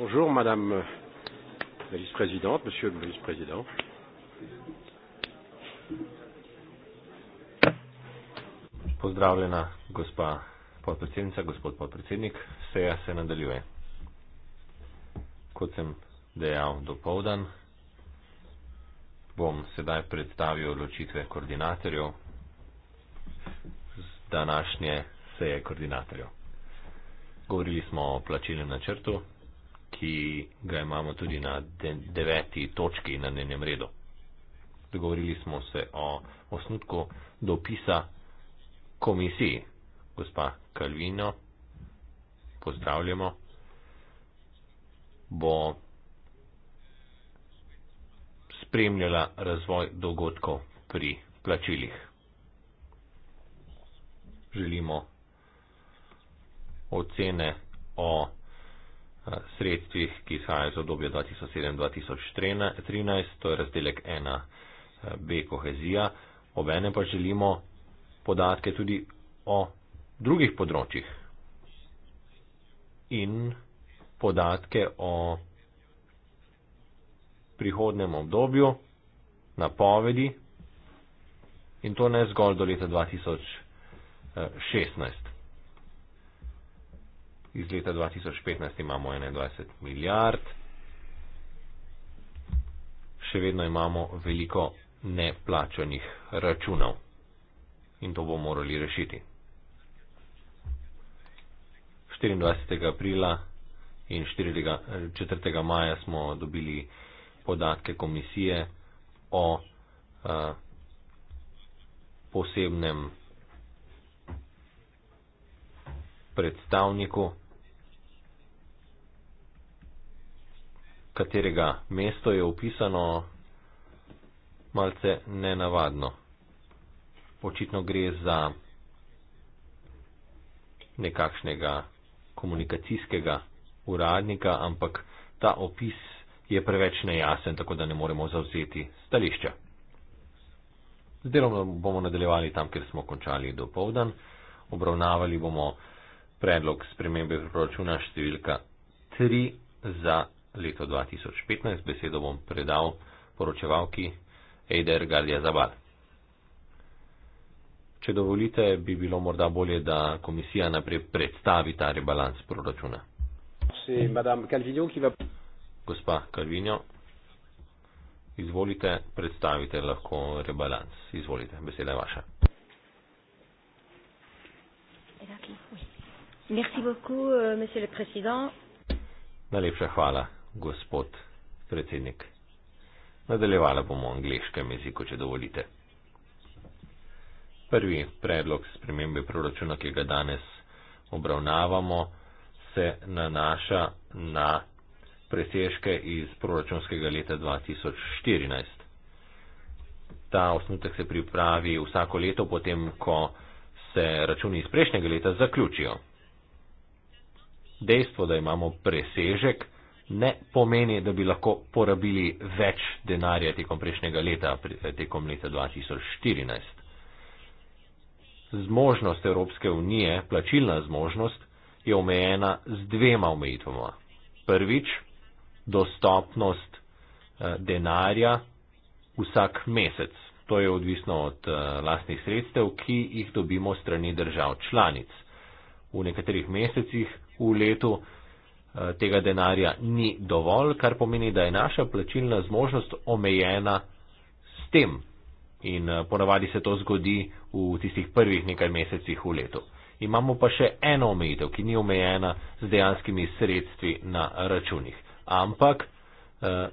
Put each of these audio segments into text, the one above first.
Bonjour Madame la vice-présidente, Monsieur le vice-président. Pozdravljena gospa podpredsednica, gospod podpredsednik, seja se nadaljuje. Kot sem dejal do povdan, bom sedaj predstavil odločitve koordinatorjev z današnje seje koordinatorjev. Govorili smo o plačilnem načrtu, ki ga imamo tudi na deveti točki na dnevnem redu. Dogovorili smo se o osnutku dopisa komisiji. Gospa Kalvino, pozdravljamo. Bo spremljala razvoj dogodkov pri plačilih. Želimo ocene o sredstvih, ki izhajajo iz obdobja 2007-2013, to je razdelek 1B eh, kohezija. Obene pa želimo podatke tudi o drugih področjih in podatke o prihodnem obdobju, napovedi in to ne zgolj do leta 2016 iz leta 2015 imamo 21 milijard, še vedno imamo veliko neplačanih računov in to bomo morali rešiti. 24. aprila in 4. maja smo dobili podatke komisije o a, eh, posebnem predstavniku, katerega mesto je upisano malce nenavadno. Očitno gre za nekakšnega komunikacijskega uradnika, ampak ta opis je preveč nejasen, tako da ne moremo zavzeti stališča. Zdaj bomo nadaljevali tam, kjer smo končali do povdan. Obravnavali bomo predlog spremembe proračuna številka 3 za leto 2015. Besedo bom predal poročevalki Eider Gardia Zabal. Če dovolite, bi bilo morda bolje, da komisija naprej predstavi ta rebalans proračuna. Calvino, va... Gospa Calvino, izvolite, predstavite lahko rebalans. Izvolite, beseda je vaša. Okay. Merci beaucoup, euh, monsieur le président. Najlepša hvala, gospod predsednik. Nadaljevala bomo v angliškem jeziku, če dovolite. Prvi predlog spremembe proračuna, ki ga danes obravnavamo, se nanaša na presežke iz proračunskega leta 2014. Ta osnutek se pripravi vsako leto, potem ko se računi iz prejšnjega leta zaključijo dejstvo, da imamo presežek, ne pomeni, da bi lahko porabili več denarja tekom prejšnjega leta, eh, tekom leta 2014. Zmožnost Evropske unije, plačilna zmožnost, je omejena z dvema omejitvama. Prvič, dostopnost eh, denarja vsak mesec. To je odvisno od eh, lastnih sredstev, ki jih dobimo strani držav članic. V nekaterih mesecih v letu eh, tega denarja ni dovolj, kar pomeni, da je naša plačilna zmožnost omejena s tem. In eh, ponavadi se to zgodi v tistih prvih nekaj mesecih v letu. Imamo pa še eno omejitev, ki ni omejena z dejanskimi sredstvi na računih, ampak eh,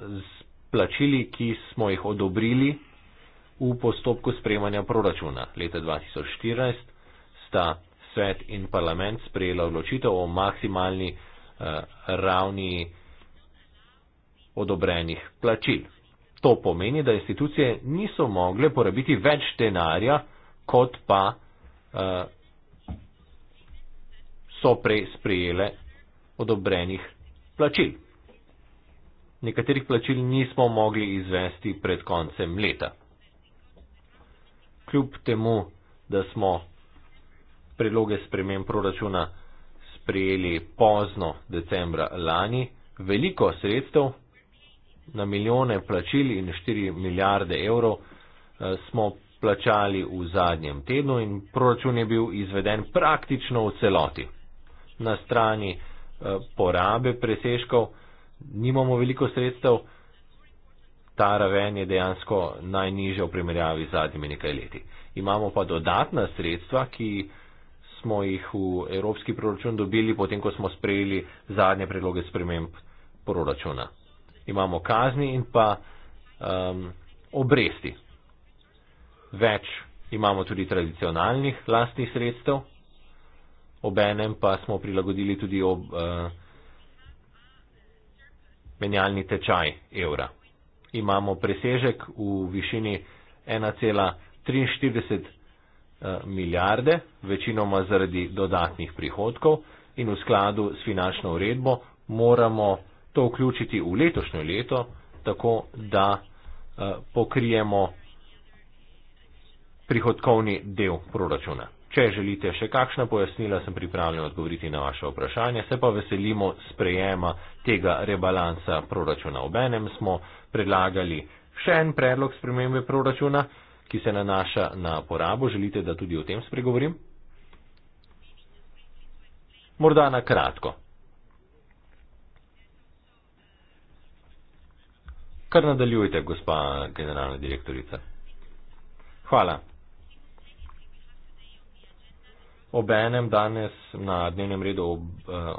z plačili, ki smo jih odobrili v postopku sprejemanja proračuna leta 2014, sta svet in parlament sprejela odločitev o maksimalni eh, ravni odobrenih plačil. To pomeni, da institucije niso mogle porabiti več denarja, kot pa uh, so prej sprejele odobrenih plačil. Nekaterih plačil nismo mogli izvesti pred koncem leta. Kljub temu, da smo predloge spremem proračuna sprejeli pozno decembra lani, veliko sredstev na milijone plačil in 4 milijarde evrov eh, smo plačali v zadnjem tednu in proračun je bil izveden praktično v celoti. Na strani eh, porabe preseškov nimamo veliko sredstev, ta raven je dejansko najniže v primerjavi z zadnjimi nekaj leti. Imamo pa dodatna sredstva, ki smo jih v evropski proračun dobili, potem ko smo sprejeli zadnje predloge sprememb proračuna. Imamo kazni in pa um, obresti. Več imamo tudi tradicionalnih lastnih sredstev, obenem pa smo prilagodili tudi ob, uh, menjalni tečaj evra. Imamo presežek v višini 1,43 Eh, milijarde, večinoma zaradi dodatnih prihodkov in v skladu s finančno uredbo moramo to vključiti v letošnjo leto, tako da eh, pokrijemo prihodkovni del proračuna. Če želite še kakšna pojasnila, sem pripravljen odgovoriti na vaše vprašanje. Se pa veselimo sprejema tega rebalansa proračuna. Obenem smo predlagali še en predlog spremembe proračuna ki se nanaša na porabo. Želite, da tudi o tem spregovorim? Morda na kratko. Kar nadaljujte, gospa generalna direktorica. Hvala. Obenem danes na dnevnem redu eh,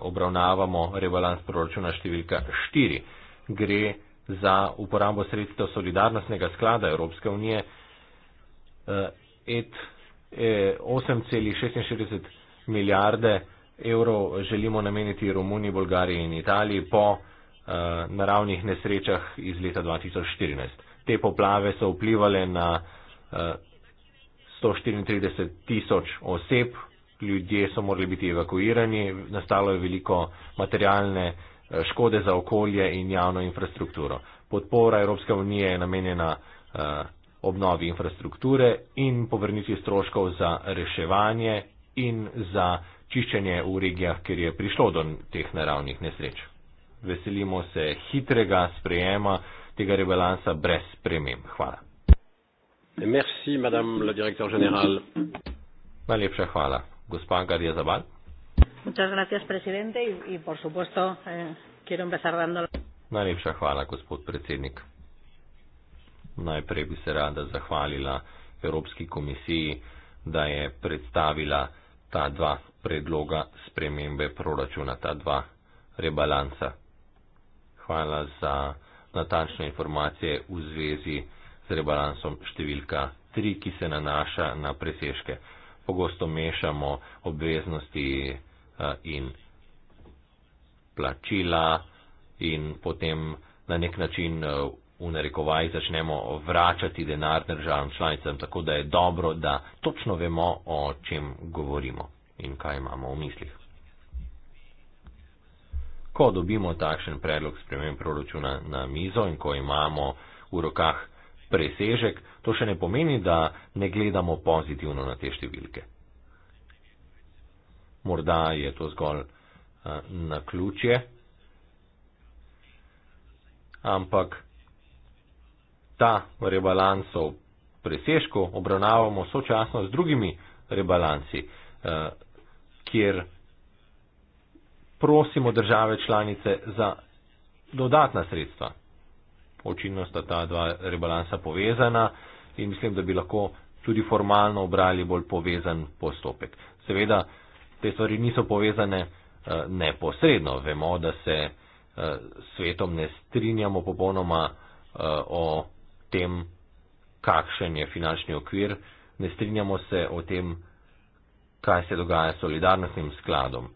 obravnavamo rebalans proračuna številka 4. Gre za uporabo sredstev solidarnostnega sklada Evropske unije. 8,66 eh, eh, milijarde evrov želimo nameniti Romuniji, Bolgariji in Italiji po eh, naravnih nesrečah iz leta 2014. Te poplave so vplivali na 134 tisoč oseb, ljudje so morali biti evakuirani, nastalo je veliko materialne škode za okolje in javno infrastrukturo. Podpora Evropske unije je namenjena obnovi infrastrukture in povrnitvi stroškov za reševanje in za čiščenje v regijah, kjer je prišlo do teh naravnih nesreč. Veselimo se hitrega sprejema tega rebalansa brez sprememb. Hvala. Merci, Najlepša hvala. Gospa Gardija Zabal. Eh, Najlepša hvala, gospod predsednik. Najprej bi se rada zahvalila Evropski komisiji, da je predstavila ta dva predloga spremembe proračuna, ta dva rebalansa. Hvala za natančne informacije v zvezi z rebalansom številka 3, ki se nanaša na preseške. Pogosto mešamo obveznosti eh, in plačila in potem na nek način eh, v narekovaji začnemo vračati denar državam članicam, tako da je dobro, da točno vemo, o čem govorimo in kaj imamo v mislih. Ko dobimo takšen predlog spremem proračuna na mizo in ko imamo v rokah presežek, to še ne pomeni, da ne gledamo pozitivno na te številke. Morda je to zgolj uh, eh, na ključje, ampak sveta rebalansov presežkov obravnavamo sočasno z drugimi rebalansi, eh, kjer prosimo države članice za dodatna sredstva. Očitno sta ta dva rebalansa povezana in mislim, da bi lahko tudi formalno obrali bolj povezan postopek. Seveda, te stvari niso povezane eh, neposredno. Vemo, da se eh, svetom ne strinjamo popolnoma o tem, kakšen je finančni okvir, ne strinjamo se o tem, kaj se dogaja s solidarnostnim skladom.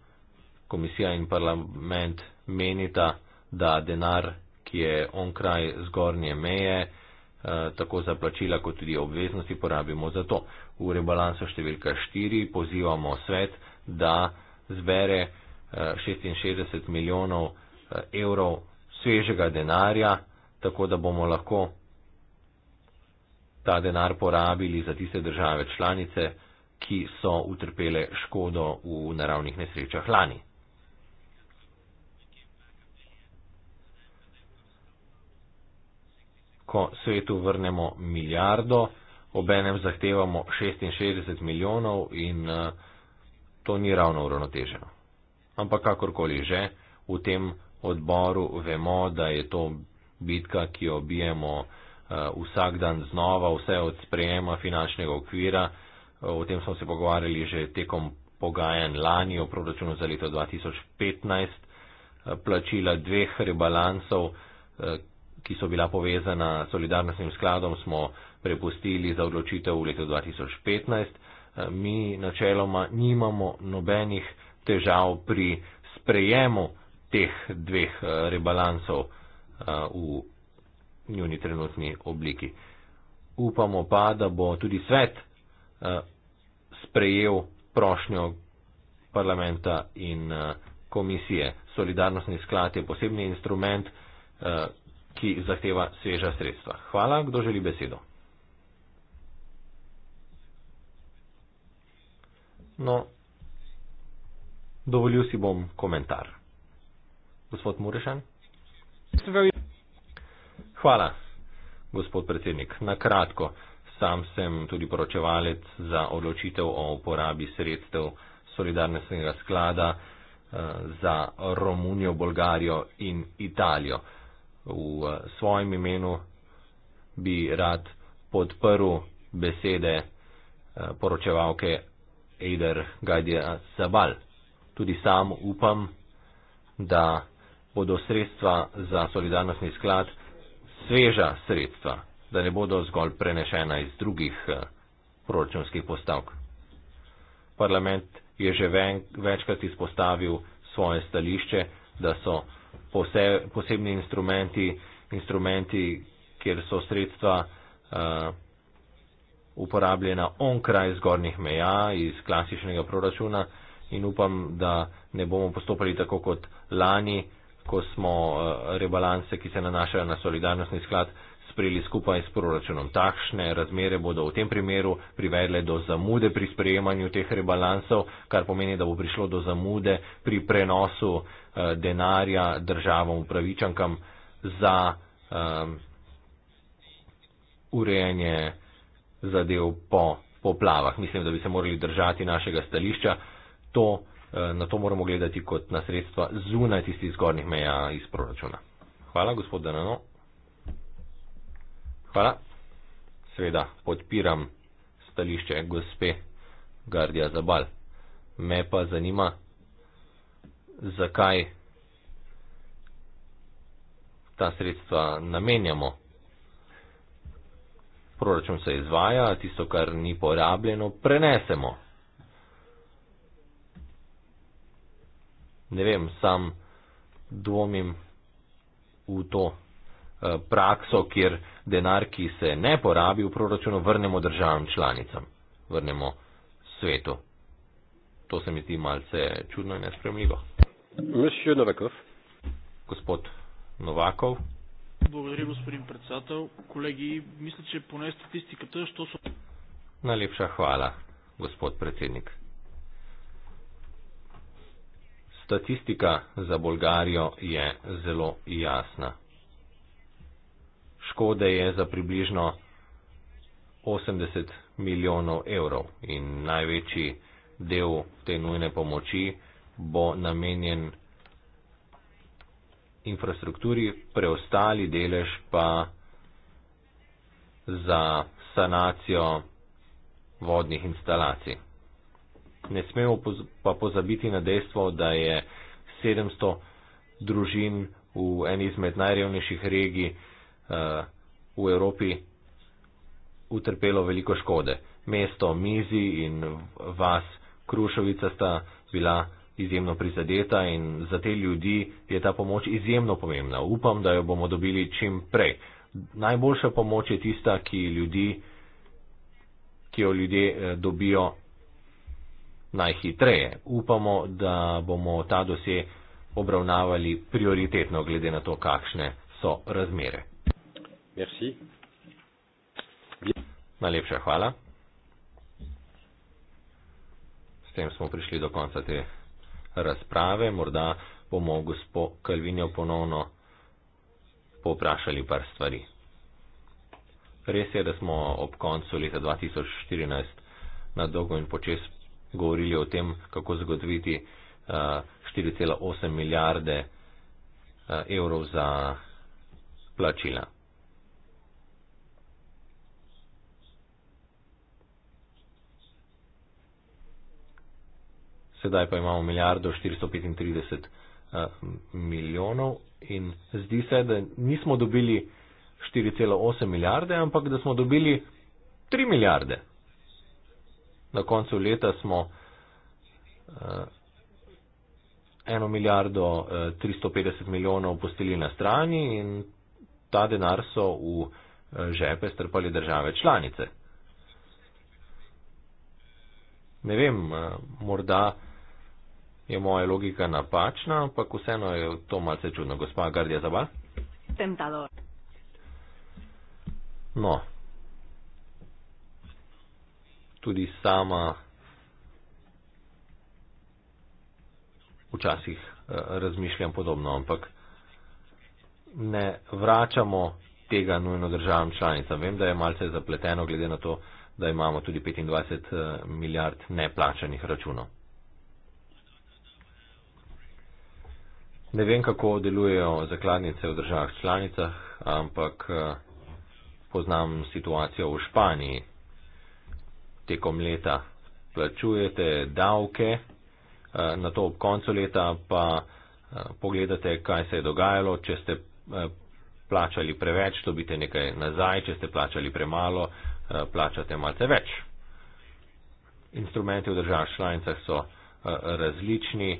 Komisija in parlament menita, da denar, ki je onkraj zgornje meje, eh, tako za plačila kot tudi obveznosti, porabimo za to. V rebalansu številka 4 pozivamo svet, da zbere 66 eh, milijonov eh, evrov svežega denarja, tako da bomo lahko ta denar porabili za tiste države članice, ki so utrpele škodo v naravnih nesrečah lani. Ko svetu vrnemo milijardo, obenem zahtevamo 66 milijonov in to ni ravno uravnoteženo. Ampak kakorkoli že, v tem odboru vemo, da je to bitka, ki jo bijemo. Eh, vsak dan znova, vse od sprejema finančnega okvira. Eh, o tem smo se pogovarjali že tekom pogajanj lani o proračunu za leto 2015. Eh, plačila dveh rebalansov, ki so bila povezana s solidarnostnim skladom, smo prepustili za odločitev v letu 2015. Mi načeloma nimamo nobenih težav pri sprejemu teh dveh rebalansov v njuni trenutni obliki. Upamo pa, da bo tudi svet eh, sprejel prošnjo parlamenta in eh, komisije. Solidarnostni sklad je posebni instrument, eh, ki zahteva sveža sredstva. Hvala, kdo želi besedo. No, dovolil si bom komentar. Gospod Murešan. Hvala, gospod predsednik. Na kratko, sam sem tudi poročevalec za odločitev o uporabi sredstev solidarnostnega sklada eh, za Romunijo, Bolgarijo in Italijo. V eh, svojem imenu bi rad podprl besede eh, poročevalke Eider Gajdija Sabal. Tudi sam upam, da bodo sredstva za solidarnostni sklad sveža sredstva, da ne bodo zgolj prenešena iz drugih eh, proračunskih postavk. Parlament je že večkrat izpostavil svoje stališče, da so pose, posebni instrumenti, instrumenti, kjer so sredstva uh, uporabljena onkraj zgornjih meja iz klasičnega proračuna in upam, da ne bomo postopali tako kot lani, uh, ko smo eh, rebalanse, ki se nanašajo na solidarnostni sklad, sprejeli skupaj s proračunom. Takšne razmere bodo v tem primeru privedle do zamude pri sprejemanju teh rebalansov, kar pomeni, da bo prišlo do zamude pri prenosu eh, denarja državam upravičankam za um, urejanje zadev po poplavah. Mislim, da bi se morali držati našega stališča. To Eh, na to moramo gledati kot na sredstva zunaj tistih zgornjih meja iz proračuna. Hvala, gospod Danano. Hvala. Sveda podpiram stališče gospe Gardija Zabal. Me pa zanima, zakaj ta sredstva namenjamo. Proračun se izvaja, tisto, kar ni porabljeno, prenesemo. ne vem, sam dvomim v to eh, prakso, kjer denar, ki se ne porabi v proračunu, vrnemo državam članicam, vrnemo svetu. To se mi zdi malce čudno in nespremljivo. Monsieur Novakov. Gospod Novakov. Благодаря, господин председател. Колеги, мисля, че поне статистиката, що са... Найлепша хвала, господ председник. Statistika za Bolgarijo je zelo jasna. Škode je za približno 80 milijonov evrov in največji del te nujne pomoči bo namenjen infrastrukturi, preostali delež pa za sanacijo vodnih instalacij. Ne smemo pa pozabiti na dejstvo, da je 700 družin v eni izmed najrevnejših regij uh, v Evropi utrpelo veliko škode. Mesto Mizi in vas Krušovica sta bila izjemno prizadeta in za te ljudi je ta pomoč izjemno pomembna. Upam, da jo bomo dobili čim prej. Najboljša pomoč je tista, ki, ljudi, ki jo ljudje eh, dobijo najhitreje. Upamo, da bomo ta dosje obravnavali prioritetno, glede na to, kakšne so razmere. Merci. Najlepša hvala. S tem smo prišli do konca te razprave. Morda bomo gospo Kalvinjo ponovno poprašali par stvari. Res je, da smo ob koncu leta 2014 na dolgo in počes govorili o tem, kako zagotoviti 4,8 eh, milijarde eh, evrov za plačila. Sedaj pa imamo milijardo 435 eh, milijonov in zdi se, da nismo dobili 4,8 milijarde, ampak da smo dobili 3 milijarde na koncu leta smo eh, eno milijardo 350 eh, milijonov postili na strani in ta denar so v eh, žepe strpali države članice. Ne vem, morda je moja logika napačna, ampak vseeno je to malce čudno. Gospa Gardija Zabal? Tentador. No, tudi sama včasih eh, razmišljam podobno, ampak ne vračamo tega nujno državam članicam. Vem, da je malce zapleteno, glede na to, da imamo tudi 25 eh, milijard neplačanih računov. Ne vem, kako delujejo zakladnice v državah članicah, ampak eh, poznam situacijo v Španiji, tekom leta plačujete davke, eh, na to ob koncu leta pa eh, pogledate, kaj se je dogajalo, če ste eh, plačali preveč, dobite nekaj nazaj, če ste plačali premalo, plačate malce več. Instrumenti v državah članicah so različni,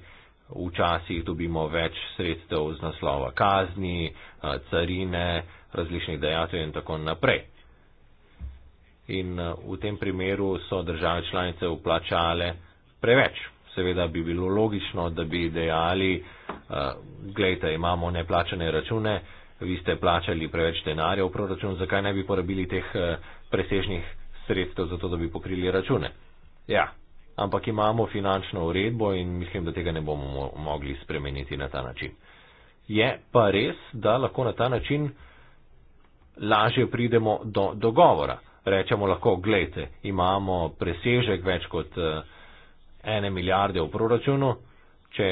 včasih dobimo več sredstev z naslova kazni, carine, različnih dejatev in tako naprej in eh, v tem primeru so države članice uplačale preveč. Seveda bi bilo logično, da bi dejali, eh, gledajte, imamo neplačane račune, vi ste plačali preveč denarja v proračun, zakaj ne bi porabili teh eh, presežnih sredstev za to, da bi pokrili račune. Ja, ampak imamo finančno uredbo in mislim, da tega ne bomo mogli spremeniti na ta način. Je pa res, da lahko na ta način lažje pridemo do dogovora rečemo lahko, gledajte, imamo presežek več kot eh, ene milijarde v proračunu, če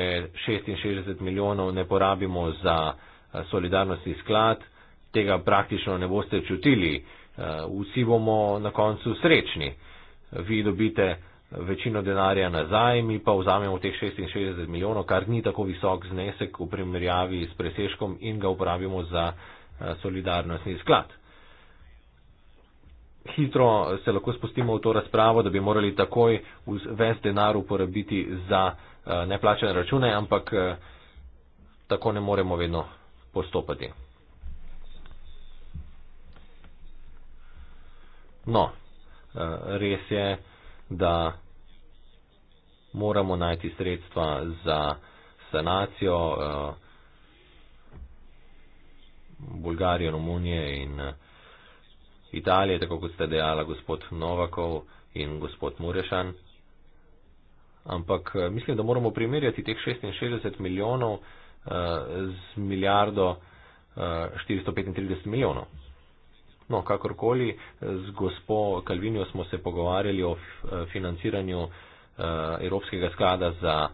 66 milijonov ne porabimo za eh, solidarnostni sklad, tega praktično ne boste čutili, eh, vsi bomo na koncu srečni. Vi dobite večino denarja nazaj, mi pa vzamemo teh 66 milijonov, kar ni tako visok znesek v primerjavi s presežkom in ga uporabimo za solidarnostni sklad hitro se lahko spustimo v to razpravo, da bi morali takoj ves denar uporabiti za eh, neplačene račune, ampak eh, tako ne moremo vedno postopati. No, eh, res je, da moramo najti sredstva za sanacijo Bulgarije, Romunije in. Italije, tako kot ste dejala gospod Novakov in gospod Murešan. Ampak eh, mislim, da moramo primerjati teh 66 milijonov uh, z milijardo uh, eh, 435 milijonov. No, kakorkoli, z gospo Kalvinijo smo se pogovarjali o financiranju uh, Evropskega sklada za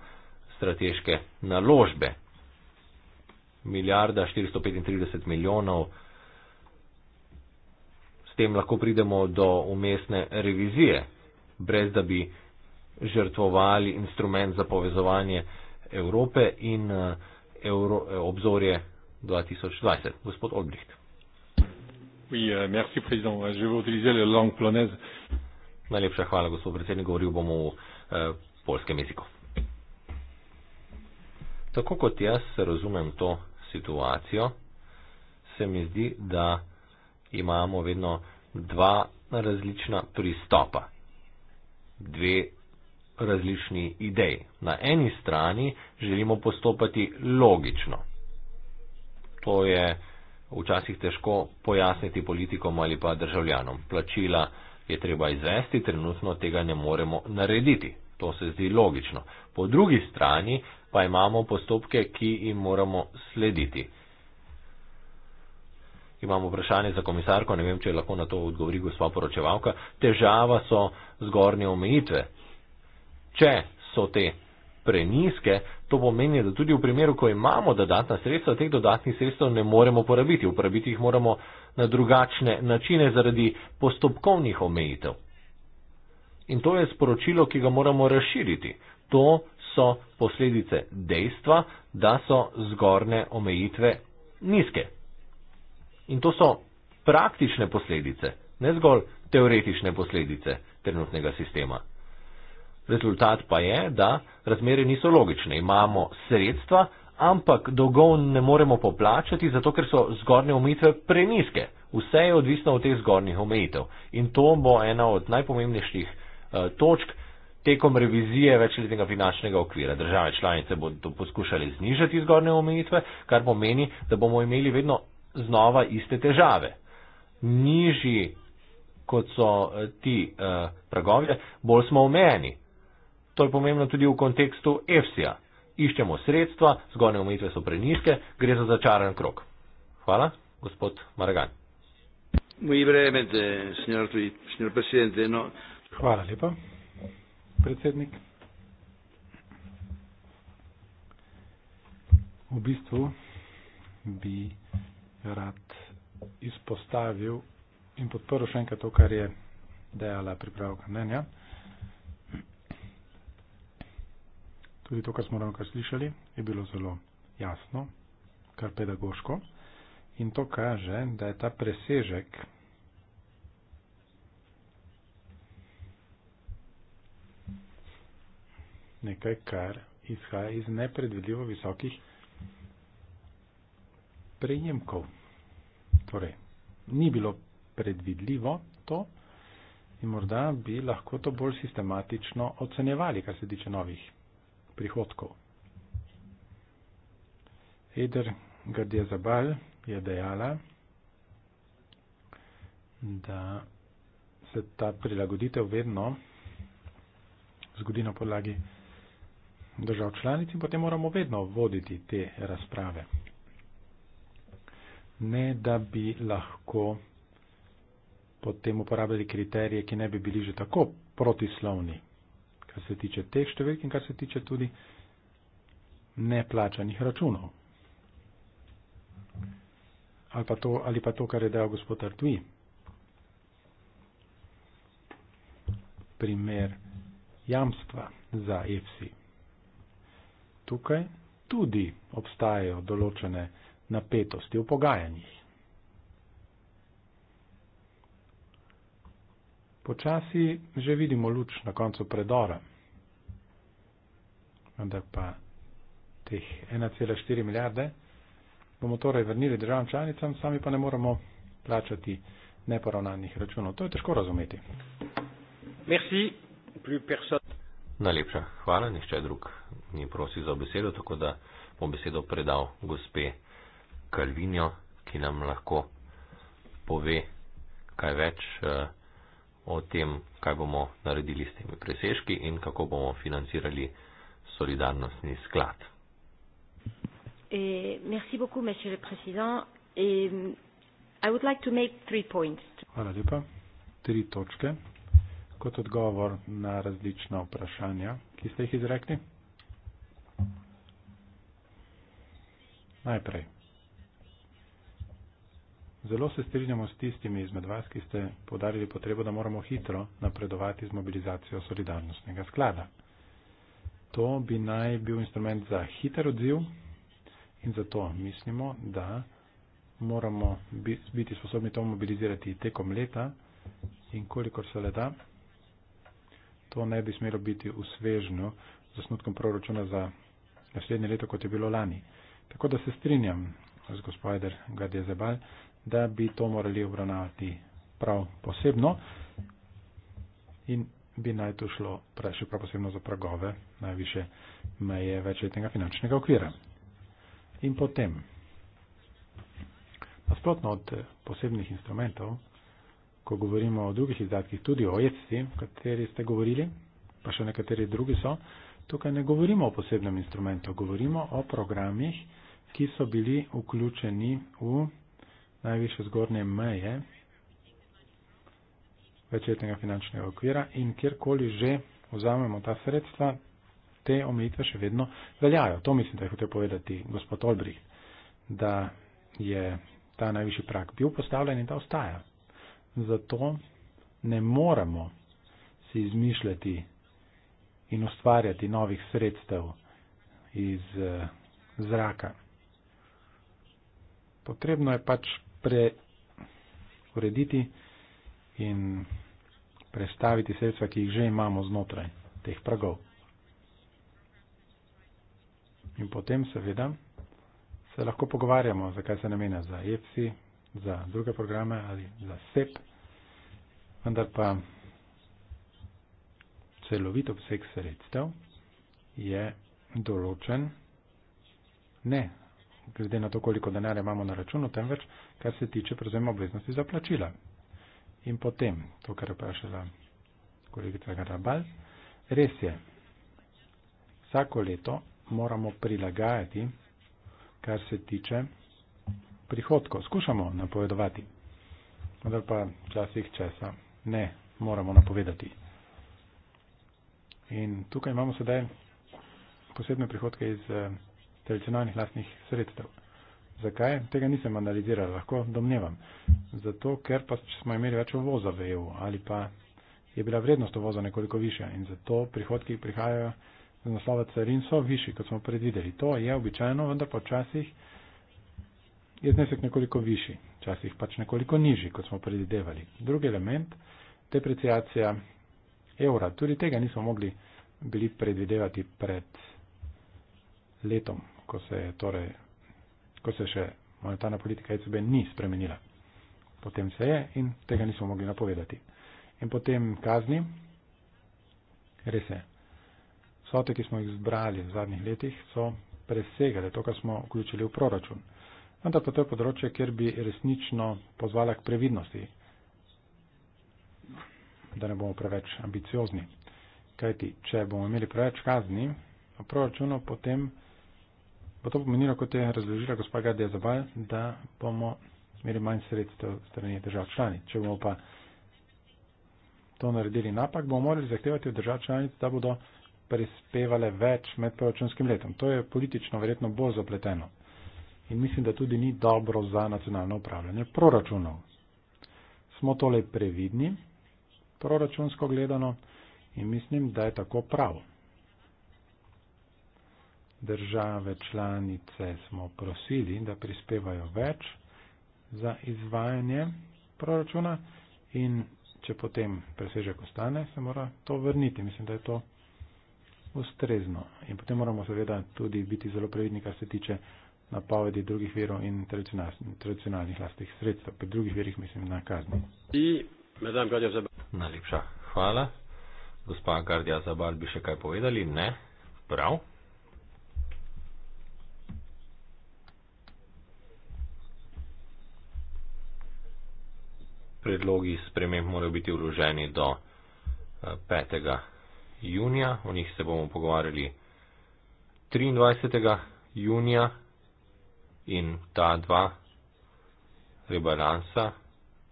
strateške naložbe. Milijarda 435 milijonov. S tem lahko pridemo do umestne revizije, brez da bi žrtvovali instrument za povezovanje Evrope in Euro, eh, eh, obzorje 2020. Gospod Olbricht. Oui, euh, merci, président. Je vais utiliser la langue polonaise. Najlepša hvala, gospod predsednik, govoril bomo v eh, polskem jeziku. Tako kot jaz razumem to situacijo, se mi zdi, da imamo vedno dva različna pristopa, dve različni ideji. Na eni strani želimo postopati logično. To je včasih težko pojasniti politikom ali pa državljanom. Plačila je treba izvesti, trenutno tega ne moremo narediti. To se zdi logično. Po drugi strani pa imamo postopke, ki jim moramo slediti imam vprašanje za komisarko, ne vem, če lahko na to odgovori gospa poročevalka, težava so zgornje omejitve. Če so te preniske, to pomeni, da tudi v primeru, ko imamo dodatna sredstva, teh dodatnih sredstev ne moremo porabiti. Uporabiti jih moramo na drugačne načine zaradi postopkovnih omejitev. In to je sporočilo, ki ga moramo razširiti. To so posledice dejstva, da so zgorne omejitve nizke. In to so praktične posledice, ne zgolj teoretične posledice trenutnega sistema. Rezultat pa je, da razmere niso logične. Imamo sredstva, ampak dolgov ne moremo poplačati, zato ker so zgornje omejitve preniske. Vse je odvisno od teh zgornjih omejitev. In to bo ena od najpomembnejših eh, točk tekom revizije večletnega finančnega okvira. Države članice bodo poskušali znižati zgornje omejitve, kar pomeni, da bomo imeli vedno znova iste težave. Nižji kot so eh, ti eh, pragovje, bolj smo omejeni. To je pomembno tudi v kontekstu EFSI-ja. Iščemo sredstva, zgornje omejitve so preniske, gre za začaran krok. Hvala, gospod Maragan. ¿no? Hvala lepa, predsednik. V bistvu bi rad izpostavil in podprl še enkrat to, kar je dejala pripravka mnenja. Tudi to, kar smo ravno kar slišali, je bilo zelo jasno, kar pedagoško. In to kaže, da je ta presežek nekaj, kar izhaja iz nepredvidljivo visokih prejemkov. Torej, ni bilo predvidljivo to in morda bi lahko to bolj sistematično ocenjevali, kar se tiče novih prihodkov. Eder Gardija Zabal je dejala, da se ta prilagoditev vedno zgodi na podlagi držav članic in potem moramo vedno voditi te razprave ne da bi lahko potem uporabljali kriterije, ki ne bi bili že tako protislovni, kar se tiče teh številk in kar se tiče tudi neplačanih računov. Ali pa to, ali pa to kar je dejal gospod Artvi. Primer jamstva za EFSI. Tukaj tudi obstajajo določene napetosti v pogajanjih. Počasi že vidimo luč na koncu predora, vendar pa teh 1,4 milijarde bomo torej vrnili državam članicam, sami pa ne moremo plačati neporavnanih računov. To je težko razumeti. Merci. Najlepša hvala, nišče drug ni prosil za besedo, tako da bom besedo predal gospe. Kalvinjo, ki nam lahko pove kaj več eh, o tem, kaj bomo naredili s temi presežki in kako bomo financirali solidarnostni sklad. Eh, merci beaucoup, monsieur le président. Eh, I would like to make three points. Hvala lepa. Tri točke kot odgovor na različna vprašanja, ki ste jih izrekli. Najprej. Zelo se strinjamo s tistimi izmed vas, ki ste podarili potrebo, da moramo hitro napredovati z mobilizacijo solidarnostnega sklada. To bi naj bil instrument za hiter odziv in zato mislimo, da moramo biti sposobni to mobilizirati tekom leta in kolikor se le da, to ne bi smelo biti usvežno z osnutkom proračuna za naslednje leto, kot je bilo lani. Tako da se strinjam z gospodar Gardia Zebal, da bi to morali obravnavati prav posebno in bi naj to šlo še prav posebno za pragove najviše meje večletnega finančnega okvira. In potem, nasprotno od eh, posebnih instrumentov, ko govorimo o drugih izdatkih, tudi o jedci, o kateri ste govorili, pa še nekateri drugi so, tukaj ne govorimo o posebnem instrumentu, govorimo o programih, ki so bili vključeni v najviše zgornje meje večletnega finančnega okvira in kjerkoli že vzamemo ta sredstva, te omejitve še vedno veljajo. To mislim, da je hotel povedati gospod Olbrih, da je ta najvišji prak bil postavljen in da ostaja. Zato ne moramo si izmišljati in ustvarjati novih sredstev iz eh, zraka. Potrebno je pač preurediti in prestaviti sredstva, ki jih že imamo znotraj teh pragov. In potem seveda se lahko pogovarjamo, zakaj se namenja za EFSI, za druge programe ali za SEP, vendar pa celovit obseg sredstev je določen ne glede na to, koliko denarja imamo na računu, temveč kar se tiče prevzema obveznosti za plačila. In potem, to, kar je vprašala kolegica Garabal, res je, vsako leto moramo prilagajati, kar se tiče prihodkov. Skušamo napovedovati, vendar pa včasih česa ne moramo napovedati. In tukaj imamo sedaj posebne prihodke iz. Eh, tradicionalnih lastnih sredstev. Zakaj? Tega nisem analiziral, lahko domnevam. Zato, ker pa smo imeli več uvoza v EU ali pa je bila vrednost uvoza nekoliko višja in zato prihodki, ki prihajajo z naslova carin, so višji, kot smo predvideli. To je običajno, vendar pa včasih je znesek nekoliko višji, včasih pač nekoliko nižji, kot smo predvidevali. Drugi element, depreciacija evra. Tudi tega nismo mogli bili predvidevati pred letom, ko se, torej, ko se še monetarna politika ECB ni spremenila. Potem se je in tega nismo mogli napovedati. In potem kazni, res je, sote, ki smo jih zbrali v zadnjih letih, so presegale to, kar smo vključili v proračun. Vendar pa to je področje, kjer bi resnično pozvala k previdnosti, da ne bomo preveč ambiciozni. Kajti, če bomo imeli preveč kazni v proračunu, potem Bo to pomenilo, kot je razložila gospa Gadija Zabaj, da bomo imeli manj sredstev strani držav člani. Če bomo pa to naredili napak, bomo morali zahtevati od držav članic, da bodo prispevale več med proračunskim letom. To je politično verjetno bolj zapleteno. In mislim, da tudi ni dobro za nacionalno upravljanje proračunov. Smo tole previdni, proračunsko gledano, in mislim, da je tako pravo države članice smo prosili, da prispevajo več za izvajanje proračuna in če potem presežek ostane, se mora to vrniti. Mislim, da je to ustrezno. In potem moramo seveda tudi biti zelo previdni, kar se tiče napovedi drugih virov in tradicionalnih lastih sredstev. Pri drugih virih mislim na kazni. I, medan, Najlepša hvala. Gospa Gardija Zabal bi še kaj povedali? Ne? Prav. predlogi sprememb morajo biti vloženi do 5. Eh, junija. O njih se bomo pogovarjali 23. junija in ta dva rebalansa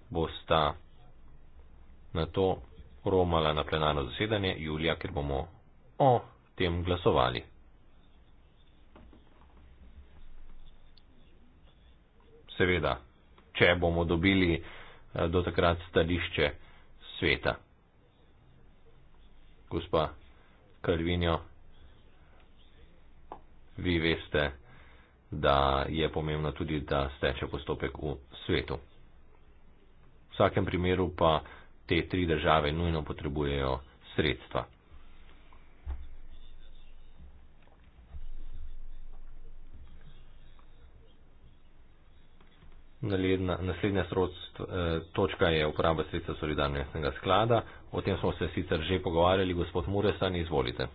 bosta na to romala na plenarno zasedanje julija, ker bomo o tem glasovali. Seveda, če bomo dobili Eh, do takrat stališče sveta. Gospa Kalvinjo, vi veste, da je pomembno tudi, da steče postopek v svetu. V vsakem primeru pa te tri države nujno potrebujejo sredstva. Naledna, naslednja srodstv, eh, točka je uporaba sredstva solidarnostnega sklada. O tem smo se sicer že pogovarjali, gospod Muresan, izvolite.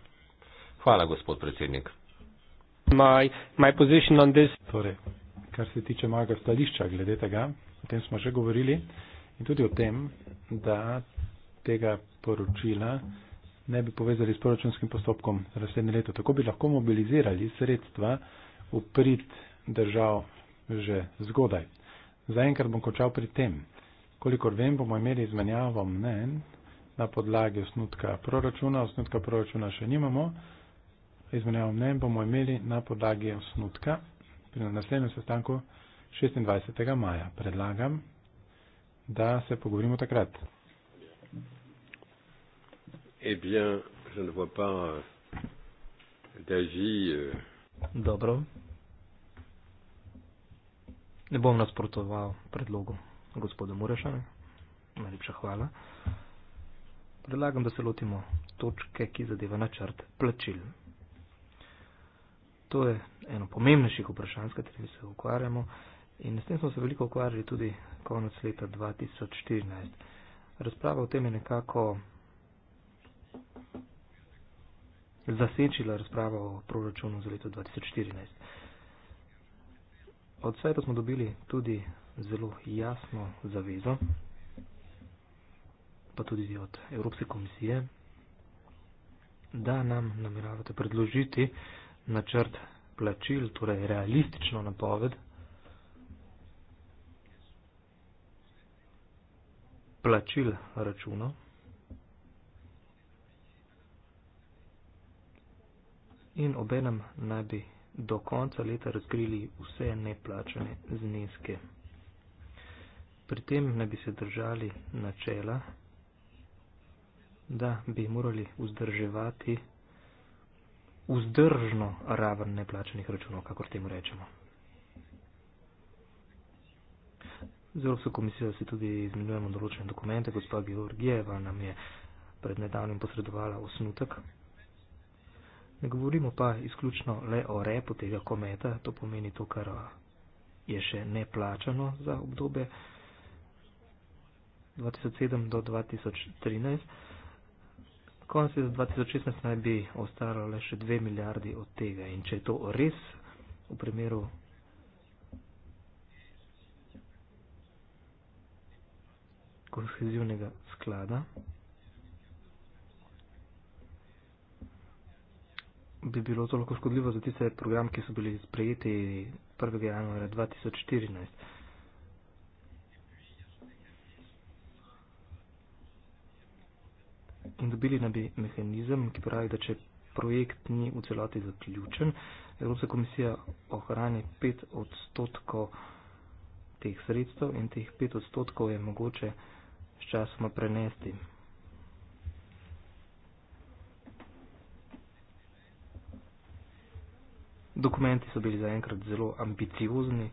Hvala, gospod predsednik. My, my torej, kar se tiče mojega stališča glede tega, o tem smo že govorili in tudi o tem, da tega poročila ne bi povezali s proračunskim postopkom za naslednje leto. Tako bi lahko mobilizirali sredstva v prid držav že zgodaj. Zaenkrat bom končal pri tem. Kolikor vem, bomo imeli izmenjavo mnen na podlagi osnutka proračuna. Osnutka proračuna še nimamo. Izmenjavo mnen bomo imeli na podlagi osnutka pri naslednjem sestanku 26. maja. Predlagam, da se pogovorimo takrat. Eh bien, je ne vois pas euh, d'agir. Euh... D'abord ne bom nasprotoval predlogu gospoda Mureša. Najlepša hvala. Predlagam, da se lotimo točke, ki zadeva načrt plačil. To je eno pomembnejših vprašanj, s katerimi se ukvarjamo in s tem smo se veliko ukvarjali tudi konec leta 2014. Razprava o tem je nekako zasečila razprava o proračunu za leto 2014 od sveta smo dobili tudi zelo jasno zavezo, pa tudi od Evropske komisije, da nam nameravate predložiti načrt plačil, torej realistično napoved plačil računov. In obenem naj bi do konca leta razkrili vse neplačane zneske. Pri tem naj bi se držali načela, da bi morali vzdrževati vzdržno raven neplačanih računov, kakor temu rečemo. Z Evropsko komisijo se tudi izmenjujemo določene dokumente, gospod Georgijeva nam je pred nedavnim posredovala osnutek Ne govorimo pa izključno le o repu tega kometa, to pomeni to, kar je še neplačano za obdobje 2007 do 2013. Konec 2016 naj bi ostalo le še 2 milijardi od tega in če je to res v primeru. kohezivnega sklada. bi bilo to lahko škodljivo za tiste program, ki so bili sprejeti 1. januarja 2014. In dobili naj bi mehanizem, ki pravi, da če projekt ni v celoti zaključen, Evropska komisija ohrani 5 odstotkov teh sredstev in teh 5 odstotkov je mogoče s časoma prenesti. Dokumenti so bili zaenkrat zelo ambiciozni,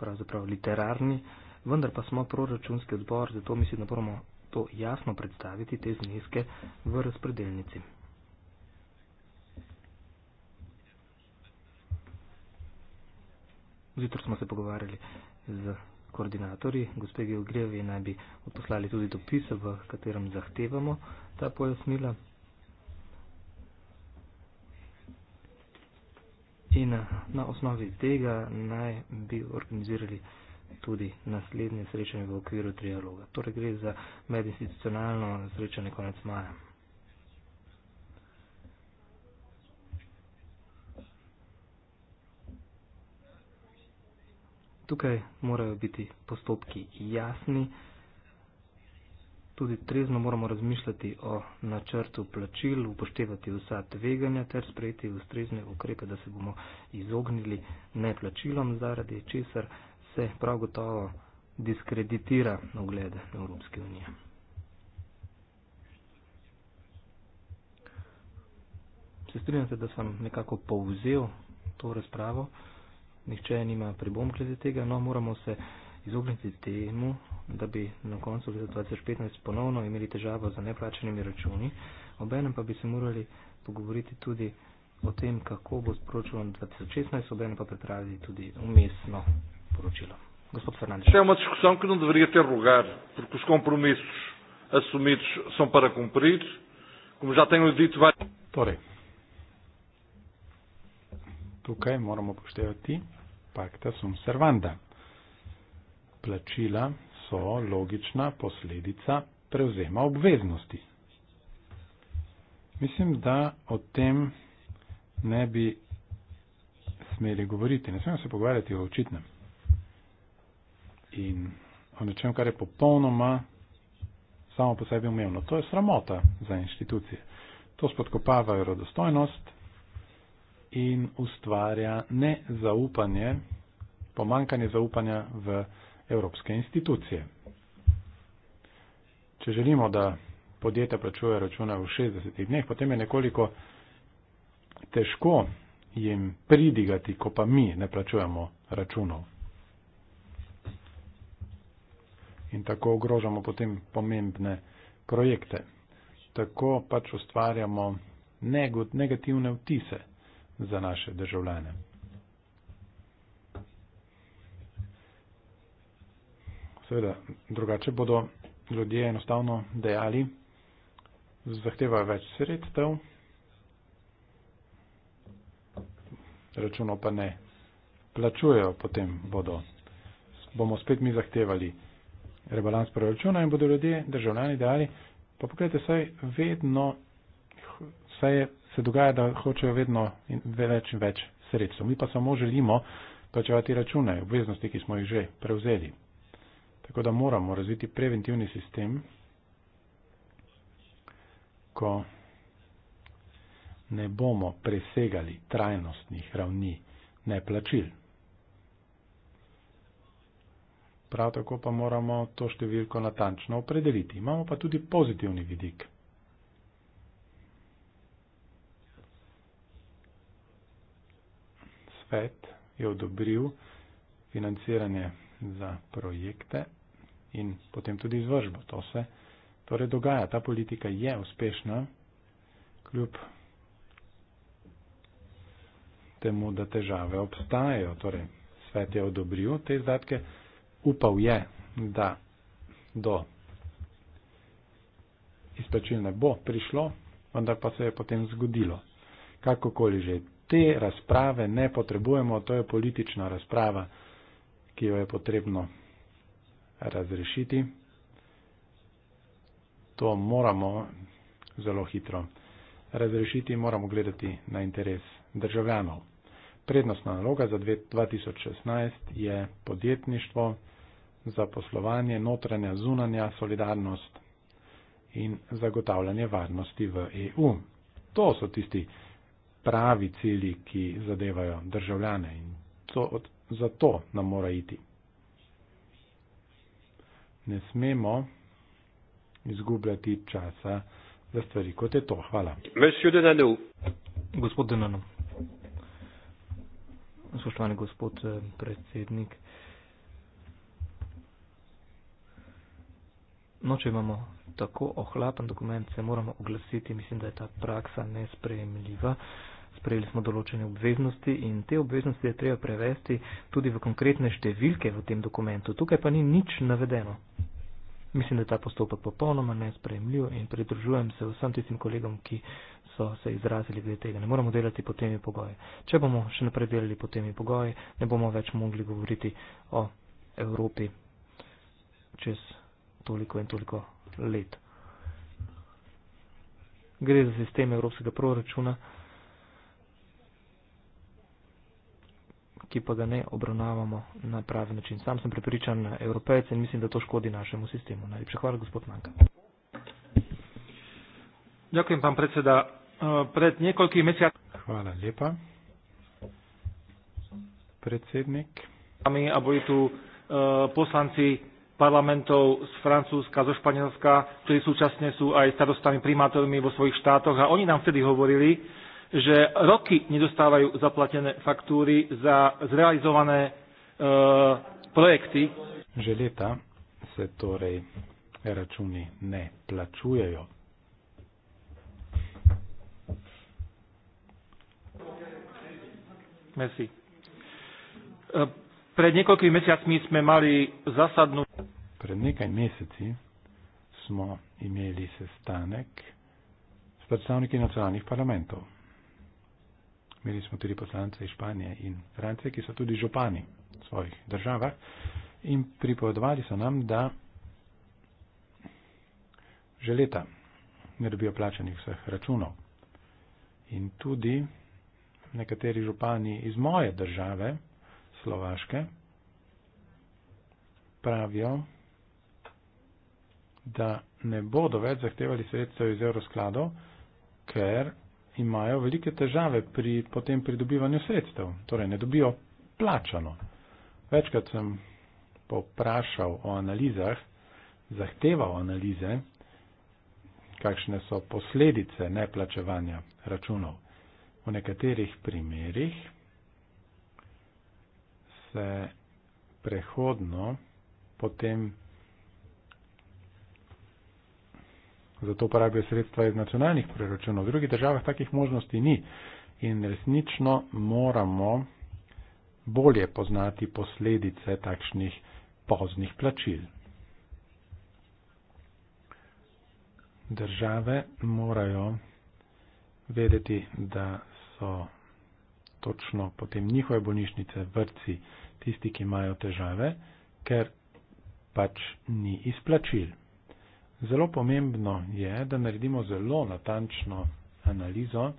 pravzaprav literarni, vendar pa smo proračunski odbor, zato mislim, da moramo to jasno predstaviti, te zneske v razpredelnici. Zjutraj smo se pogovarjali z koordinatorji, gospe Geogrevi naj bi odposlali tudi dopis, v katerem zahtevamo ta pojasnila. in eh, na osnovi tega naj bi organizirali tudi naslednje srečanje v okviru trialoga. Torej gre za medinstitucionalno srečanje konec maja. Tukaj morajo biti postopki jasni. Tudi trezno moramo razmišljati o načrtu plačil, upoštevati vsa tveganja ter sprejeti ustrezne ukrepe, da se bomo izognili neplačilom, zaradi česar se prav gotovo diskreditira ugled Evropske unije. Se strinjate, da sem nekako povzel to razpravo, nihče nima pribom glede tega, no moramo se izogniti temu, da bi na koncu leta 2015 ponovno imeli težavo z neplačenimi računi, obenem pa bi se morali pogovoriti tudi o tem, kako bo s proračunom 2016, obenem pa pripraviti tudi umestno poročilo. Gospod Fernandez. Tem odškodom, ki nam deverja ter rogar, porque os compromissos assumidos são para cumprir, como já tenho dito várias. Torej, tukaj moramo poštevati pakta sum servanda. Plačila so logična posledica prevzema obveznosti. Mislim, da o tem ne bi smeli govoriti. Ne smemo se pogovarjati o očitnem in o nečem, kar je popolnoma samo po sebi umevno. To je sramota za inštitucije. To spodkopava verodostojnost in ustvarja nezaupanje, pomankanje zaupanja v evropske institucije. Če želimo, da podjetja plačujejo račune v 60 dneh, potem je nekoliko težko jim pridigati, ko pa mi ne plačujemo računov. In tako ogrožamo potem pomembne projekte. Tako pač ustvarjamo negativne vtise za naše državljane. Seveda, drugače bodo ljudje enostavno dejali, zahteva več sredstev, računo pa ne plačujejo, potem bodo, bomo spet mi zahtevali rebalans proračuna in bodo ljudje, državljani dejali, pa pogledajte, saj vedno, saj se dogaja, da hočejo vedno in več in več sredstev. Mi pa samo želimo plačevati račune, obveznosti, ki smo jih že prevzeli. Tako da moramo razviti preventivni sistem, ko ne bomo presegali trajnostnih ravni neplačil. Prav tako pa moramo to številko natančno opredeliti. Imamo pa tudi pozitivni vidik. Svet je odobril financiranje za projekte in potem tudi izvržbo. To se torej dogaja. Ta politika je uspešna, kljub temu, da težave obstajajo. Torej, svet je odobril te izdatke, upal je, da do izplačil ne bo prišlo, vendar pa se je potem zgodilo. Kakokoli že, te razprave ne potrebujemo, to je politična razprava, ki jo je potrebno razrešiti. To moramo zelo hitro razrešiti, moramo gledati na interes državljanov. Prednostna naloga za 2016 je podjetništvo, zaposlovanje, notranja, zunanja, solidarnost in zagotavljanje varnosti v EU. To so tisti pravi cilji, ki zadevajo državljane in to, zato nam mora iti ne smemo izgubljati časa za stvari kot je to. Hvala. Gospod Denano. Spoštovani gospod eh, predsednik. No, če imamo tako ohlapen dokument, se moramo oglasiti. Mislim, da je ta praksa nesprejemljiva. Sprejeli smo določene obveznosti in te obveznosti je treba prevesti tudi v konkretne številke v tem dokumentu. Tukaj pa ni nič navedeno. Mislim, da je ta postopek popolnoma nespremljiv in pridružujem se vsem tistim kolegom, ki so se izrazili glede tega. Ne moramo delati po temi pogoji. Če bomo še naprej delali po temi pogoji, ne bomo več mogli govoriti o Evropi čez toliko in toliko let. Gre za sistem evropskega proračuna. ki pa ga ne obravnavamo na pravi način. Sam sem prepričan evropejce in mislim, da to škodi našemu sistemu. Najlepša hvala, gospod Manka. Ďakujem, pán predseda. E, pred niekoľkých mesiac... Hvala lepa. Predsednik. A boli tu e, poslanci parlamentov z Francúzska, zo Španielska, ktorí súčasne sú aj starostami primátormi vo svojich štátoch a oni nám vtedy hovorili, že roky nedostávajú zaplatené faktúry za zrealizované e, projekty. Že leta sa torej računy neplačujejo. Merci. E, pred niekoľkými mesiacmi sme mali zasadnú... Pred niekaj mesiaci sme imeli sestanek s predstavníky nacionálnych parlamentov. Imeli smo tudi poslance iz Španije in Francije, ki so tudi župani v svojih državah in pripovedovali so nam, da že leta ne dobijo plačanih vseh računov. In tudi nekateri župani iz moje države, Slovaške, pravijo, da ne bodo več zahtevali sredstev iz evroskladov, ker imajo velike težave pri potem pridobivanju sredstev, torej ne dobijo plačano. Večkrat sem poprašal o analizah, zahteval analize, kakšne so posledice neplačevanja računov. V nekaterih primerih se prehodno potem zato porabijo sredstva iz nacionalnih preračunov. V drugih državah takih možnosti ni in resnično moramo bolje poznati posledice takšnih poznih plačil. Države morajo vedeti, da so točno potem njihove bolnišnice, vrci, tisti, ki imajo težave, ker pač ni izplačil. Zelo pomembno je, da naredimo zelo natančno analizo,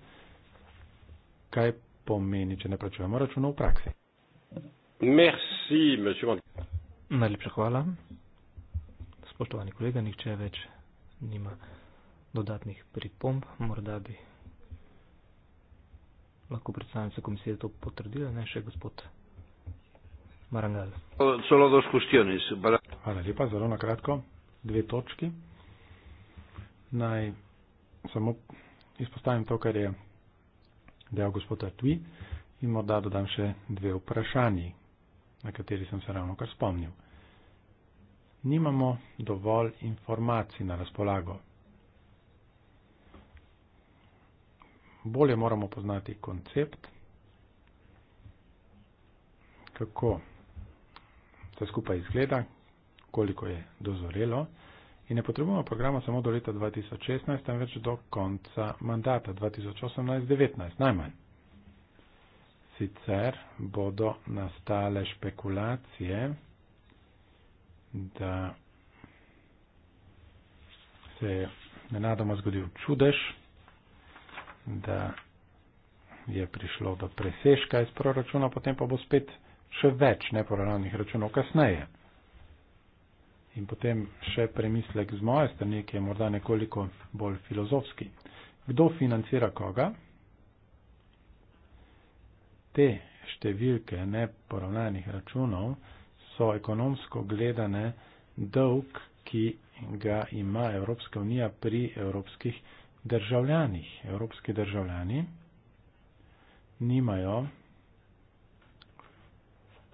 kaj pomeni, če ne plačujemo računov v praksi. Merci, Najlepša hvala. Spoštovani kolega, nihče več nima dodatnih pripomb. Morda bi lahko predstavnica komisije to potrdila, ne še gospod Marangal. Hvala lepa, zelo na kratko. Dve točki naj samo izpostavim to, kar je dejal gospod Artui in morda dodam še dve vprašanji, na kateri sem se ravno kar spomnil. Nimamo dovolj informacij na razpolago. Bolje moramo poznati koncept, kako vse skupaj izgleda, koliko je dozorelo in ne potrebujemo programa samo do leta 2016, temveč do konca mandata 2018-2019, najmanj. Sicer bodo nastale špekulacije, da se je nenadoma zgodil čudež, da je prišlo do preseška iz proračuna, potem pa bo spet še več neporavnanih računov kasneje. In potem še premislek z moje strani, ki je morda nekoliko bolj filozofski. Kdo financira koga? Te številke neporavnanih računov so ekonomsko gledane dolg, ki ga ima Evropska unija pri evropskih državljanih. Evropski državljani nimajo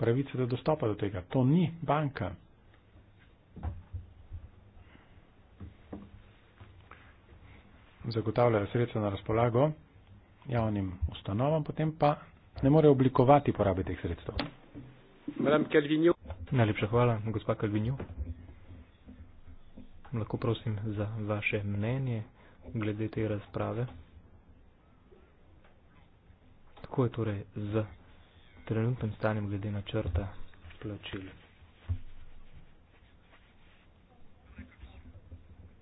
pravice do dostopa do tega. To ni banka zagotavljajo sredstva na razpolago javnim ustanovam, potem pa ne more oblikovati porabe teh sredstev. Najlepša hvala, gospa Kalvinju. Lahko prosim za vaše mnenje glede te razprave. Tako je torej z trenutnim stanjem glede načrta plačil.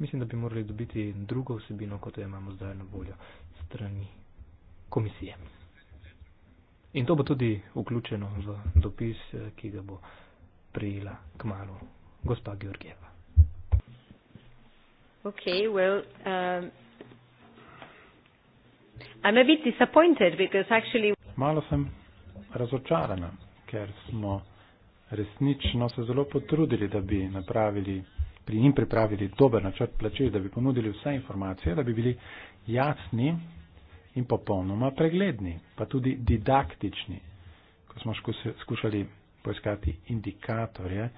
mislim, da bi morali dobiti drugo vsebino, kot jo imamo zdaj na voljo strani komisije. In to bo tudi vključeno v dopis, eh, ki ga bo prijela k malu gospa Georgieva. Ok, well, um, I'm a bit disappointed because actually... Malo sem razočarana, ker smo resnično se zelo potrudili, da bi napravili pri njim pripravili dober načrt plačil, da bi ponudili vse informacije, da bi bili jasni in popolnoma pregledni, pa tudi didaktični. Ko smo skušali poiskati indikatorje,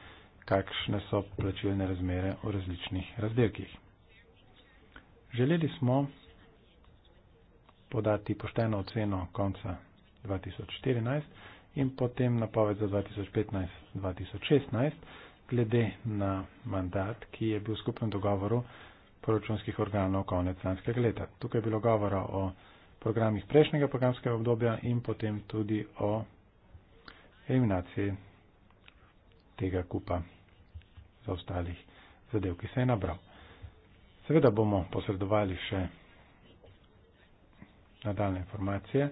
kakšne so plačilne razmere v različnih razdelkih. Želeli smo podati pošteno oceno konca 2014 in potem napoved za 2015-2016 glede na mandat, ki je bil v skupnem dogovoru poročunskih organov konec lanskega leta. Tukaj je bilo govora o programih prejšnjega programskega obdobja in potem tudi o eliminaciji tega kupa za ostalih zadev, ki se je nabral. Seveda bomo posredovali še nadaljne informacije,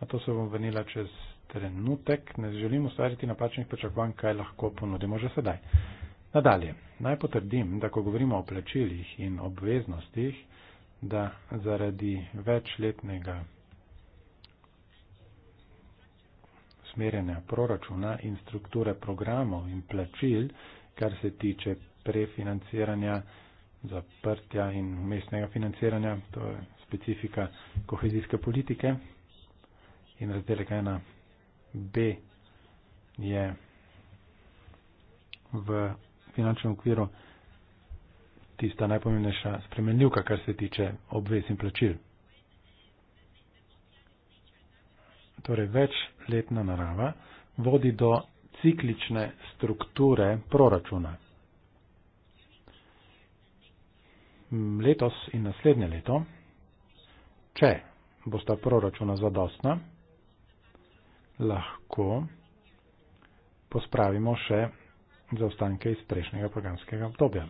na to se bom vrnila čez trenutek, ne želim ustvariti napačnih pričakovanj, kaj lahko ponudimo že sedaj. Nadalje, naj potrdim, da ko govorimo o plačilih in obveznostih, da zaradi večletnega smerenja proračuna in strukture programov in plačil, kar se tiče prefinanciranja, zaprtja in mestnega financiranja, to je specifika kohezijske politike in razdelek B je v finančnem okviru tista najpomembnejša spremenljivka, kar se tiče obvez in plačil. Torej, večletna narava vodi do ciklične strukture proračuna. Letos in naslednje leto, če bosta proračuna zadostna, lahko pospravimo še zaostanke iz prejšnjega programskega obdobja.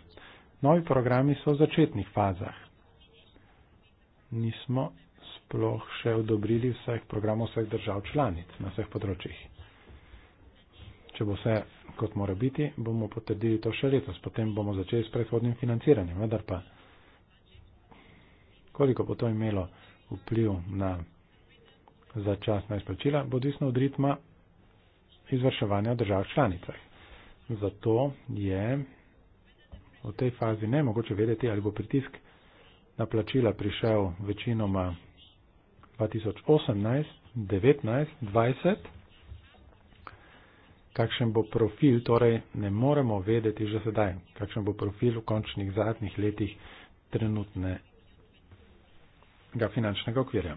Novi programi so v začetnih fazah. Nismo sploh še odobrili vseh programov vseh držav članic na vseh področjih. Če bo vse kot mora biti, bomo potrdili to še letos. Potem bomo začeli s predhodnim financiranjem. Vendar pa, koliko bo to imelo vpliv na začasna izplačila bo odvisno od ritma izvrševanja v državah članicah. Zato je v tej fazi ne mogoče vedeti, ali bo pritisk na plačila prišel večinoma 2018, 2019, 2020, kakšen bo profil, torej ne moremo vedeti že sedaj, kakšen bo profil v končnih zadnjih letih trenutnega finančnega okvirja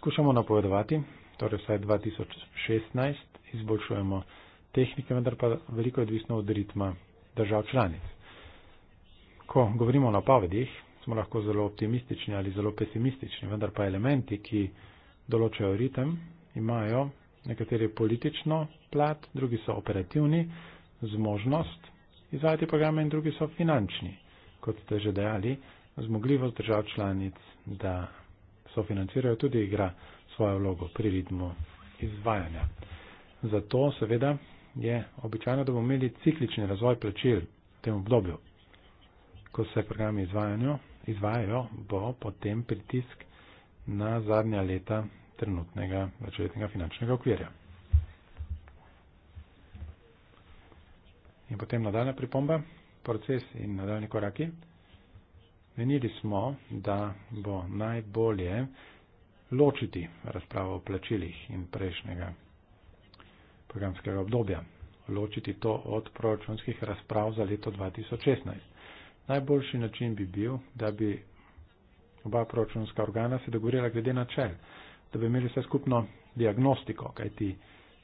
skušamo napovedovati, torej vsaj 2016 izboljšujemo tehnike, vendar pa veliko je odvisno od ritma držav članic. Ko govorimo o napovedih, smo lahko zelo optimistični ali zelo pesimistični, vendar pa elementi, ki določajo ritem, imajo nekateri politično plat, drugi so operativni, zmožnost izvajati programe in drugi so finančni, kot ste že dejali, zmogljivost držav članic, da sofinancirajo, tudi igra svojo vlogo pri ritmu izvajanja. Zato seveda je običajno, da bomo imeli ciklični razvoj plačil v tem obdobju. Ko se programi izvajajo, bo potem pritisk na zadnja leta trenutnega večletnega finančnega okvirja. In potem nadaljna pripomba, proces in nadaljni koraki. Menili smo, da bo najbolje ločiti razpravo o plačilih in prejšnjega programskega obdobja, ločiti to od proračunskih razprav za leto 2016. Najboljši način bi bil, da bi oba proračunska organa se dogovorila glede načel, da bi imeli vse skupno diagnostiko, kajti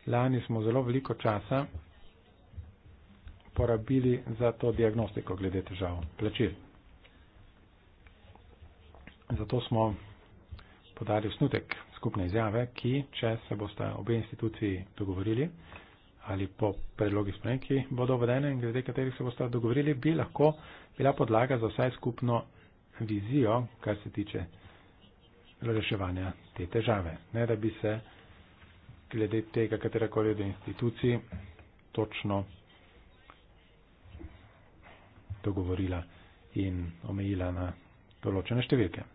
lani smo zelo veliko časa porabili za to diagnostiko glede težav plačil. Zato smo podali osnutek skupne izjave, ki, če se boste obe instituciji dogovorili ali po predlogi sprememb, ki bodo uvedene in glede katerih se boste dogovorili, bi lahko bila podlaga za vsaj skupno vizijo, kar se tiče reševanja te težave. Ne da bi se glede tega, katerakoli od institucij, točno dogovorila in omejila na določene številke.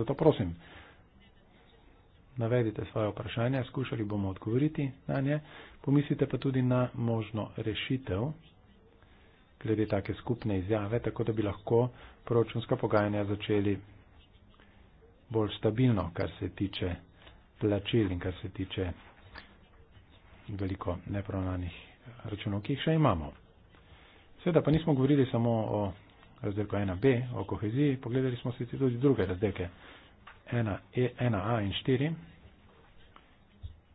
Zato prosim, navedite svoje vprašanje, skušali bomo odgovoriti na nje, pomislite pa tudi na možno rešitev glede take skupne izjave, tako da bi lahko proračunska pogajanja začeli bolj stabilno, kar se tiče plačil in kar se tiče veliko nepravnanih računov, ki jih še imamo. Sveda pa nismo govorili samo o razdelko 1b o koheziji, pogledali smo si tudi druge razdelke 1a e, in 4.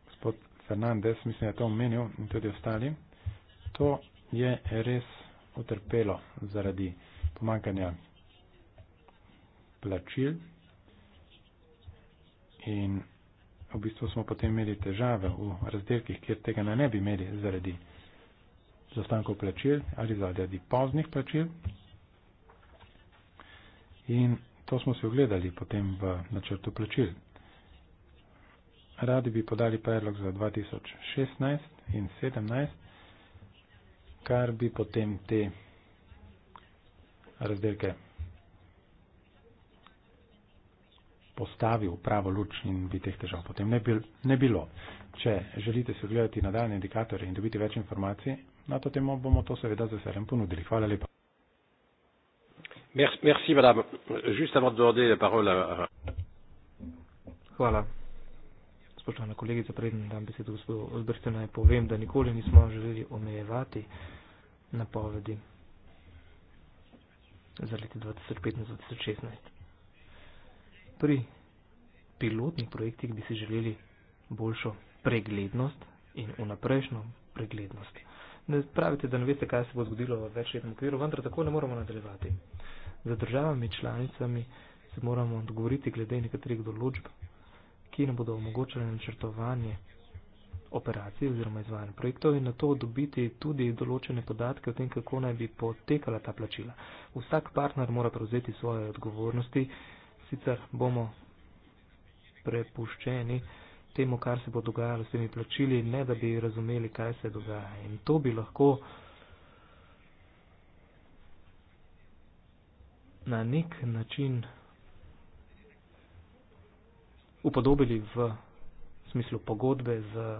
Gospod Fernandez, mislim, da je to omenil in tudi ostali. To je res utrpelo zaradi pomankanja plačil in v bistvu smo potem imeli težave v razdelkih, kjer tega ne bi imeli zaradi zastankov plačil ali zaradi poznih plačil in to smo si ogledali potem v načrtu plačil. Radi bi podali predlog za 2016 in 2017, kar bi potem te razdelke postavil v pravo luč in bi teh težav potem ne, bil, ne bilo. Če želite si ogledati nadaljne indikatorje in dobiti več informacij, na to temo bomo to seveda z veseljem ponudili. Hvala lepa. Merci, merci madame. Juste avant de donner la parole à. Voilà. Spoštovana kolegica, preden dam besedo gospodu Odbrcu, naj povem, da nikoli nismo želeli omejevati napovedi za leti 2015-2016. Pri pilotnih projektih bi si želeli boljšo preglednost in vnaprejšnjo preglednost. Ne pravite, da ne veste, kaj se bo zgodilo v večletnem okviru, vendar tako ne moremo nadaljevati z državami članicami se moramo odgovoriti glede nekaterih določb, ki nam bodo omogočali načrtovanje operacij oziroma izvajanje projektov in na to dobiti tudi določene podatke o tem, kako naj bi potekala ta plačila. Vsak partner mora prevzeti svoje odgovornosti, sicer bomo prepuščeni temu, kar se bo dogajalo s temi plačili, ne da bi razumeli, kaj se dogaja. In to bi lahko na nek način upodobili v smislu pogodbe z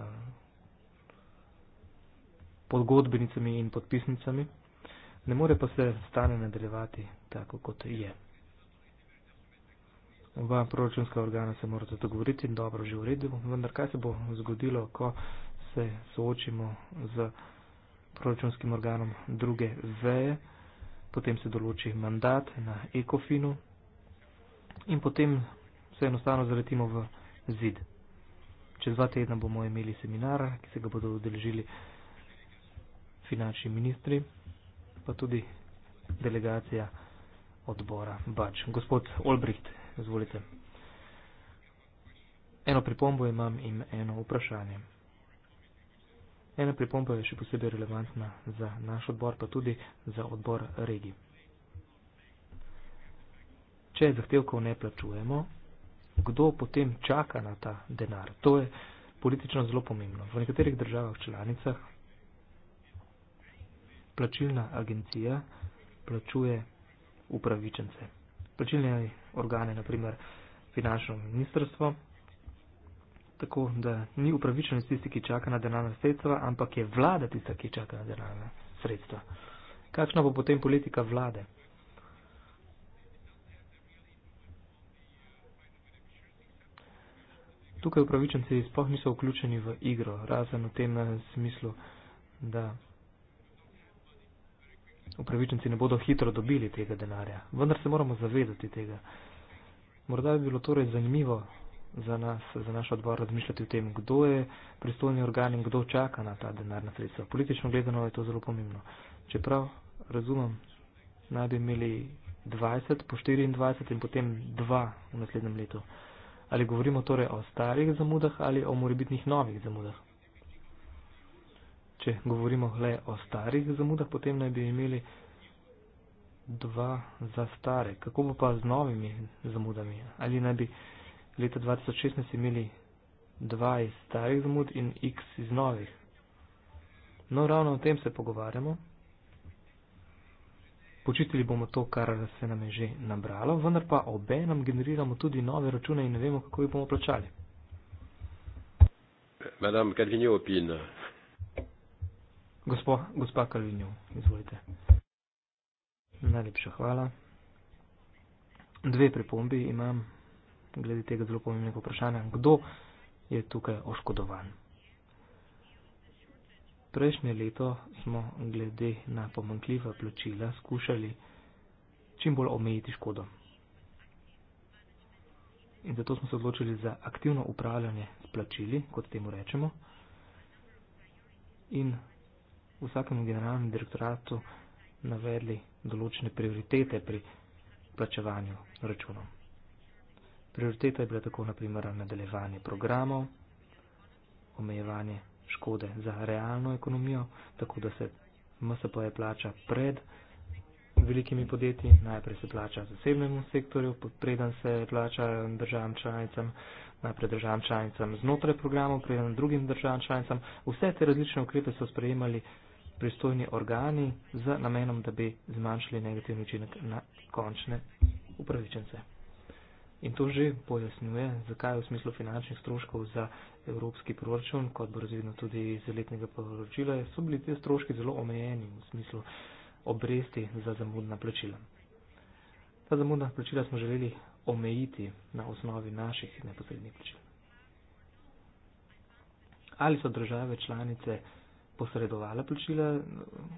podgodbenicami in podpisnicami, ne more pa se stane nadaljevati tako, kot je. Oba proračunska organa se morate dogovoriti in dobro že uredimo, vendar kaj se bo zgodilo, ko se soočimo z proračunskim organom druge veje? potem se določi mandat na ekofinu in potem se enostavno zaletimo v zid. Čez dva tedna bomo imeli seminar, ki se ga bodo odeležili finančni ministri, pa tudi delegacija odbora Bač. Gospod Olbricht, izvolite. Eno pripombo imam in eno vprašanje. Ena pripomba je še posebej relevantna za naš odbor, pa tudi za odbor regij. Če zahtevkov ne plačujemo, kdo potem čaka na ta denar? To je politično zelo pomembno. V nekaterih državah članicah plačilna agencija plačuje upravičence. Plačilne organe, naprimer finančno ministrstvo, tako, da ni upravičen tisti, ki čaka na denarna sredstva, ampak je vlada tista, ki čaka na denarna sredstva. Kakšna bo potem politika vlade? Tukaj upravičenci sploh niso vključeni v igro, razen v tem eh, smislu, da upravičenci ne bodo hitro dobili tega denarja. Vendar se moramo zavedati tega. Morda bi bilo torej zanimivo za nas, za naš odbor razmišljati o tem, kdo je pristojni organ in kdo čaka na ta denarna sredstva. Politično gledano je to zelo pomembno. Čeprav razumem, naj bi imeli 20 po 24 in potem 2 v naslednjem letu. Ali govorimo torej o starih zamudah ali o morebitnih novih zamudah? Če govorimo le o starih zamudah, potem naj bi imeli dva za stare. Kako bo pa z novimi zamudami? Ali naj bi leta 2016 imeli dva iz starih zamud in x iz novih. No, ravno o tem se pogovarjamo. Počistili bomo to, kar se nam je že nabralo, vendar pa obe nam generiramo tudi nove račune in ne vemo, kako jih bomo plačali. Madame Calvinio Pin. Gospo, gospa Calvinio, izvolite. Najlepša hvala. Dve pripombi imam glede tega zelo pomembnega vprašanja, kdo je tukaj oškodovan. Prejšnje leto smo glede na pomankljiva plačila skušali čim bolj omejiti škodo. In zato smo se odločili za aktivno upravljanje s plačili, kot temu rečemo. In vsakemu generalnemu direktoratu navedli določene prioritete pri plačevanju računov. Prioriteta je bila tako naprimer nadaljevanje programov, omejevanje škode za realno ekonomijo, tako da se MSP je plača pred velikimi podjetji, najprej se plača zasebnemu sektorju, preden se plača državam članicam, najprej državam članicam znotraj programov, preden drugim državam članicam. Vse te različne ukrepe so sprejemali pristojni organi z namenom, da bi zmanjšali negativni učinek na končne upravičence. In to že pojasnjuje, zakaj v smislu finančnih stroškov za evropski proračun, kot bo razvidno tudi iz letnega poročila, so bili te stroški zelo omejeni v smislu obresti za zamudna plačila. Ta zamudna plačila smo želeli omejiti na osnovi naših neposrednih plačil. Ali so države članice posredovala plačila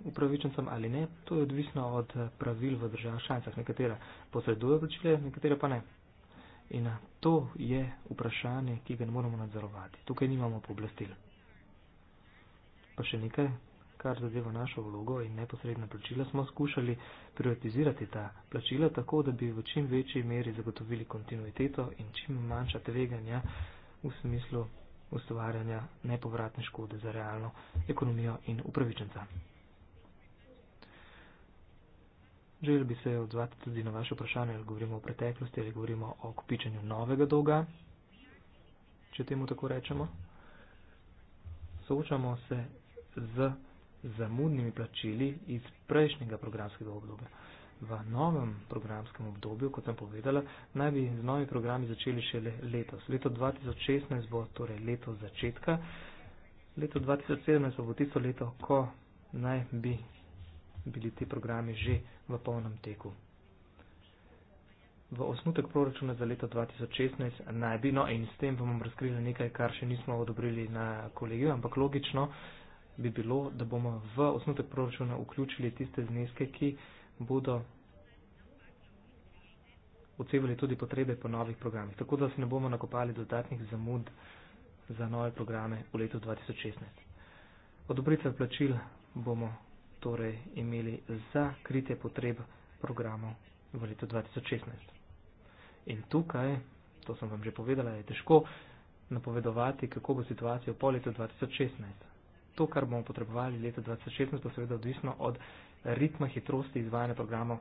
upravičencem ali ne, to je odvisno od pravil v državah članicah. Nekatera posredujejo plačile, nekatera pa ne. In to je vprašanje, ki ga ne moramo nadzorovati. Tukaj nimamo pooblastil. Pa še nekaj, kar zadeva našo vlogo in neposredna plačila, smo skušali privatizirati ta plačila tako, da bi v čim večji meri zagotovili kontinuiteto in čim manjša tveganja v smislu ustvarjanja nepovratne škode za realno ekonomijo in upravičenca. Želel bi se odzvati tudi na vaše vprašanje, ali govorimo o preteklosti ali govorimo o kopičanju novega dolga, če temu tako rečemo. Soočamo se z zamudnimi plačili iz prejšnjega programskega obdobja. V novem programskem obdobju, kot sem povedala, naj bi z novimi programi začeli šele letos. Leto 2016 bo torej leto začetka, leto 2017 bo tisto leto, ko naj bi bili te programe že v polnem teku. V osnutek proračuna za leto 2016 naj bi, no in s tem bomo razkrili nekaj, kar še nismo odobrili na kolegiju, ampak logično bi bilo, da bomo v osnutek proračuna vključili tiste zneske, ki bodo odsevali tudi potrebe po novih programih. Tako da si ne bomo nakopali dodatnih zamud za nove programe v letu 2016. Odobritve plačil bomo torej imeli za krite potreb programov v letu 2016. In tukaj, to sem vam že povedala, je težko napovedovati, kako bo situacija po letu 2016. To, kar bomo potrebovali leta 2016, bo seveda odvisno od ritma hitrosti izvajanja programov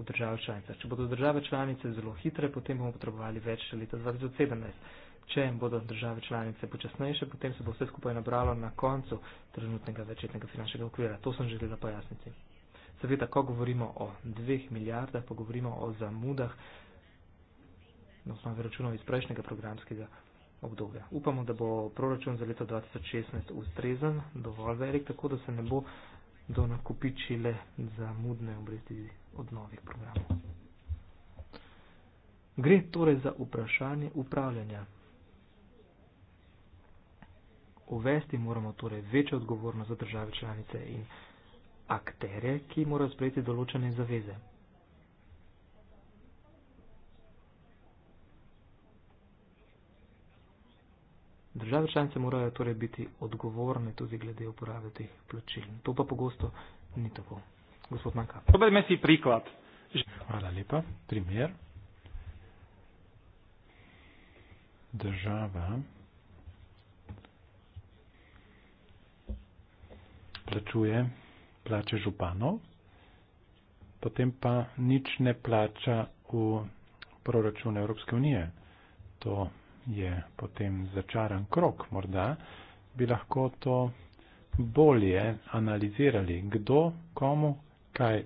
v države članice. Če bodo države članice zelo hitre, potem bomo potrebovali več še leta 2017. Če bodo države članice počasnejše, potem se bo vse skupaj nabralo na koncu trenutnega večetnega finančnega okvira. To sem želela pojasniti. Seveda, ko govorimo o dveh milijardah, pa govorimo o zamudah na osnovi računov iz prejšnjega programskega obdobja. Upamo, da bo proračun za leto 2016 ustrezen, dovolj velik, tako da se ne bo do nakupičile in zamudne obresti od novih programov. Gre torej za vprašanje upravljanja. Uvesti moramo torej večjo odgovornost za države članice in akterje, ki morajo sprejeti določene zaveze. Države članice morajo torej biti odgovorne tudi glede uporabe teh plačil. To pa pogosto ni tako. Gospod Manka. Dobar mesi priklad. Hvala lepa. Primer. Država plačuje plače županov, potem pa nič ne plača v proračun Evropske unije. To je potem začaran krok, morda bi lahko to bolje analizirali, kdo komu kaj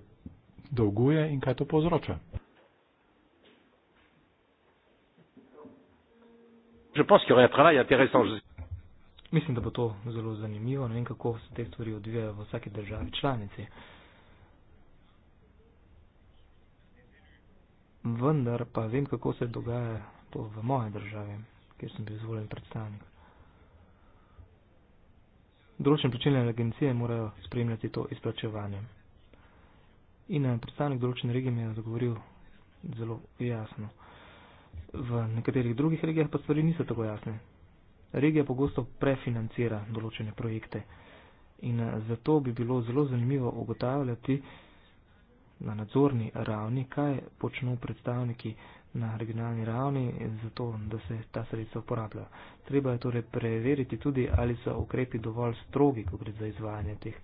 dolguje in kaj to povzroča. Mislim, da bo to zelo zanimivo, ne vem, kako se te stvari odvijajo v vsaki državi članici. Vendar pa vem, kako se dogaja po, v moje države, kjer sem bil izvoljen predstavnik. Določene plačilne agencije morajo spremljati to izplačevanje. In eh, predstavnik določene regije mi je odgovoril zelo jasno. V nekaterih drugih regijah pa stvari niso tako jasne. Regija pogosto prefinancira določene projekte in eh, zato bi bilo zelo zanimivo ugotavljati na nadzorni ravni, kaj počnejo predstavniki na regionalni ravni in zato, da se ta sredstva uporabljajo. Treba je torej preveriti tudi, ali so ukrepi dovolj strogi, ko gre za izvajanje teh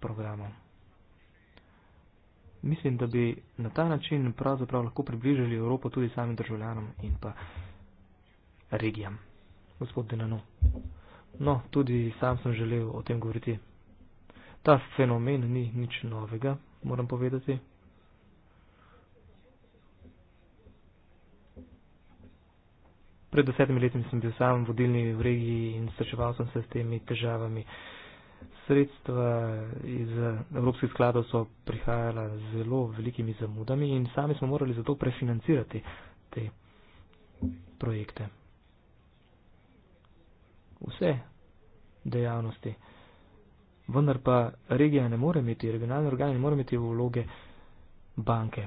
programov. Mislim, da bi na ta način pravzaprav lahko približali Evropo tudi samim državljanom in pa regijam. Gospod Denano. No, tudi sam sem želel o tem govoriti. Ta fenomen ni nič novega, moram povedati. pred desetimi leti sem bil sam vodilni v regiji in srečeval sem se s temi težavami. Sredstva iz evropskih skladov so prihajala z zelo velikimi zamudami in sami smo morali zato prefinancirati te projekte. Vse dejavnosti. Vendar pa regija ne more imeti, regionalni organ ne more imeti vloge banke.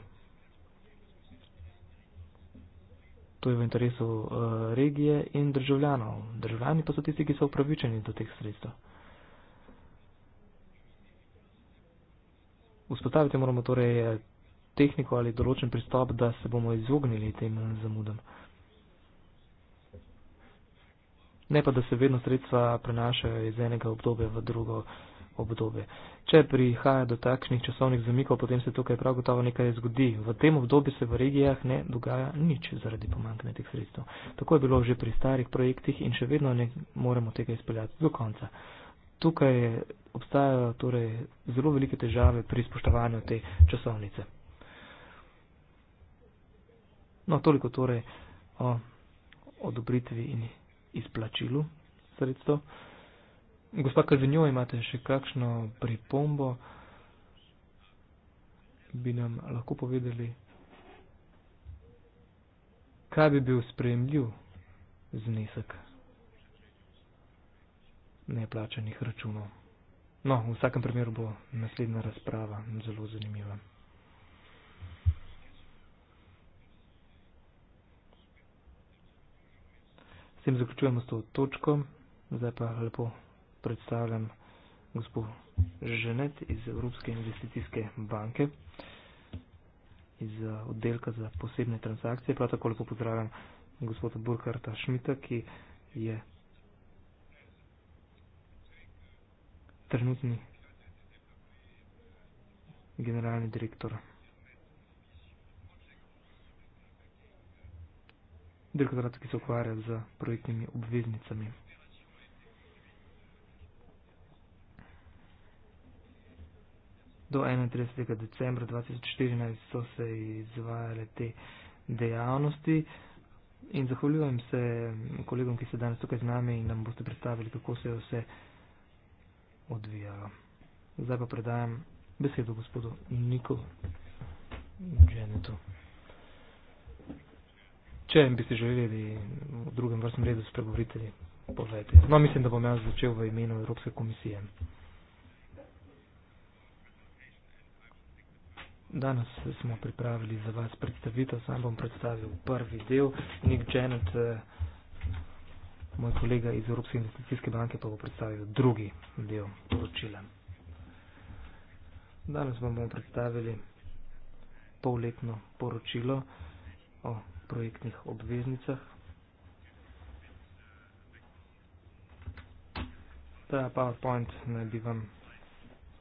To je v interesu eh, regije in državljanov. Državljani pa so tisti, ki so upravičeni do teh sredstev. Vzpostaviti moramo torej eh, tehniko ali določen pristop, da se bomo izognili tem eh, zamudam. Ne pa, da se vedno sredstva prenašajo iz enega obdobja v drugo obdobje. Če prihaja do takšnih časovnih zamikov, potem se tukaj prav gotovo nekaj zgodi. V tem obdobju se v regijah ne dogaja nič zaradi pomankanja teh sredstev. Tako je bilo že pri starih projektih in še vedno ne moremo tega izpeljati do konca. Tukaj obstajajo torej zelo velike težave pri spoštovanju te časovnice. No, toliko torej o odobritvi in izplačilu sredstev. Gospa Kalvinjo, imate še kakšno pripombo? Bi nam lahko povedali, kaj bi bil sprejemljiv znesek neplačanih računov. No, v vsakem primeru bo naslednja razprava zelo zanimiva. S tem zaključujemo s to točko, zdaj pa lepo predstavljam gospod Ženet iz Evropske investicijske banke, iz eh, oddelka za posebne transakcije. Prav tako lepo pozdravljam gospoda Burkarta Šmita, ki je trenutni generalni direktor. Direktorat, ki se ukvarja z projektnimi obveznicami. do 31. decembra 2014 so se izvajale te dejavnosti. In zahvaljujem se kolegom, ki ste danes tukaj z nami in nam boste predstavili, kako se je vse odvijalo. Zdaj pa predajam besedo gospodu Niko Dženetu. Če bi se želeli v drugem vrstnem redu spregovoriti, povedajte. No, mislim, da bom jaz začel v imenu Evropske komisije. Danes smo pripravili za vas predstavitev, sam bom predstavil prvi del. Nick Janet, eh, moj kolega iz Evropske investicijske banke, pa bo predstavil drugi del poročila. Danes vam bomo predstavili polletno poročilo o projektnih obveznicah. Ta PowerPoint naj bi vam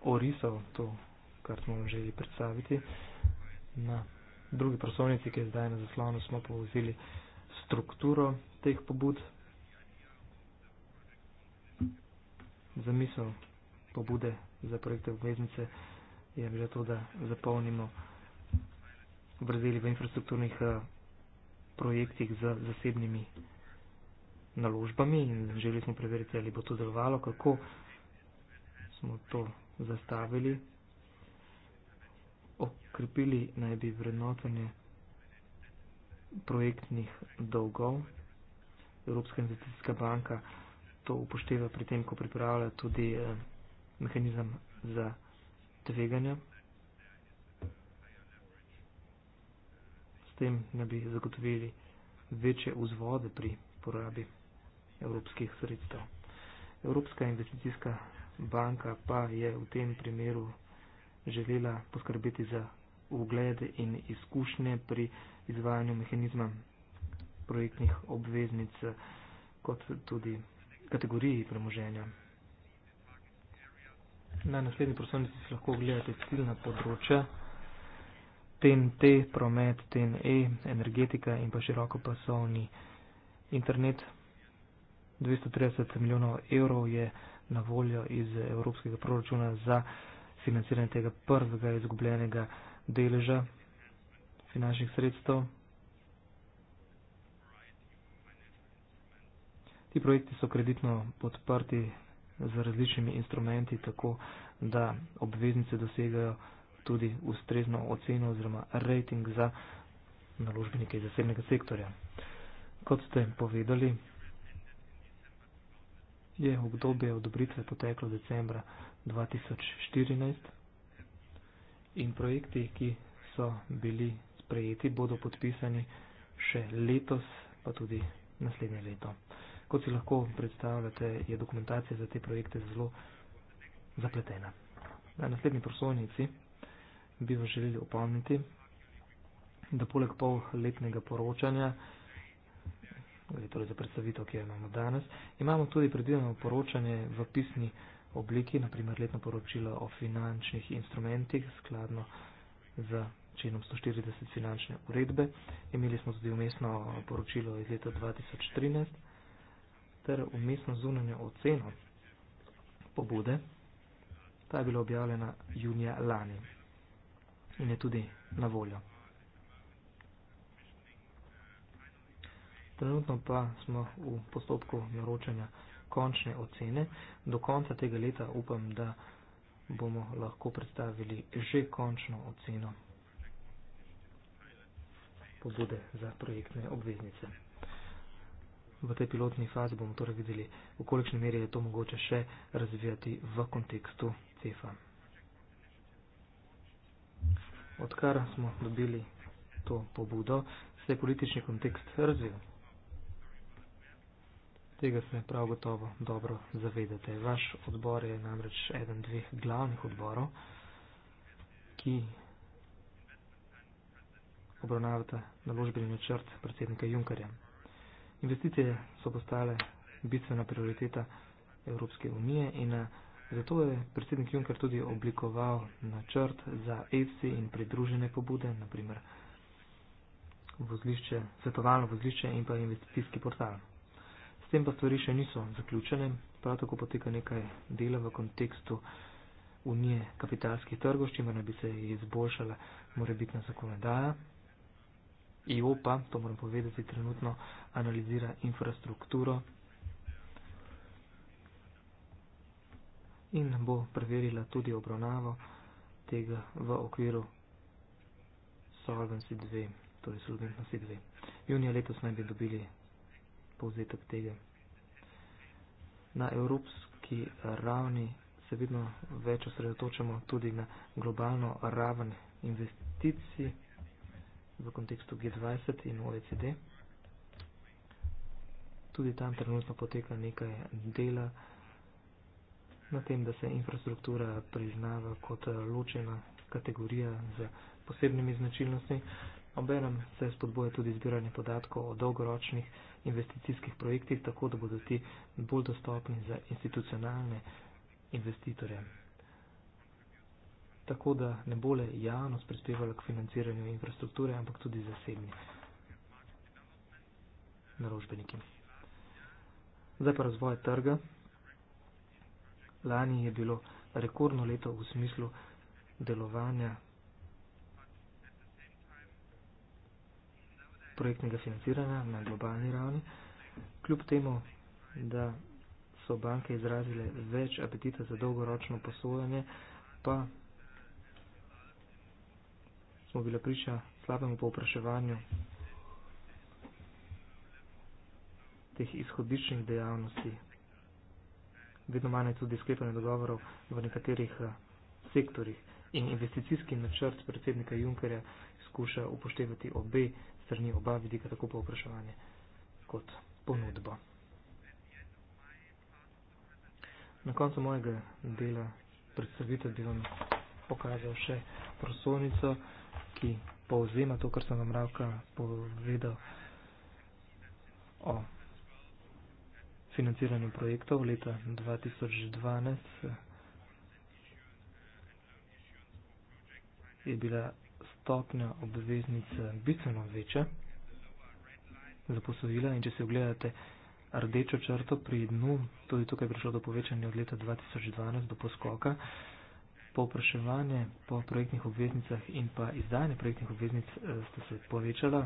orisal to kar smo vam želi predstaviti. Na drugi prosovnici, ki je zdaj na zaslonu, smo povozili strukturo teh pobud. Zamisel pobude za projekte obveznice je bilo to, da zapolnimo vrzeli v infrastrukturnih eh, projektih z zasebnimi naložbami in želeli smo preveriti, ali bo to delovalo, kako smo to zastavili, okrepili naj bi vrednotenje projektnih dolgov. Evropska investicijska banka to upošteva pri tem, ko pripravlja tudi eh, mehanizem za tveganja. S tem naj bi zagotovili večje vzvode pri porabi evropskih sredstev. Evropska investicijska banka pa je v tem primeru želela poskrbeti za ugled in izkušnje pri izvajanju mehanizma projektnih obveznic kot tudi kategoriji premoženja. Na naslednji prosovnici si lahko ogledate ciljna področja TNT, promet, TNE, energetika in pa širokopasovni internet. 230 milijonov evrov je na voljo iz evropskega proračuna za financiranje tega prvega izgubljenega deleža finančnih sredstev. Ti projekti so kreditno podprti z različnimi instrumenti, tako da obveznice dosegajo tudi ustrezno oceno oziroma rating za naložbenike iz zasebnega sektorja. Kot ste povedali, je obdobje odobritve poteklo decembra 2014 in projekti, ki so bili sprejeti, bodo podpisani še letos, pa tudi naslednje leto. Kot si lahko predstavljate, je dokumentacija za te projekte zelo zapletena. Na naslednji prosovnici bi vas želeli opomniti, da poleg polletnega poročanja, torej za predstavitev, ki jo imamo danes, imamo tudi predvideno poročanje v pisni obliki, naprimer letno poročilo o finančnih instrumentih, skladno z činom 140 finančne uredbe. Imeli smo tudi umestno poročilo iz leta 2013 ter umestno zunanje oceno pobude. Ta je bila objavljena junija lani in je tudi na voljo. Trenutno pa smo v postopku naročanja končne ocene. Do konca tega leta upam, da bomo lahko predstavili že končno oceno pobude za projektne obveznice. V tej pilotni fazi bomo torej videli, v kolikšni meri je to mogoče še razvijati v kontekstu CEFA. Odkar smo dobili to pobudo, se je politični kontekst razvijal. Tega se prav gotovo dobro zavedate. Vaš odbor je namreč eden dveh glavnih odborov, ki obravnavata naložbeni načrt predsednika Junkarja. Investicije so postale bistvena prioriteta Evropske unije in eh, zato je predsednik Junker tudi oblikoval načrt za EFSI in pridružene pobude, naprimer vozlišče, svetovalno vozlišče in pa investicijski portal tem pa stvari še niso zaključene, prav tako poteka nekaj dela v kontekstu unije kapitalskih trgov, s čimer naj bi se izboljšala morebitna zakonodaja. IO pa, to moram povedati, trenutno analizira infrastrukturo in bo preverila tudi obravnavo tega v okviru Solvency 2, torej Solvency 2. Junija letos naj bi dobili povzetek tega. Na evropski ravni se vedno več osredotočamo tudi na globalno raven investicij v kontekstu G20 in OECD. Tudi tam trenutno poteka nekaj dela na tem, da se infrastruktura priznava kot ločena kategorija z posebnimi značilnostmi. Obenem se spodboja tudi zbiranje podatkov o dolgoročnih investicijah investicijskih projektih, tako da bodo ti bolj dostopni za institucionalne investitore. Tako da ne bo le javnost prispevala k financiranju infrastrukture, ampak tudi zasebni naložbeniki. Zdaj pa razvoj trga. Lani je bilo rekordno leto v smislu delovanja projektnega financiranja na globalni ravni, kljub temu, da so banke izrazile več apetita za dolgoročno posojanje, pa smo bili priča slabemu povpraševanju teh izhodiščnih dejavnosti. Vedno manj je tudi sklepanje dogovorov v nekaterih eh, sektorjih in investicijski načrt predsednika Junkerja skuša upoštevati obe strani oba vidika, tako po vpraševanje kot ponudbo. Na koncu mojega dela predstavite bi vam pokazal še prosovnico, ki povzema to, kar sem vam ravka povedal o financiranju projektov leta 2012. Je bila stopnja obveznice bistveno večja za posojila in če se ogledate rdečo črto pri dnu, tudi tukaj je prišlo do povečanja od leta 2012 do poskoka, povpraševanje po projektnih obveznicah in pa izdajanje projektnih obveznic eh, sta se povečala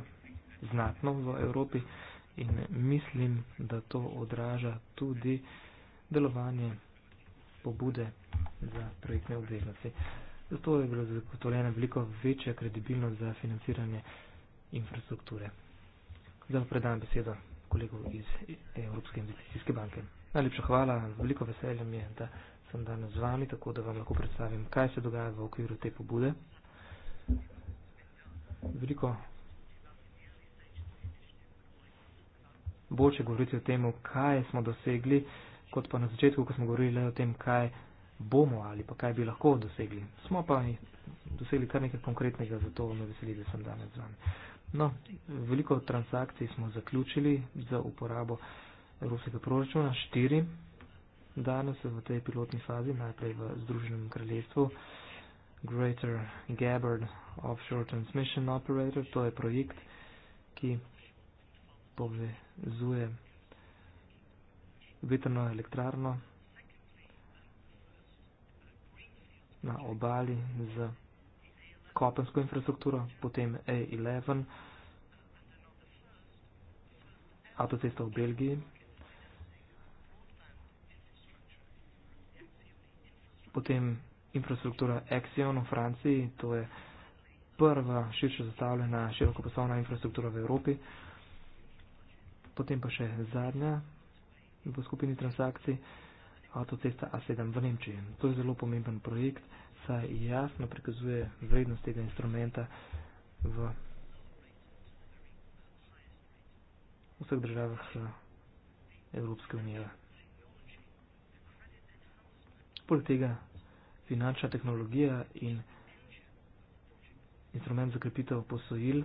znatno v Evropi in mislim, da to odraža tudi delovanje pobude za projektne obveznice. Zato je bilo zagotovljena veliko večja kredibilnost za financiranje infrastrukture. Zdaj vam predam besedo kolegov iz Evropske investicijske banke. Najlepša hvala, veliko veselje mi je, da sem danes z vami, tako da vam lahko predstavim, kaj se dogaja v okviru te pobude. Veliko boljše govoriti o tem, kaj smo dosegli, kot pa na začetku, ko smo govorili o tem, kaj bomo ali pa kaj bi lahko dosegli. Smo pa dosegli kar nekaj konkretnega, zato me veseli, da sem danes z vami. No, veliko transakcij smo zaključili za uporabo evropskega proračuna, štiri danes v tej pilotni fazi, najprej v Združenem kraljestvu. Greater Gabbard Offshore Transmission Operator, to je projekt, ki povezuje vetrno elektrarno na obali z kopensko infrastrukturo, potem A11, avtocesta v Belgiji, potem infrastruktura Axion v Franciji, to je prva širše zastavljena širokopasovna infrastruktura v Evropi, potem pa še zadnja v skupini transakcij, avtocesta A7 v Nemčiji. To je zelo pomemben projekt, saj jasno prikazuje vrednost tega instrumenta v vseh državah eh, Evropske unije. Poleg tega finančna tehnologija in instrument za krepitev posojil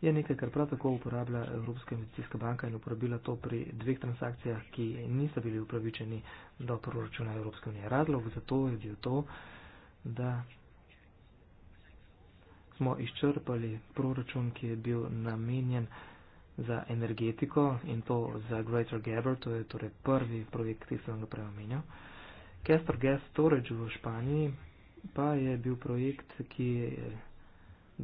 je nekaj, kar prav tako uporablja Evropska investicijska banka in uporabila to pri dveh transakcijah, ki niso bili upravičeni do proračuna Evropske unije. Razlog za to je bil to, da smo izčrpali proračun, ki je bil namenjen za energetiko in to za Greater Gabber, to je torej prvi projekt, ki sem ga prej omenjal. Castor Gas Storage v Španiji pa je bil projekt, ki je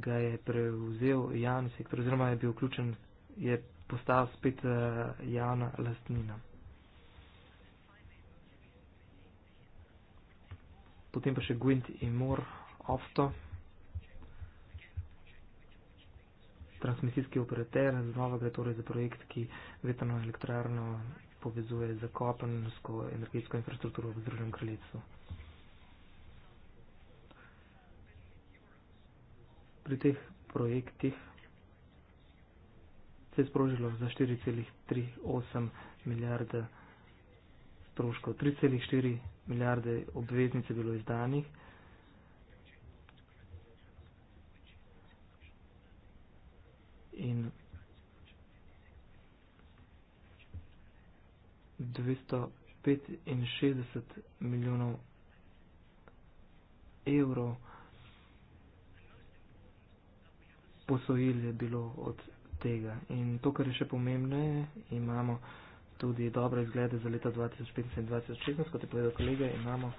ga je prevzel javni sektor oziroma je bil vključen, je postal spet eh, javna lastnina. Potem pa še Gwent in Mor Ofto, transmisijski operater, znova gre torej za projekt, ki vetrno elektrarno povezuje zakopansko energetsko infrastrukturo v Združenem kraljestvu. pri teh projektih se je sprožilo za 4,38 milijarde stroškov. 3,4 milijarde obveznice bilo izdanih. In 265 milijonov evrov posojil je bilo od tega. In to, kar je še pomembneje, imamo tudi dobre izglede za leta 2015 in 2016, kot je povedal kolega, imamo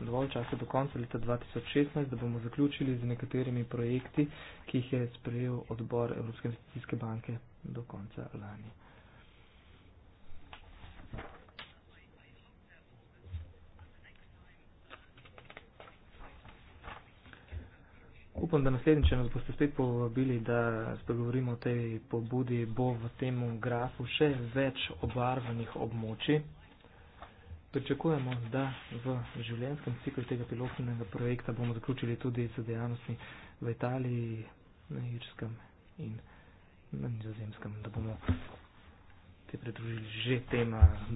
dovolj časa do konca leta 2016, da bomo zaključili z nekaterimi projekti, ki jih je sprejel odbor Evropske investicijske banke do konca lani. Upam, da naslednjič, če nas boste spet povabili, da spregovorimo o tej pobudi, bo v tem grafu še več obarvanih območij. Pričakujemo, da v življenjskem ciklu tega pilotnega projekta bomo zaključili tudi z dejavnostmi v Italiji, na Irskem in na Nizozemskem, da bomo se pridružili že tem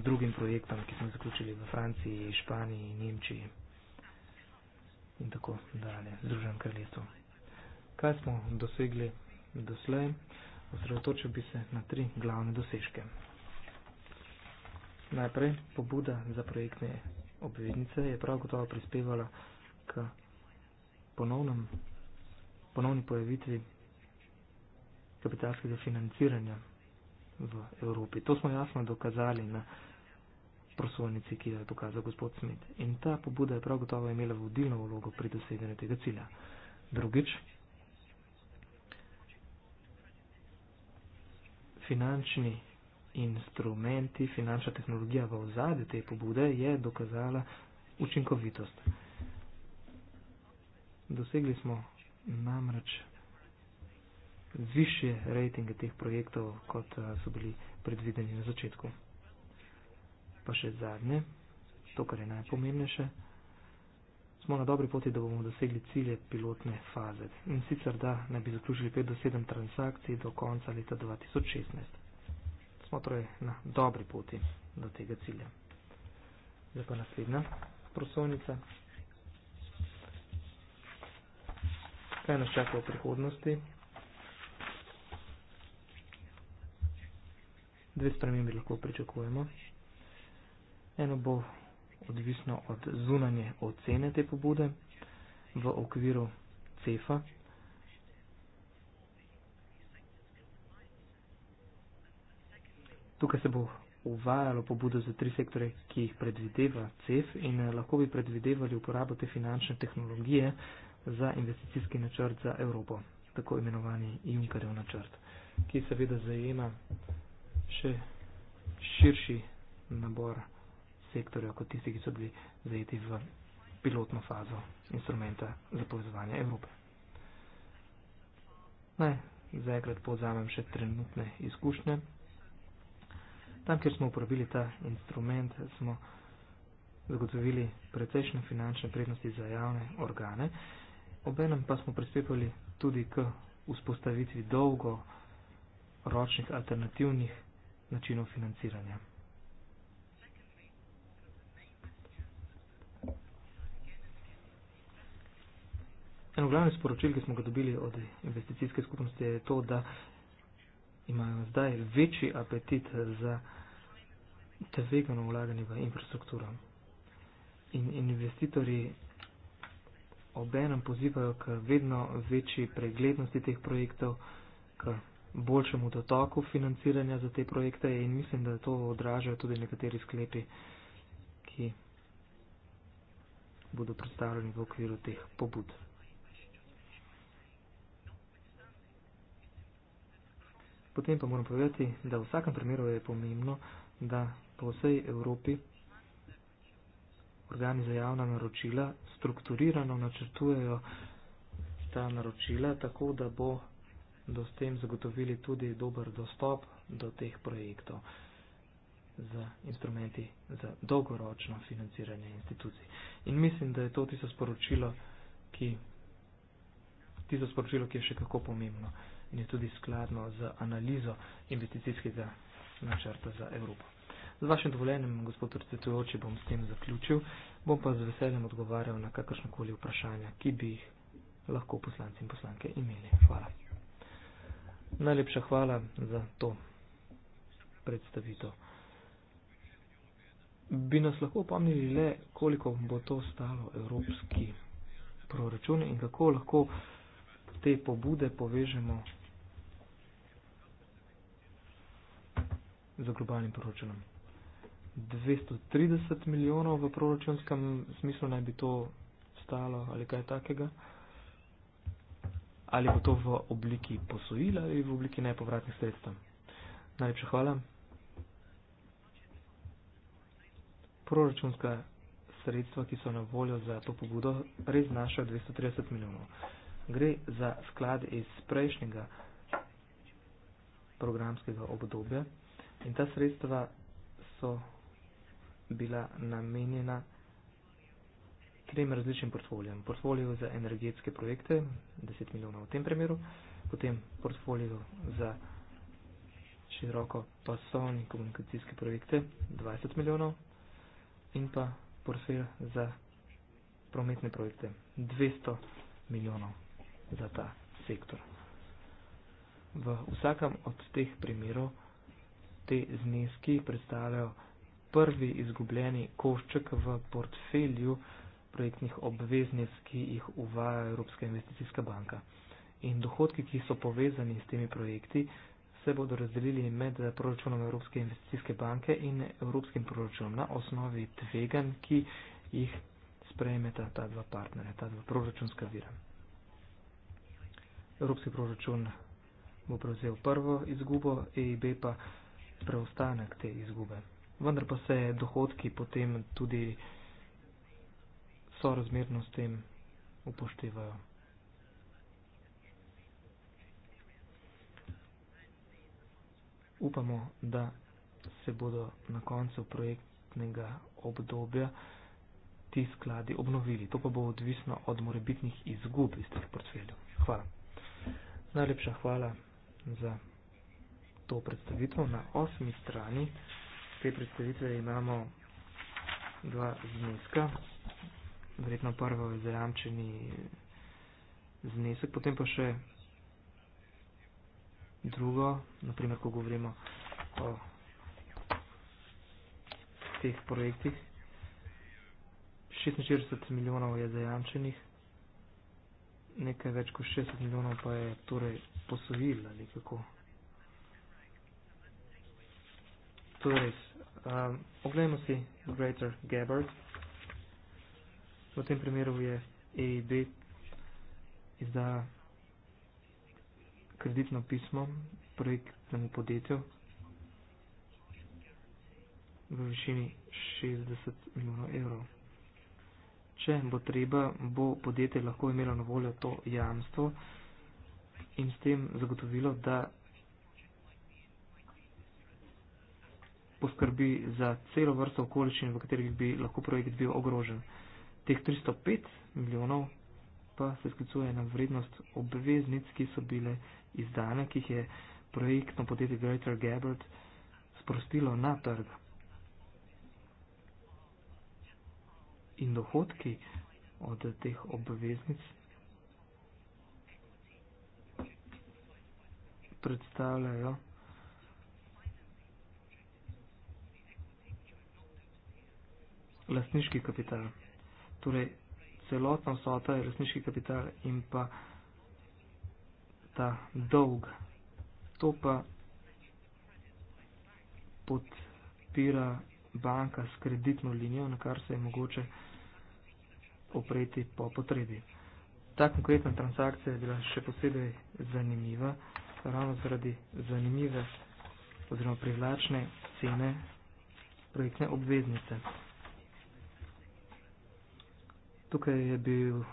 drugim projektom, ki smo zaključili v Franciji, Španiji, Nemčiji in tako dalje, Združenem kraljestvu. Kaj smo dosegli doslej? Osredotočil bi se na tri glavne dosežke. Najprej pobuda za projektne obveznice je prav gotovo prispevala k ponovnem, ponovni pojavitvi kapitalskega financiranja v Evropi. To smo jasno dokazali na prosovnici, ki jo je pokazal gospod Smit. In ta pobuda je prav gotovo imela vodilno vlogo pri doseganju tega cilja. Drugič, finančni instrumenti, finančna tehnologija v ozadju te pobude je dokazala učinkovitost. Dosegli smo namreč višje rejtinge teh projektov, kot eh, so bili predvideni na začetku. Pa še zadnje, to, kar je najpomembnejše, smo na dobri poti, da bomo dosegli cilje pilotne faze in sicer, da naj bi zaključili 5 do 7 transakcij do konca leta 2016. Smo torej na dobri poti do tega cilja. Zdaj pa naslednja prosovnica. Kaj nas čaka v prihodnosti? Dve spremembe lahko pričakujemo. Eno bo odvisno od zunanje ocene te pobude v okviru CEFA. Tukaj se bo uvajalo pobudo za tri sektore, ki jih predvideva CEF in eh, lahko bi predvidevali uporabo te finančne tehnologije za investicijski načrt za Evropo, tako imenovani Junkarjev načrt, ki seveda zajema še širši nabor sektorjev, kot tisti, ki so bili zajeti v pilotno fazo instrumenta za povezovanje Evrope. Naj zaenkrat povzamem še trenutne izkušnje. Tam, kjer smo uporabili ta instrument, smo zagotovili precejšnje finančne prednosti za javne organe, obenem pa smo prispevali tudi k vzpostavitvi dolgoročnih alternativnih načinov financiranja. Eno glavnih sporočil, ki smo ga dobili od investicijske skupnosti, je to, da imajo zdaj večji apetit za tvegano vlaganje v infrastrukturo. In investitorji obenem pozivajo k vedno večji preglednosti teh projektov, k boljšemu dotoku financiranja za te projekte in mislim, da to odražajo tudi nekateri sklepi, ki bodo predstavljeni v okviru teh pobud. Potem pa moram povedati, da v vsakem primeru je pomembno, da po vsej Evropi organi za javna naročila strukturirano načrtujejo ta naročila tako, da bo do s tem zagotovili tudi dober dostop do teh projektov z instrumenti za dolgoročno financiranje institucij. In mislim, da je to tisto sporočilo, ki, tisto sporočilo, ki je še kako pomembno in je tudi skladno z analizo investicijskega načrta za Evropo. Z vašim dovoljenjem, gospod predsedujoči, bom s tem zaključil, bom pa z veseljem odgovarjal na kakršnokoli vprašanja, ki bi jih lahko poslanci in poslanke imeli. Hvala. Najlepša hvala za to predstavitev. Bi nas lahko pomnili le, koliko bo to stalo evropski proračun in kako lahko te pobude povežemo za globalnim proračunom. 230 milijonov v proračunskem smislu naj bi to stalo ali kaj takega. Ali bo to v obliki posojila ali v obliki nepovratnih sredstev. Najlepša hvala. Proračunska sredstva, ki so na voljo za to pobudo, res naša 230 milijonov. Gre za sklad iz prejšnjega programskega obdobja. In ta sredstva so bila namenjena trem različnim portfolijem. Portfolijo za energetske projekte, 10 milijonov v tem primeru, potem portfolijo za široko pasovne komunikacijske projekte, 20 milijonov, in pa portfel za prometne projekte, 200 milijonov za ta sektor. V vsakem od teh primerov te zneski predstavljajo prvi izgubljeni košček v portfelju projektnih obveznic, ki jih uvaja Evropska investicijska banka. In dohodki, ki so povezani s temi projekti, se bodo razdelili med proračunom Evropske investicijske banke in Evropskim proračunom na osnovi tvegan, ki jih sprejmeta ta dva partnerja, ta dva proračunska vira. Evropski proračun bo prevzel prvo izgubo, EIB pa preostanek te izgube. Vendar pa se dohodki potem tudi sorazmerno s tem upoštevajo. Upamo, da se bodo na koncu projektnega obdobja ti skladi obnovili. To pa bo odvisno od morebitnih izgub iz teh portfeljev. Hvala. Najlepša hvala za to predstavitvo. Na osmi strani te predstavitve imamo dva zneska, verjetno prvo je zajamčeni znesek, potem pa še drugo, naprimer, ko govorimo o teh projektih. 46 milijonov je zajamčenih, nekaj več kot 60 milijonov pa je torej posojil ali kako. Tunis. Torej, um, Oglejmo si greater Gabbard. V tem primeru je EIB izda kreditno pismo projektnemu podjetju v višini 60 milijonov evrov. Če bo treba, bo podjetje lahko imelo na voljo to jamstvo in s tem zagotovilo, da poskrbi za celo vrsto okoličin, v katerih bi lahko projekt bil ogrožen. Teh 305 milijonov pa se sklicuje na vrednost obveznic, ki so bile izdane, ki jih je projektno podjetje Greater Gabbard sprostilo na trg. In dohodki od teh obveznic predstavljajo lastniški kapital. Torej, celotna vsota je lastniški kapital in pa ta dolg. To pa podpira banka s kreditno linijo, na kar se je mogoče opreti po potrebi. Ta konkretna transakcija je bila še posebej zanimiva, ravno zaradi zanimive oziroma privlačne cene projektne obveznice tukaj je bil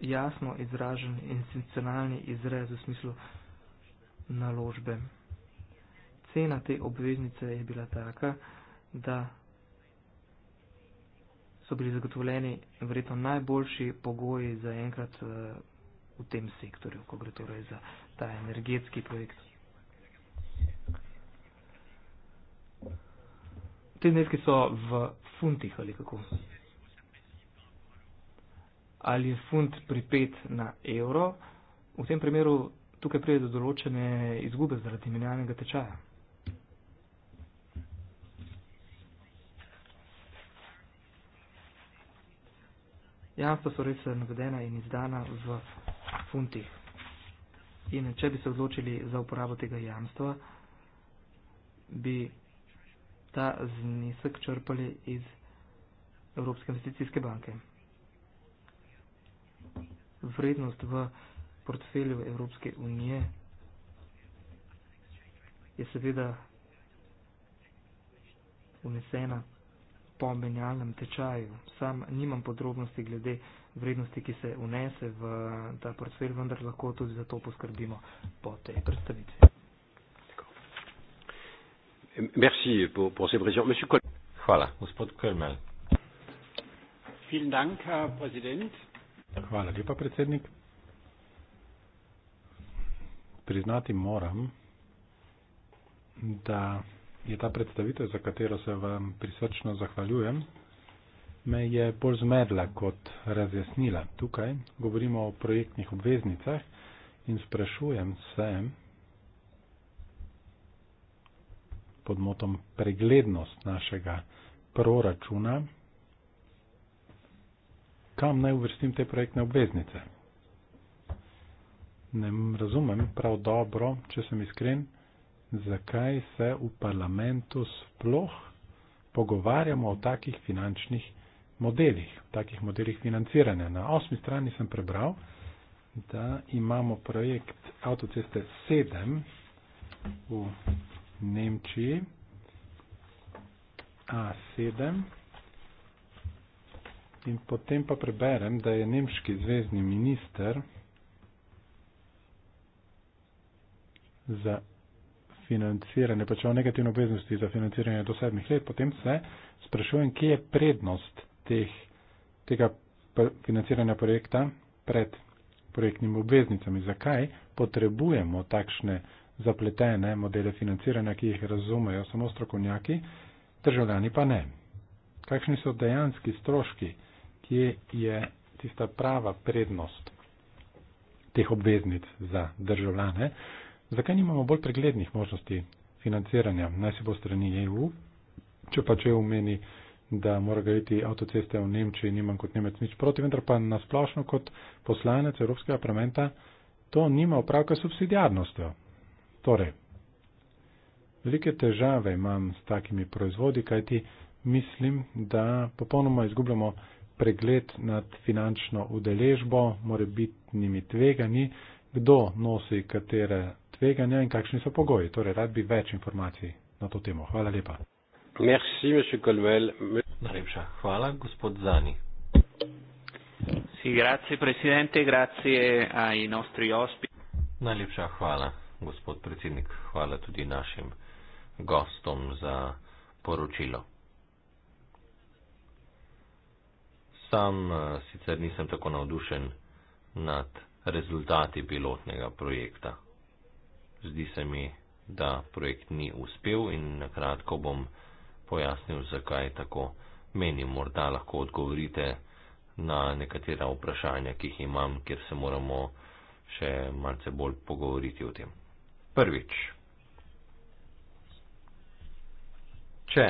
jasno izražen institucionalni izrez v smislu naložbe. Cena te obveznice je bila taka, da so bili zagotovljeni verjetno najboljši pogoji za enkrat eh, v tem sektorju, ko gre torej za ta energetski projekt. Te zneske so v funtih ali kako? ali je funt pripet na evro, v tem primeru tukaj pride do določene izgube zaradi menjalnega tečaja. Jamstva so res navedena in izdana v funtih. In če bi se odločili za uporabo tega jamstva, bi ta znesek črpali iz Evropske investicijske banke vrednost v portfelju Evropske unije je seveda unesena po menjalnem tečaju. Sam nimam podrobnosti glede vrednosti, ki se unese v ta portfelj, vendar lahko tudi za to poskrbimo po tej predstavitvi. Merci pour, pour ces précisions. Monsieur Hvala, gospod Kölmel. Vielen Dank, Herr Präsident. Hvala lepa, predsednik. Priznati moram, da je ta predstavitev, za katero se vam prisrčno zahvaljujem, me je bolj zmedla kot razjasnila. Tukaj govorimo o projektnih obveznicah in sprašujem se pod motom preglednost našega proračuna kam naj uvrstim te projektne obveznice. Ne razumem prav dobro, če sem iskren, zakaj se v parlamentu sploh pogovarjamo o takih finančnih modelih, takih modelih financiranja. Na osmi strani sem prebral, da imamo projekt avtoceste 7 v Nemčiji. A7, In potem pa preberem, da je nemški zvezdni minister za financiranje, pač o negativne obveznosti za financiranje do sedmih let, potem se sprašujem, kje je prednost teh, tega financiranja projekta pred projektnimi obveznicami. Zakaj potrebujemo takšne zapletene modele financiranja, ki jih razumejo samo strokovnjaki, državljani pa ne. Kakšni so dejanski stroški? kje je tista prava prednost teh obveznic za državljane, zakaj nimamo bolj preglednih možnosti financiranja, naj se bo strani EU, če pa če EU meni, da mora gajiti avtoceste v Nemčiji, nimam kot Nemec nič proti, vendar pa nasplošno kot poslanec Evropskega parlamenta to nima opravka s subsidijarnostjo. Torej, velike težave imam s takimi proizvodi, kajti mislim, da popolnoma izgubljamo pregled nad finančno udeležbo, more bitnimi tveganji, kdo nosi katere tveganja in kakšni so pogoji. Torej, rad bi več informacij na to temo. Hvala lepa. Merci, monsieur Colvel. Najlepša hvala, gospod Zani. Sì, grazie Presidente, grazie ai nostri ospiti. Najlepša hvala, gospod predsednik, hvala tudi našim gostom za poročilo. sam eh, sicer nisem tako navdušen nad rezultati pilotnega projekta. Zdi se mi, da projekt ni uspel in na kratko bom pojasnil, zakaj tako menim. Morda lahko odgovorite na nekatera vprašanja, ki jih imam, kjer se moramo še malce bolj pogovoriti o tem. Prvič. Če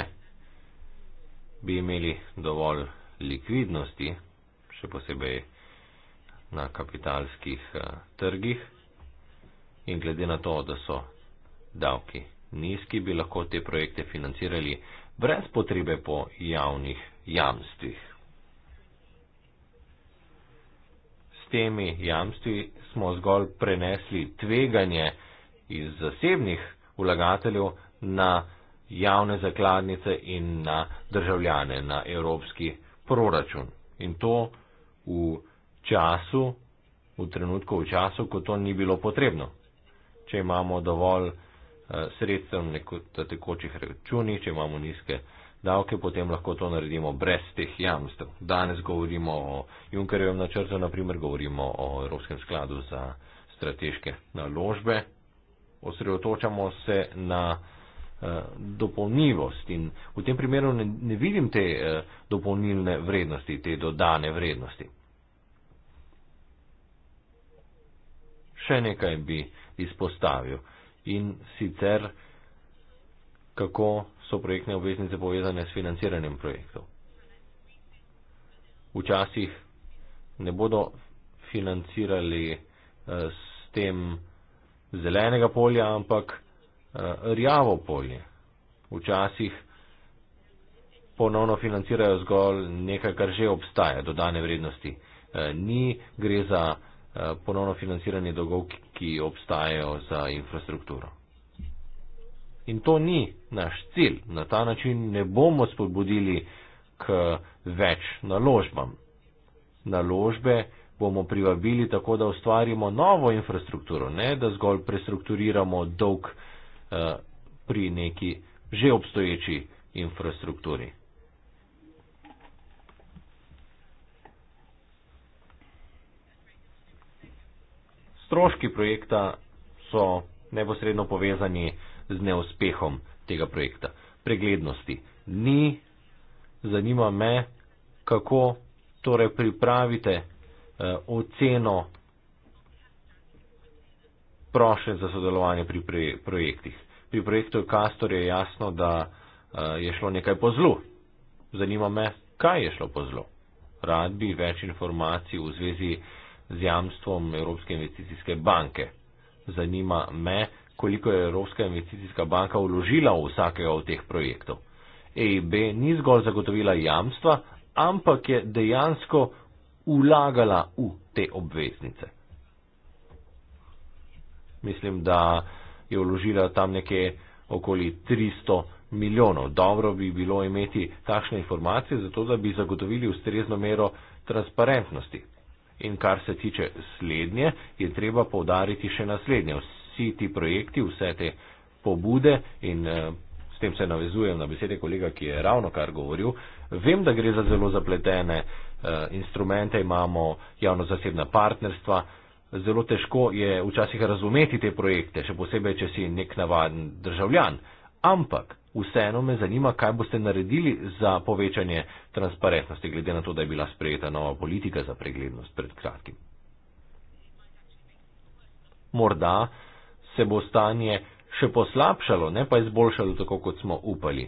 bi imeli dovolj likvidnosti, še posebej na kapitalskih eh, trgih. In glede na to, da so davki nizki, bi lahko te projekte financirali brez potrebe po javnih jamstvih. S temi jamstvi smo zgolj prenesli tveganje iz zasebnih vlagateljev na javne zakladnice in na državljane, na evropski proračun. In to v času, v trenutku, v času, ko to ni bilo potrebno. Če imamo dovolj eh, sredstev na tekočih računih, če imamo nizke davke, potem lahko to naredimo brez teh jamstev. Danes govorimo o Junkerjevem načrtu, naprimer govorimo o Evropskem skladu za strateške naložbe. Osredotočamo se na Eh, dopolnivost in v tem primeru ne, ne vidim te eh, dopolnilne vrednosti, te dodane vrednosti. Še nekaj bi izpostavil in sicer, kako so projektne obveznice povezane s financiranjem projektov. Včasih ne bodo financirali eh, s tem zelenega polja, ampak Eh, rjavo polje. Včasih ponovno financirajo zgolj nekaj, kar že obstaja, dodane vrednosti. Eh, ni gre za eh, ponovno financiranje dolgov, ki obstajajo za infrastrukturo. In to ni naš cilj. Na ta način ne bomo spodbudili k več naložbam. Naložbe bomo privabili tako, da ustvarimo novo infrastrukturo, ne da zgolj prestrukturiramo dolg infrastrukturo. Eh, pri neki že obstoječi infrastrukturi. Stroški projekta so neposredno povezani z neuspehom tega projekta. Preglednosti ni, zanima me, kako torej pripravite uh, oceno prošen za sodelovanje pri projektih pri projektu Castor je jasno, da eh, je šlo nekaj po zlu. Zanima me, kaj je šlo po zlu. Rad bi več informacij v zvezi z jamstvom Evropske investicijske banke. Zanima me, koliko je Evropska investicijska banka vložila v vsakega od teh projektov. EIB ni zgolj zagotovila jamstva, ampak je dejansko vlagala v te obveznice. Mislim, da je vložila tam nekje okoli 300 milijonov. Dobro bi bilo imeti takšne informacije, zato da bi zagotovili ustrezno mero transparentnosti. In kar se tiče slednje, je treba povdariti še naslednje. Vsi ti projekti, vse te pobude in eh, s tem se navezujem na besede kolega, ki je ravno kar govoril, vem, da gre za zelo zapletene eh, instrumente, imamo javno-zasebna partnerstva, zelo težko je včasih razumeti te projekte, še posebej, če si nek navaden državljan. Ampak vseeno me zanima, kaj boste naredili za povečanje transparentnosti, glede na to, da je bila sprejeta nova politika za preglednost pred kratkim. Morda se bo stanje še poslabšalo, ne pa izboljšalo, tako kot smo upali.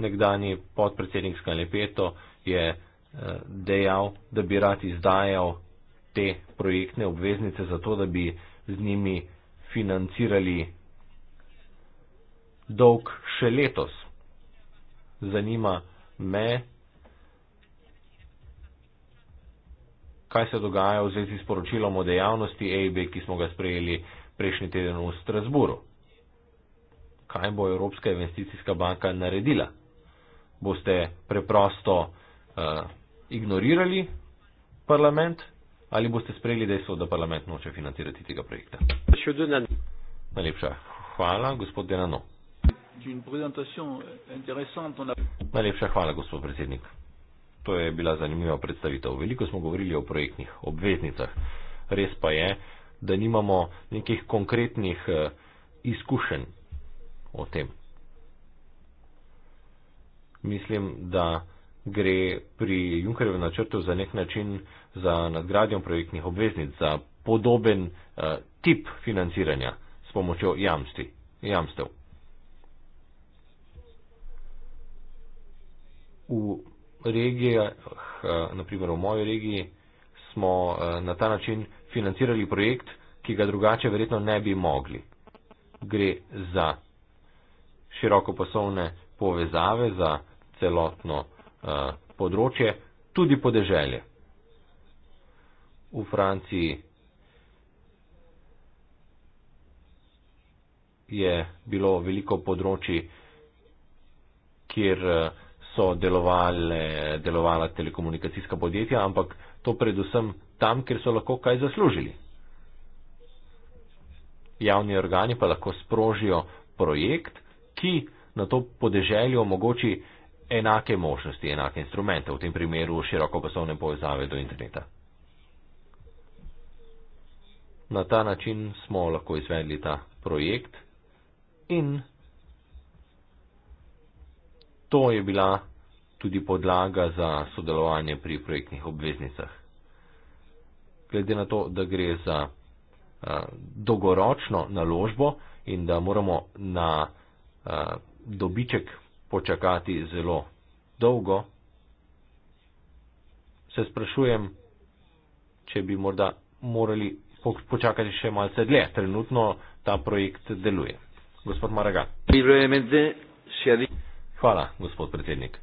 Nekdani podpredsednik Skalepeto je dejal, da bi rad izdajal te projektne obveznice zato, da bi z njimi financirali dolg še letos. Zanima me, kaj se dogaja v zvezi s poročilom o dejavnosti EIB, ki smo ga sprejeli prejšnji teden v Strasburu. Kaj bo Evropska investicijska banka naredila? Boste preprosto uh, ignorirali parlament ali boste sprejeli dejstvo, da parlament noče financirati tega projekta? Najlepša hvala, gospod Denano. Najlepša hvala, gospod predsednik. To je bila zanimiva predstavitev. Veliko smo govorili o projektnih obveznicah. Res pa je, da nimamo nekih konkretnih eh, izkušenj o tem. Mislim, da gre pri Junkerjevem načrtu za nek način za nadgradnjo projektnih obveznic, za podoben uh, tip financiranja s pomočjo jamsti, jamstev. V regijah, uh, eh, naprimer v moji regiji, smo uh, na ta način financirali projekt, ki ga drugače verjetno ne bi mogli. Gre za širokopasovne povezave, za celotno uh, področje, tudi podeželje. V Franciji je bilo veliko področji, kjer so delovale, delovala telekomunikacijska podjetja, ampak to predvsem tam, kjer so lahko kaj zaslužili. Javni organi pa lahko sprožijo projekt, ki na to podeželje omogoči enake možnosti, enake instrumente, v tem primeru široko poslovne povezave do interneta. Na ta način smo lahko izvedli ta projekt in to je bila tudi podlaga za sodelovanje pri projektnih obveznicah. Glede na to, da gre za uh, dolgoročno naložbo in da moramo na uh, dobiček počakati zelo dolgo, se sprašujem, če bi morda morali počakati še malce dlje. Trenutno ta projekt deluje. Gospod Maraga. Hvala, gospod predsednik.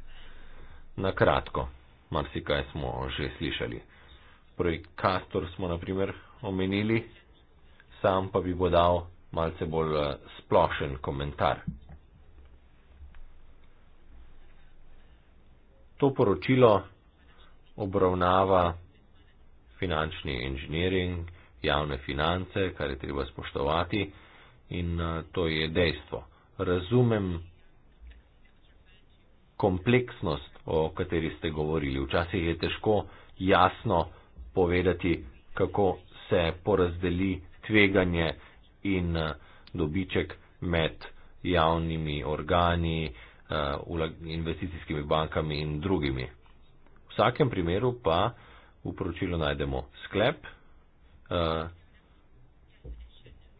Na kratko, marsikaj smo že slišali. Projekt Castor smo naprimer omenili, sam pa bi bodal malce bolj eh, splošen komentar. To poročilo obravnava finančni inženiring, javne finance, kar je treba spoštovati in eh, to je dejstvo. Razumem kompleksnost, o kateri ste govorili. Včasih je težko jasno povedati, kako se porazdeli tveganje in eh, dobiček med javnimi organi, Uh, investicijskimi bankami in drugimi. V vsakem primeru pa v poročilu najdemo sklep uh,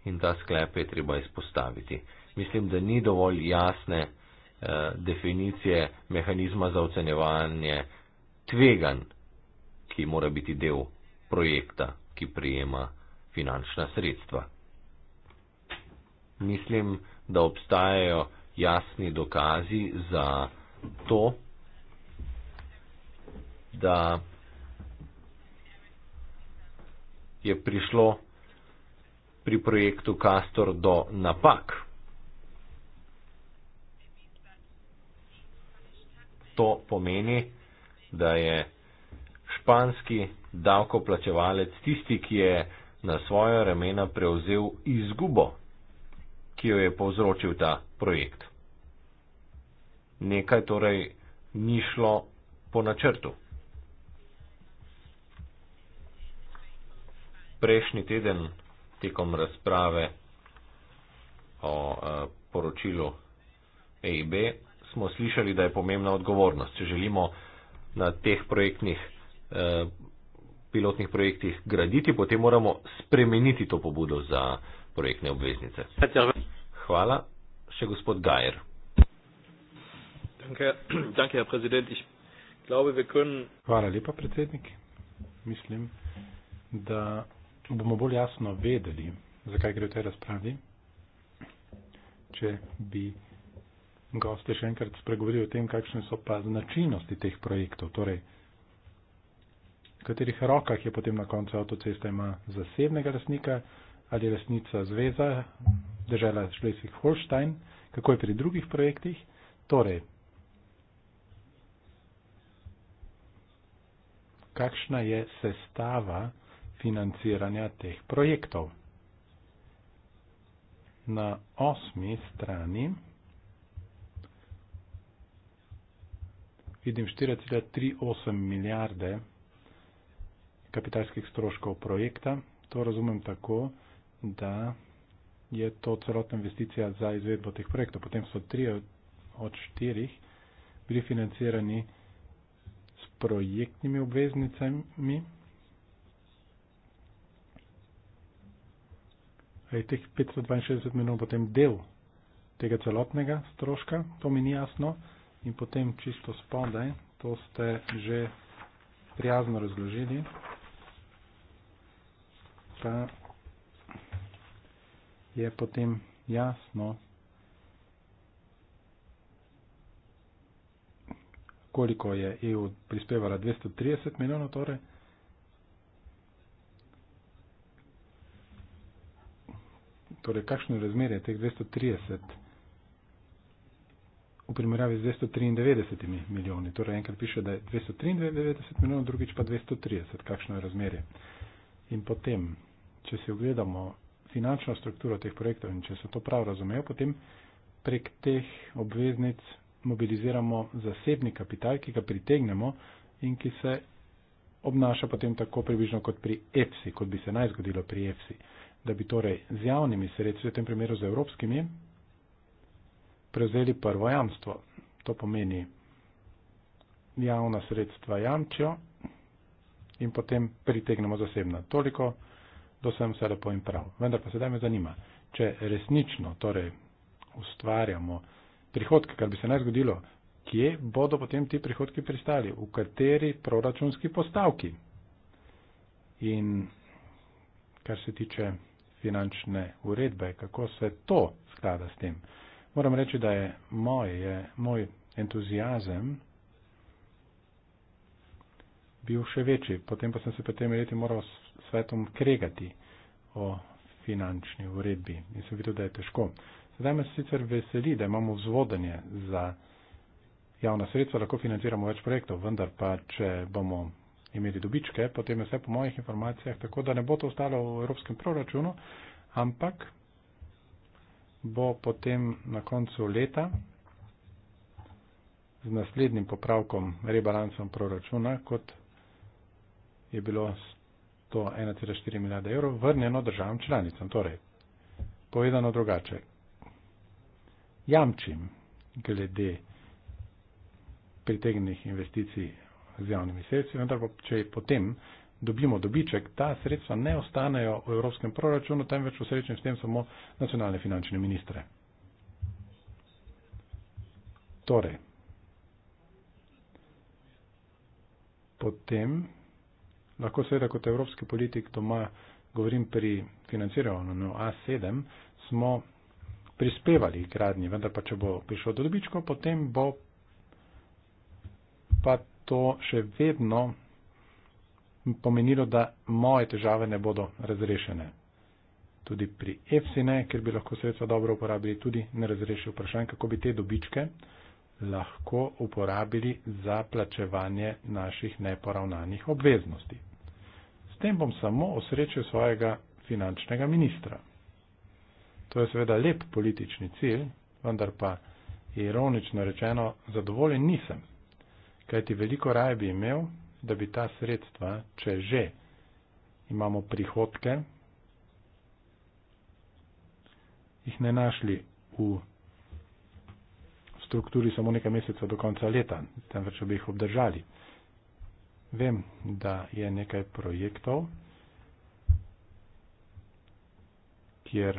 in ta sklep je treba izpostaviti. Mislim, da ni dovolj jasne uh, definicije mehanizma za ocenjevanje tvegan, ki mora biti del projekta, ki prijema finančna sredstva. Mislim, da obstajajo jasni dokazi za to, da je prišlo pri projektu Castor do napak. To pomeni, da je španski davkoplačevalec tisti, ki je na svoje ramena prevzel izgubo, ki jo je povzročil ta projekt nekaj torej ni šlo po načrtu. Prejšnji teden tekom razprave o e, poročilu EIB smo slišali, da je pomembna odgovornost. Če želimo na teh projektnih, e, pilotnih projektih graditi, potem moramo spremeniti to pobudo za projektne obveznice. Hvala. Še gospod Gajer. Danke, danke Herr Präsident. Ich glaube, wir können. Hvala lepa, predsednik. Mislim, da bomo bolj jasno vedeli, zakaj gre v tej razpravi, če bi goste še enkrat spregovorili o tem, kakšne so pa značilnosti teh projektov. Torej, v katerih rokah je potem na koncu avtocesta ima zasebnega lasnika ali lasnica zveza, država Šlesvig-Holstein, kako je pri drugih projektih. Torej, kakšna je sestava financiranja teh projektov. Na osmi strani vidim 4,38 milijarde kapitalskih stroškov projekta. To razumem tako, da je to celotna investicija za izvedbo teh projektov. Potem so tri od štirih bili financirani projektnimi obveznicami. Je teh 562 milijonov potem del tega celotnega stroška, to mi ni jasno. In potem čisto spodaj, to ste že prijazno razložili. Pa je potem jasno, koliko je EU prispevala 230 milijonov torej. Torej, kakšno je razmerje teh 230 v primerjavi z 293 milijoni? Torej, enkrat piše, da je 293 milijonov, drugič pa 230. Kakšno je razmerje? In potem, če si ogledamo finančno strukturo teh projektov in če se to prav razumejo, potem prek teh obveznic mobiliziramo zasebni kapital, ki ga pritegnemo in ki se obnaša potem tako približno kot pri EPSI, kot bi se naj zgodilo pri EPSI, da bi torej z javnimi sredstvi, v tem primeru z evropskimi, prevzeli prvo jamstvo. To pomeni javna sredstva jamčijo in potem pritegnemo zasebna. Toliko, da sem vse lepo in prav. Vendar pa sedaj me zanima, če resnično torej ustvarjamo prihodke, kar bi se naj zgodilo, kje bodo potem ti prihodki pristali, v kateri proračunski postavki. In kar se tiče finančne uredbe, kako se to sklada s tem. Moram reči, da je moj, je moj entuzijazem bil še večji. Potem pa sem se pred tem leti moral s svetom kregati o finančni uredbi in sem videl, da je težko. Zdaj me sicer veseli, da imamo vzvodenje za javna sredstva, lahko financiramo več projektov, vendar pa, če bomo imeli dobičke, potem je vse po mojih informacijah, tako da ne bo to ostalo v evropskem proračunu, ampak bo potem na koncu leta z naslednjim popravkom, rebalansom proračuna, kot je bilo to 1,4 milijarde evrov, vrnjeno državam članicam. Torej, povedano drugače, jamčim glede pritegnenih investicij z javnimi sredstvi, vendar pa če potem dobimo dobiček, ta sredstva ne ostanejo v evropskem proračunu, temveč posrečen s tem samo nacionalne finančne ministre. Torej, potem lahko seveda kot evropski politik doma govorim pri financiranju A7, smo prispevali k gradnji, vendar pa če bo prišlo do dobičko, potem bo pa to še vedno pomenilo, da moje težave ne bodo razrešene. Tudi pri EFSI-ne, ker bi lahko sredstva dobro uporabili, tudi ne razrešil vprašanje, kako bi te dobičke lahko uporabili za plačevanje naših neporavnanih obveznosti. S tem bom samo osrečil svojega finančnega ministra. To je seveda lep politični cilj, vendar pa ironično rečeno zadovoljen nisem, kajti veliko raje bi imel, da bi ta sredstva, če že imamo prihodke, jih ne našli v strukturi samo nekaj meseca do konca leta, temveč bi jih obdržali. Vem, da je nekaj projektov, kjer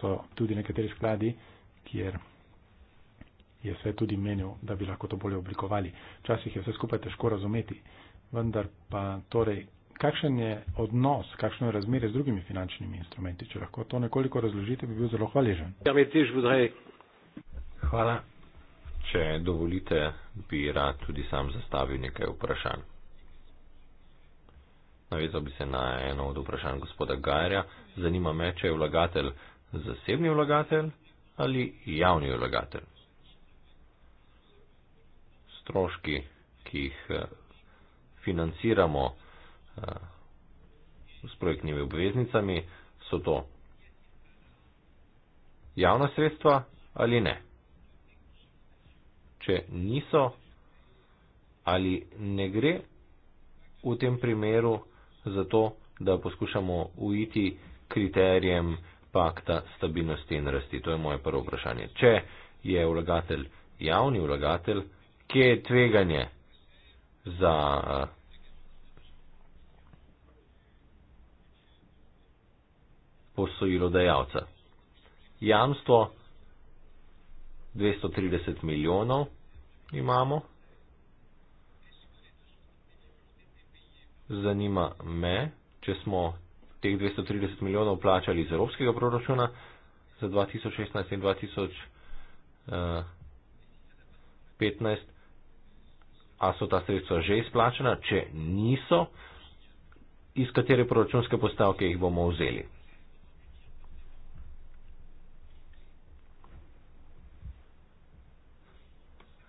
so tudi nekateri skladi, kjer je vse tudi menil, da bi lahko to bolje oblikovali. Včasih je vse skupaj težko razumeti. Vendar pa torej, kakšen je odnos, kakšno je razmere z drugimi finančnimi instrumenti? Če lahko to nekoliko razložite, bi bil zelo hvaležen. Ja, Hvala. Če dovolite, bi rad tudi sam zastavil nekaj vprašanj. Navezal bi se na eno od vprašanj gospoda Gajerja. Zanima me, če je vlagatelj zasebni vlagatelj ali javni vlagatelj. Stroški, ki jih eh, financiramo eh, s projektnimi obveznicami, so to javna sredstva ali ne. Če niso ali ne gre v tem primeru za to, da poskušamo ujiti kriterijem pakta stabilnosti in rasti. To je moje prvo vprašanje. Če je vlagatelj javni vlagatelj, kje je tveganje za. Eh, posojilo dejavca. Jamstvo 230 milijonov imamo. Zanima me, če smo teh 230 milijonov plačali iz evropskega proračuna za 2016 in 2015, a so ta sredstva že izplačena, če niso, iz katere proračunske postavke jih bomo vzeli.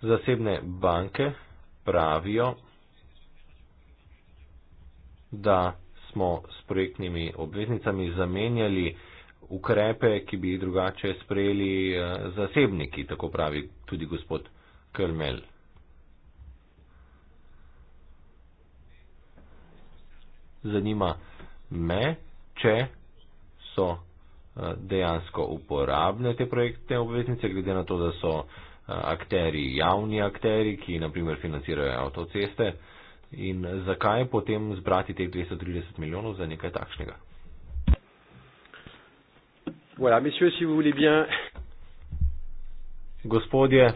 Zasebne banke pravijo, da smo s projektnimi obveznicami zamenjali ukrepe, ki bi jih drugače sprejeli eh, zasebniki, tako pravi tudi gospod Krmel. Zanima me, če so eh, dejansko uporabne te projekte obveznice, glede na to, da so eh, akteri javni akteri, ki naprimer financirajo avtoceste. In zakaj je potem zbrati teh 230 milijonov za nekaj takšnega? Voilà, messieurs, si vous voulez bien. Gospodje,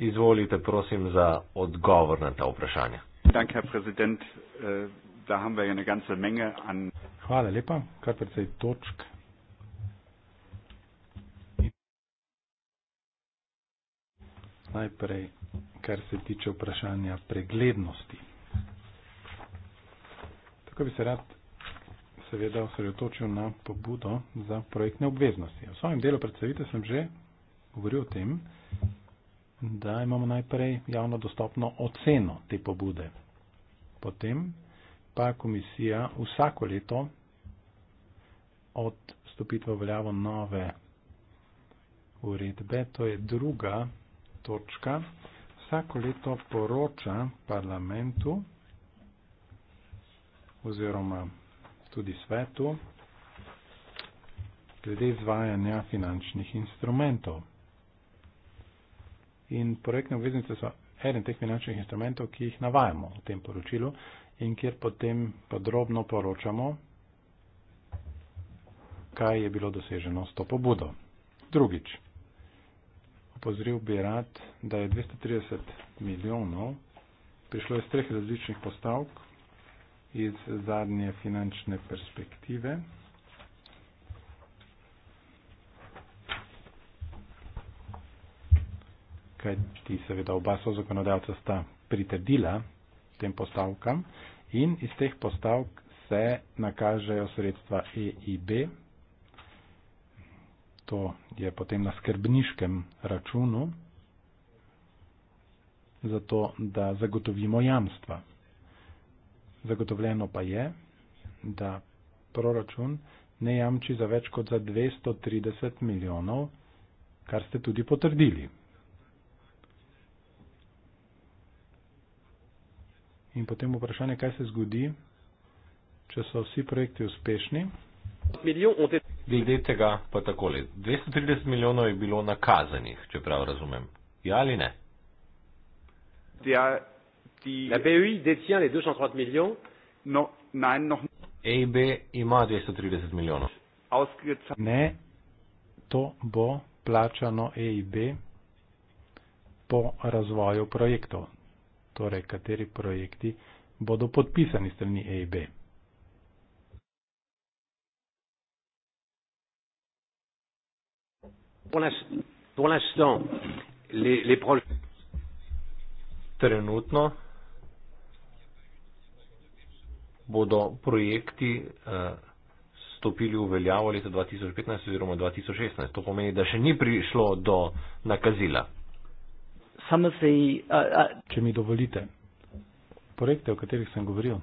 izvolite prosim za odgovor na ta vprašanja. Dank, herr Präsident, äh, da haben wir ja eine ganze Menge an. Hvala lepa, kar precej točk. Najprej, kar se tiče vprašanja preglednosti. Tako bi se rad seveda osredotočil na pobudo za projektne obveznosti. V svojem delu predstavitev sem že govoril o tem, da imamo najprej javno dostopno oceno te pobude. Potem pa komisija vsako leto od stopitve v veljavo nove uredbe, to je druga točka, vsako leto poroča parlamentu, oziroma tudi svetu glede izvajanja finančnih instrumentov. In projektne obveznice so eden teh finančnih instrumentov, ki jih navajamo v tem poročilu in kjer potem podrobno poročamo, kaj je bilo doseženo s to pobudo. Drugič, opozoril bi rad, da je 230 milijonov prišlo iz treh različnih postavk iz zadnje finančne perspektive. Kaj ti seveda oba so zakonodajca sta pritrdila tem postavkam in iz teh postavk se nakažejo sredstva EIB. To je potem na skrbniškem računu, zato da zagotovimo jamstva. Zagotovljeno pa je, da proračun ne jamči za več kot za 230 milijonov, kar ste tudi potrdili. In potem vprašanje, kaj se zgodi, če so vsi projekti uspešni. Glede tega pa takole. 230 milijonov je bilo nakazanih, če prav razumem. Ja ali ne? Ja, die La BEI detient les 230 millions. Non, nein, noch EIB ima 230 milijonov. Ne, to bo plačano EIB po razvoju projektov. Torej, kateri projekti bodo podpisani strani EIB. Trenutno bodo projekti uh, stopili v veljavo leta 2015 oziroma 2016. To pomeni, da še ni prišlo do nakazila. Say, uh, uh... Če mi dovolite, projekte, o katerih sem govoril,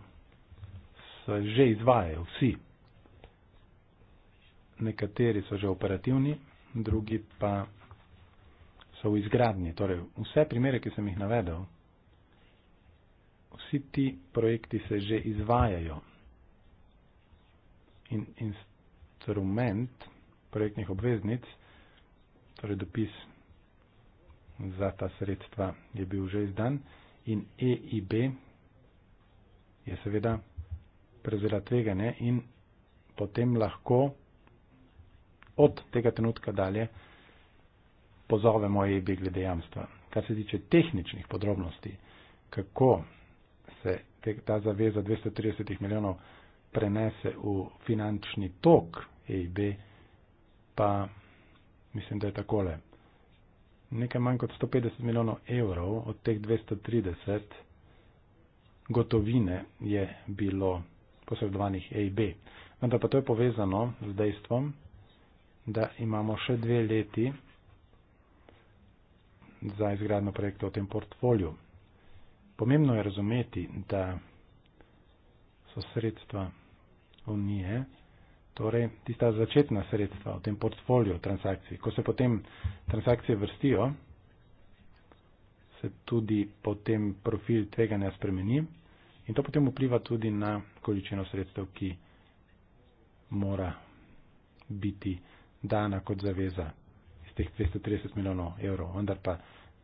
se že izvajajo vsi. Nekateri so že operativni, drugi pa so v izgradnji. Torej, vse primere, ki sem jih navedel, vsi ti projekti se že izvajajo. In instrument projektnih obveznic, torej dopis za ta sredstva je bil že izdan in EIB je seveda prevzela tveganje in potem lahko od tega trenutka dalje pozovemo EIB glede jamstva. Kar se tiče tehničnih podrobnosti, kako se te, ta zaveza 230 milijonov prenese v finančni tok EIB, pa mislim, da je takole. Nekaj manj kot 150 milijonov evrov od teh 230 gotovine je bilo posredovanih EIB. Vendar pa to je povezano z dejstvom, da imamo še dve leti za izgradno projekta v tem portfolju pomembno je razumeti, da so sredstva unije, torej tista začetna sredstva v tem portfolju transakcij. Ko se potem transakcije vrstijo, se tudi potem profil tveganja spremeni in to potem vpliva tudi na količino sredstev, ki mora biti dana kot zaveza iz teh 230 milijonov evrov. Vendar pa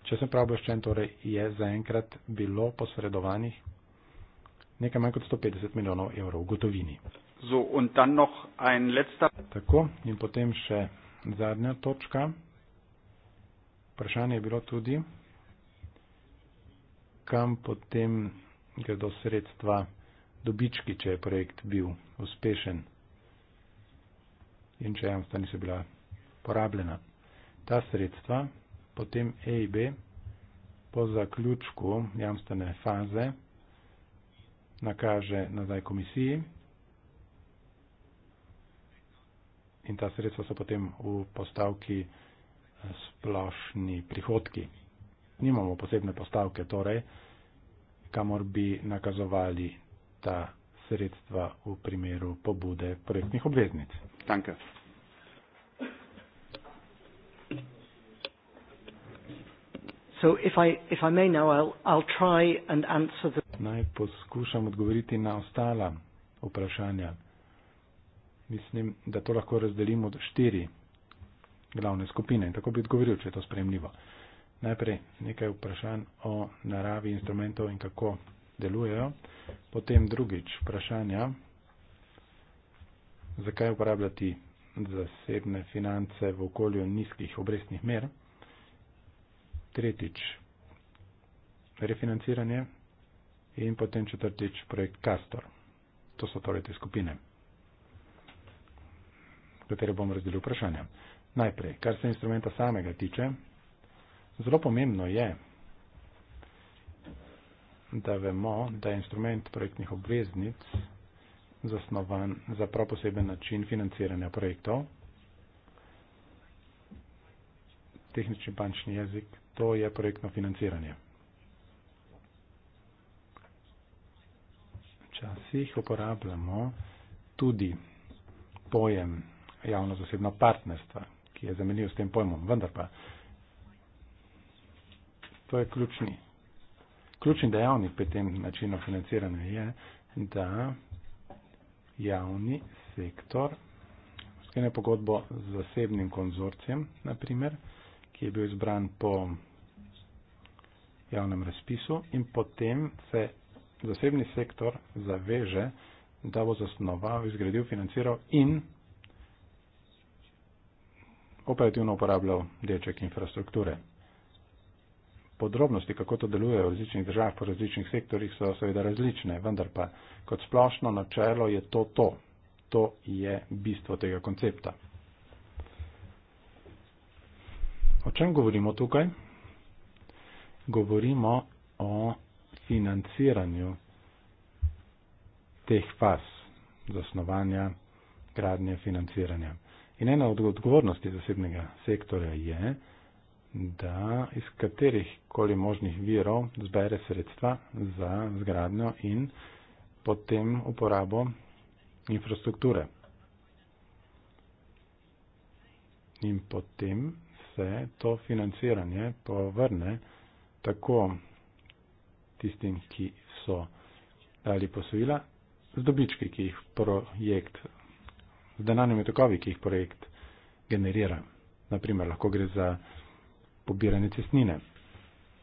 če sem prav obveščen, torej je zaenkrat bilo posredovanih nekaj manj kot 150 milijonov evrov v gotovini. So, und dann noch ein letzter... Tako in potem še zadnja točka. Vprašanje je bilo tudi, kam potem gredo sredstva dobički, če je projekt bil uspešen in če je amstani se bila porabljena. Ta sredstva potem EIB po zaključku jamstvene faze nakaže nazaj komisiji in ta sredstva so potem v postavki eh, splošni prihodki. Nimamo posebne postavke, torej, kamor bi nakazovali ta sredstva v primeru pobude projektnih obveznic. Danke. Naj poskušam odgovoriti na ostala vprašanja. Mislim, da to lahko razdelimo v štiri glavne skupine in tako bi odgovoril, če je to spremljivo. Najprej nekaj vprašanj o naravi instrumentov in kako delujejo, potem drugič vprašanja, zakaj uporabljati zasebne finance v okolju nizkih obrestnih mer tretjič refinanciranje in potem četrtič projekt Castor. To so torej te skupine, katere bom razdelil vprašanja. Najprej, kar se instrumenta samega tiče, zelo pomembno je, da vemo, da je instrument projektnih obveznic zasnovan za prav poseben način financiranja projektov. Tehnični bančni jezik to je projektno financiranje. Včasih uporabljamo tudi pojem javno-zasebno partnerstva, ki je zamenil s tem pojmom, vendar pa to je ključni. Ključni dejavnik pri tem načinu financiranja je, da javni sektor sklene pogodbo z zasebnim konzorcijem, naprimer, je bil izbran po javnem razpisu in potem se zasebni sektor zaveže, da bo zasnoval, izgradil, financiral in operativno uporabljal deček infrastrukture. Podrobnosti, kako to deluje v različnih državah po različnih sektorjih, so seveda različne, vendar pa kot splošno načelo je to to. To je bistvo tega koncepta. O čem govorimo tukaj? Govorimo o financiranju teh faz zasnovanja, gradnje, financiranja. In ena od odgovornosti zasebnega sektorja je, da iz katerih koli možnih virov zbere sredstva za zgradnjo in potem uporabo infrastrukture. In potem se to financiranje povrne tako tistim, ki so dali posojila, z dobički, ki jih projekt, z denarnimi tokovi, ki jih projekt generira. Naprimer, lahko gre za pobiranje cestnine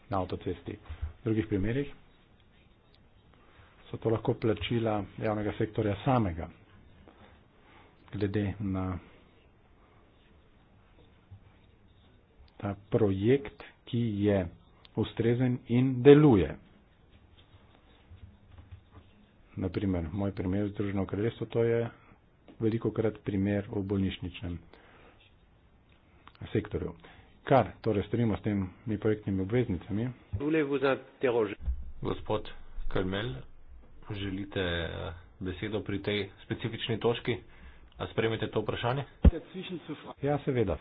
na avtocesti. V drugih primerih so to lahko plačila javnega sektorja samega, glede na ta projekt, ki je ustrezen in deluje. Naprimer, moj primer v Združeno kraljestvo, to je veliko krat primer v bolnišničnem sektorju. Kar torej storimo s temi projektnimi obveznicami? Gospod Kalmel, želite eh, besedo pri tej specifični točki? A spremete to vprašanje? Ja, seveda.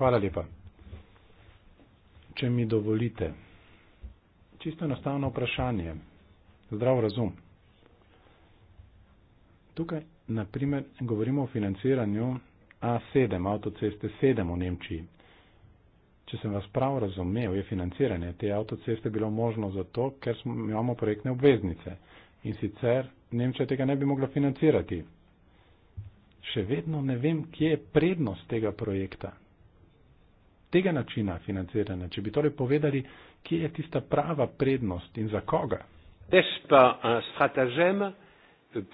Hvala lepa če mi dovolite. Čisto enostavno vprašanje. Zdrav razum. Tukaj, naprimer, govorimo o financiranju A7, avtoceste 7 v Nemčiji. Če sem vas prav razumel, je financiranje te avtoceste bilo možno zato, ker smo, imamo projektne obveznice. In sicer Nemčija tega ne bi mogla financirati. Še vedno ne vem, kje je prednost tega projekta tega načina financiranja, če bi torej povedali, kje je tista prava prednost in za koga.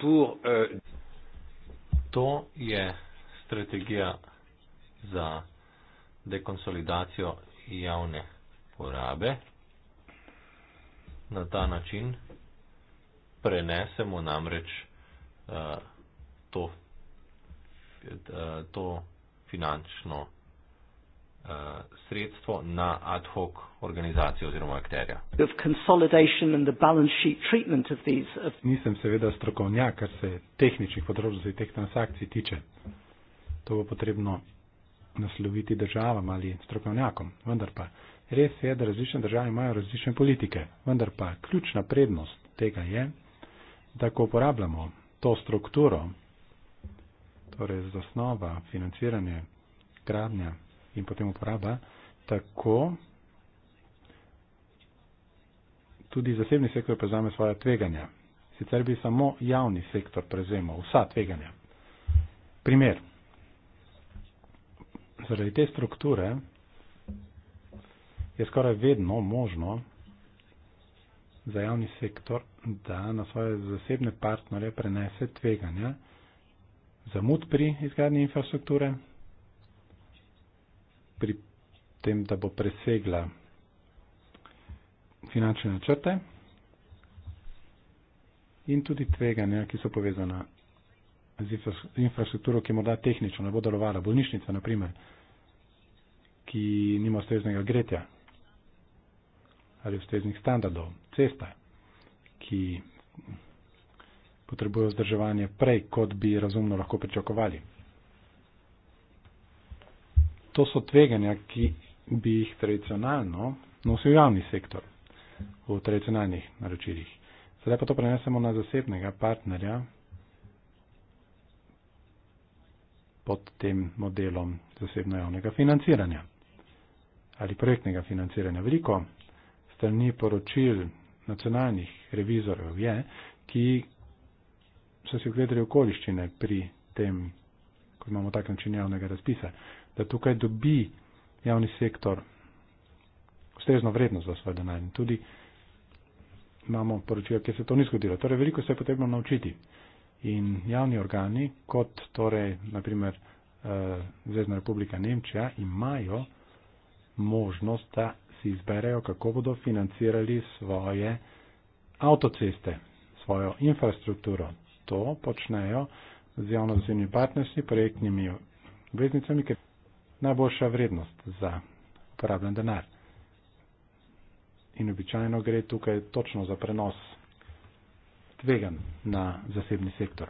Pour, uh... To je strategija za dekonsolidacijo javne porabe. Na ta način prenesemo namreč uh, to, uh, to finančno Eh, sredstvo na ad hoc organizacijo oziroma akterja. Nisem seveda strokovnjak, kar se tehničnih podrobnosti teh transakcij tiče. To bo potrebno nasloviti državam ali strokovnjakom. Vendar pa res je, da različne države imajo različne politike. Vendar pa ključna prednost tega je, da ko uporabljamo to strukturo, torej z osnova financiranje, gradnja in potem uporaba, tako tudi zasebni sektor prevzame svoje tveganja. Sicer bi samo javni sektor prevzemal vsa tveganja. Primer. Zaradi te strukture je skoraj vedno možno za javni sektor, da na svoje zasebne partnerje prenese tveganja zamud pri izgradnji infrastrukture, pri tem, da bo presegla finančne načrte in tudi tveganja, ki so povezana z infrastrukturo, ki morda tehnično ne bo delovala, bolnišnica naprimer, ki nima ustreznega gretja ali ustreznih standardov, cesta, ki potrebuje vzdrževanje prej, kot bi razumno lahko pričakovali to so tveganja, ki bi jih tradicionalno nosil javni sektor v tradicionalnih naročilih. Sedaj pa to prenesemo na zasebnega partnerja pod tem modelom zasebno-javnega financiranja ali projektnega financiranja. Veliko strani poročil nacionalnih revizorjev je, ki so si ogledali okoliščine pri tem, ko imamo tak način javnega razpisa da tukaj dobi javni sektor ustrezno vrednost za svoj denar. In tudi imamo poročila, kjer se to ni zgodilo. Torej, veliko se je potrebno naučiti. In javni organi, kot torej, naprimer, eh, Zvezdna republika Nemčija, imajo možnost, da si izberejo, kako bodo financirali svoje avtoceste, svojo infrastrukturo. To počnejo z javno-zasebnimi partnerstvi, projektnimi obveznicami, ker najboljša vrednost za uporabljen denar. In običajno gre tukaj točno za prenos tvegan na zasebni sektor.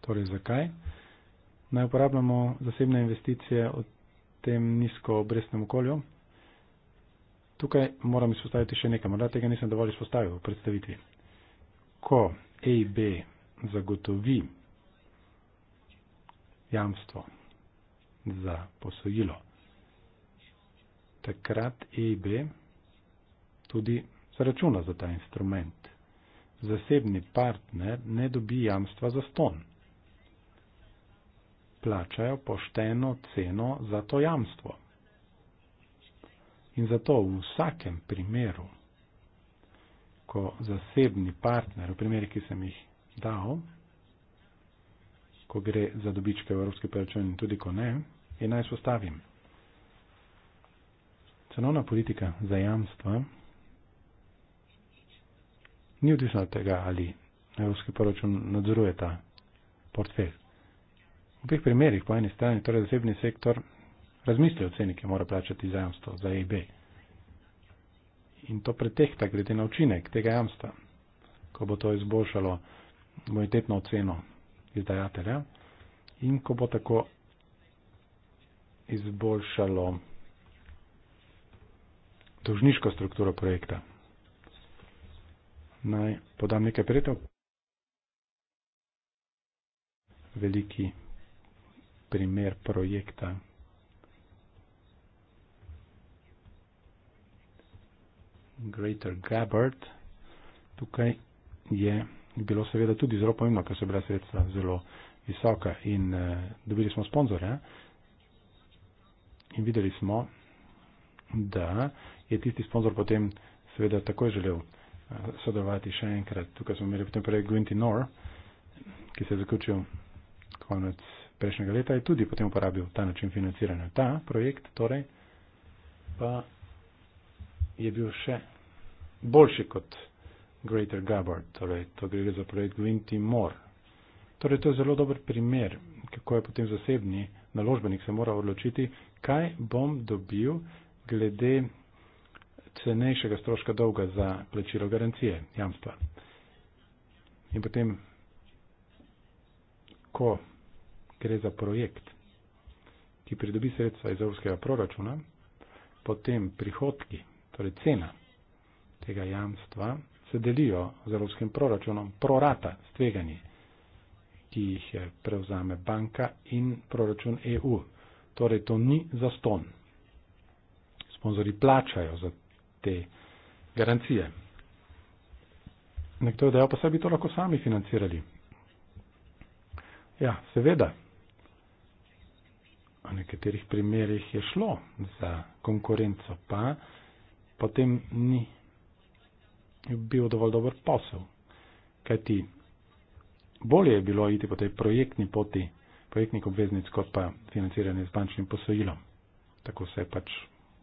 Torej, zakaj naj uporabljamo zasebne investicije v tem nizko obrestnem okolju? Tukaj moram izpostaviti še nekaj, morda tega nisem dovolj izpostavil v predstavitvi. Ko AB zagotovi jamstvo za posojilo. Takrat EIB tudi zaračuna za ta instrument. Zasebni partner ne dobi jamstva za ston. Plačajo pošteno ceno za to jamstvo. In zato v vsakem primeru, ko zasebni partner, v primeri, ki sem jih dal, ko gre za dobičke v evropski proračun in tudi ko ne, je naj spostavim. Cenovna politika za jamstva ni odvisna od tega, ali evropski proračun nadzoruje ta portfelj. V teh primerjih po eni strani torej zasebni sektor razmisli o ceni, ki mora plačati za jamstvo za EIB. In to pretehta glede na učinek tega jamstva, ko bo to izboljšalo bonitetno oceno izdajatelja in ko bo tako izboljšalo dolžniško strukturo projekta. Naj podam nekaj prijetov. Veliki primer projekta. Greater Gabbard. Tukaj je. Yeah bilo seveda tudi zelo pomembno, ker so bila sredstva zelo visoka in eh, dobili smo sponzore eh? in videli smo, da je tisti sponzor potem seveda takoj želel eh, sodelovati še enkrat. Tukaj smo imeli potem projekt Gwinty Nor, ki se je zaključil konec prejšnjega leta in tudi potem uporabil ta način financiranja. Ta projekt torej pa je bil še boljši kot. Greater Gabbard, torej to gre za projekt Green Team More. Torej, to je zelo dober primer, kako je potem zasebni naložbenik se mora odločiti, kaj bom dobil glede cenejšega stroška dolga za plačilo garancije, jamstva. In potem, ko gre za projekt, ki pridobi sredstva iz evropskega proračuna, potem prihodki, torej cena tega jamstva, se delijo z evropskim proračunom, prorata stveganji, ki jih prevzame banka in proračun EU. Torej, to ni zaston. Sponzori plačajo za te garancije. Nekdo je dejal, pa sebi to lahko sami financirali. Ja, seveda. V nekaterih primerjih je šlo za konkurenco, pa potem ni bil dovolj dober posel. Kaj ti? Bolje je bilo iti po tej projektni poti, projektnih obveznic, kot pa financiranje z bančnim posojilom. Tako se je pač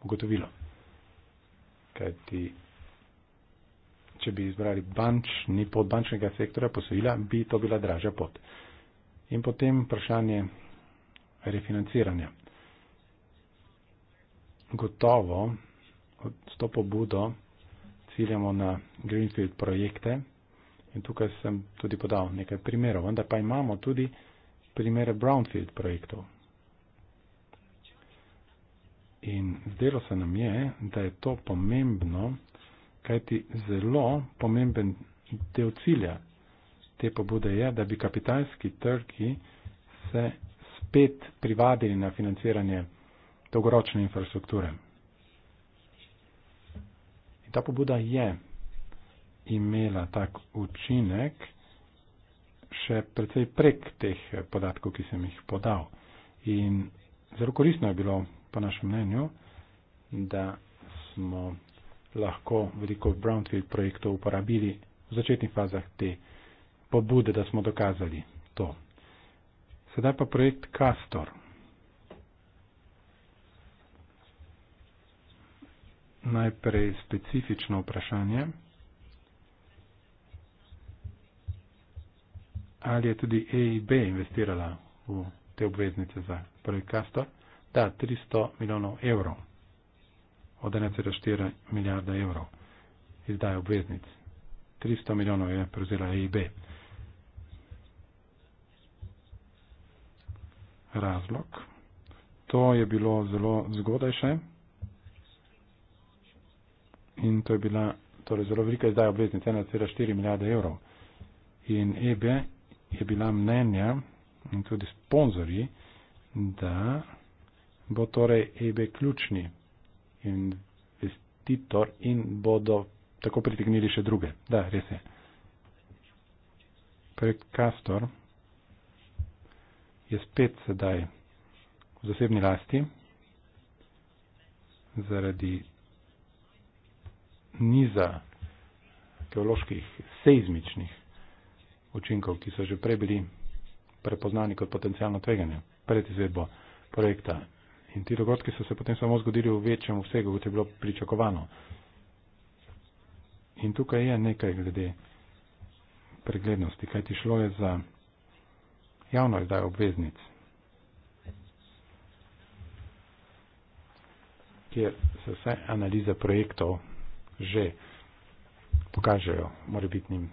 ugotovilo. Kaj ti? Če bi izbrali bančni pot bančnega sektora posojila, bi to bila dražja pot. In potem vprašanje refinanciranja. Gotovo s to pobudo ciljamo na Greenfield projekte in tukaj sem tudi podal nekaj primerov, vendar pa imamo tudi primere Brownfield projektov. In zdelo se nam je, da je to pomembno, kajti zelo pomemben del cilja te pobude je, da bi kapitalski trgi se spet privadili na financiranje dolgoročne infrastrukture. In ta pobuda je imela tak učinek še predvsej prek teh podatkov, ki sem jih podal. In zelo koristno je bilo, po našem mnenju, da smo lahko veliko brownfield projektov uporabili v začetnih fazah te pobude, da smo dokazali to. Sedaj pa projekt Castor. najprej specifično vprašanje. Ali je tudi EIB investirala v te obveznice za prvi kastor? Da, 300 milijonov evrov. Od 1,4 milijarda evrov izdaja obveznic. 300 milijonov je prevzela EIB. Razlog. To je bilo zelo zgodaj še in to je bila torej zelo velika izdaja obveznic, 1,4 milijarde evrov. In EB je bila mnenja in tudi sponzori, da bo torej EB ključni investitor in bodo tako pritegnili še druge. Da, res je. Prekastor je spet sedaj v zasebni lasti zaradi niza geoloških seizmičnih učinkov, ki so že prej bili prepoznani kot potencijalno tveganje pred izvedbo projekta. In ti dogodki so se potem samo zgodili v večjem vsegu, kot je bilo pričakovano. In tukaj je nekaj glede preglednosti, kaj ti šlo je za javno izdajo obveznic, kjer se vse analize projektov že pokažejo morebitnim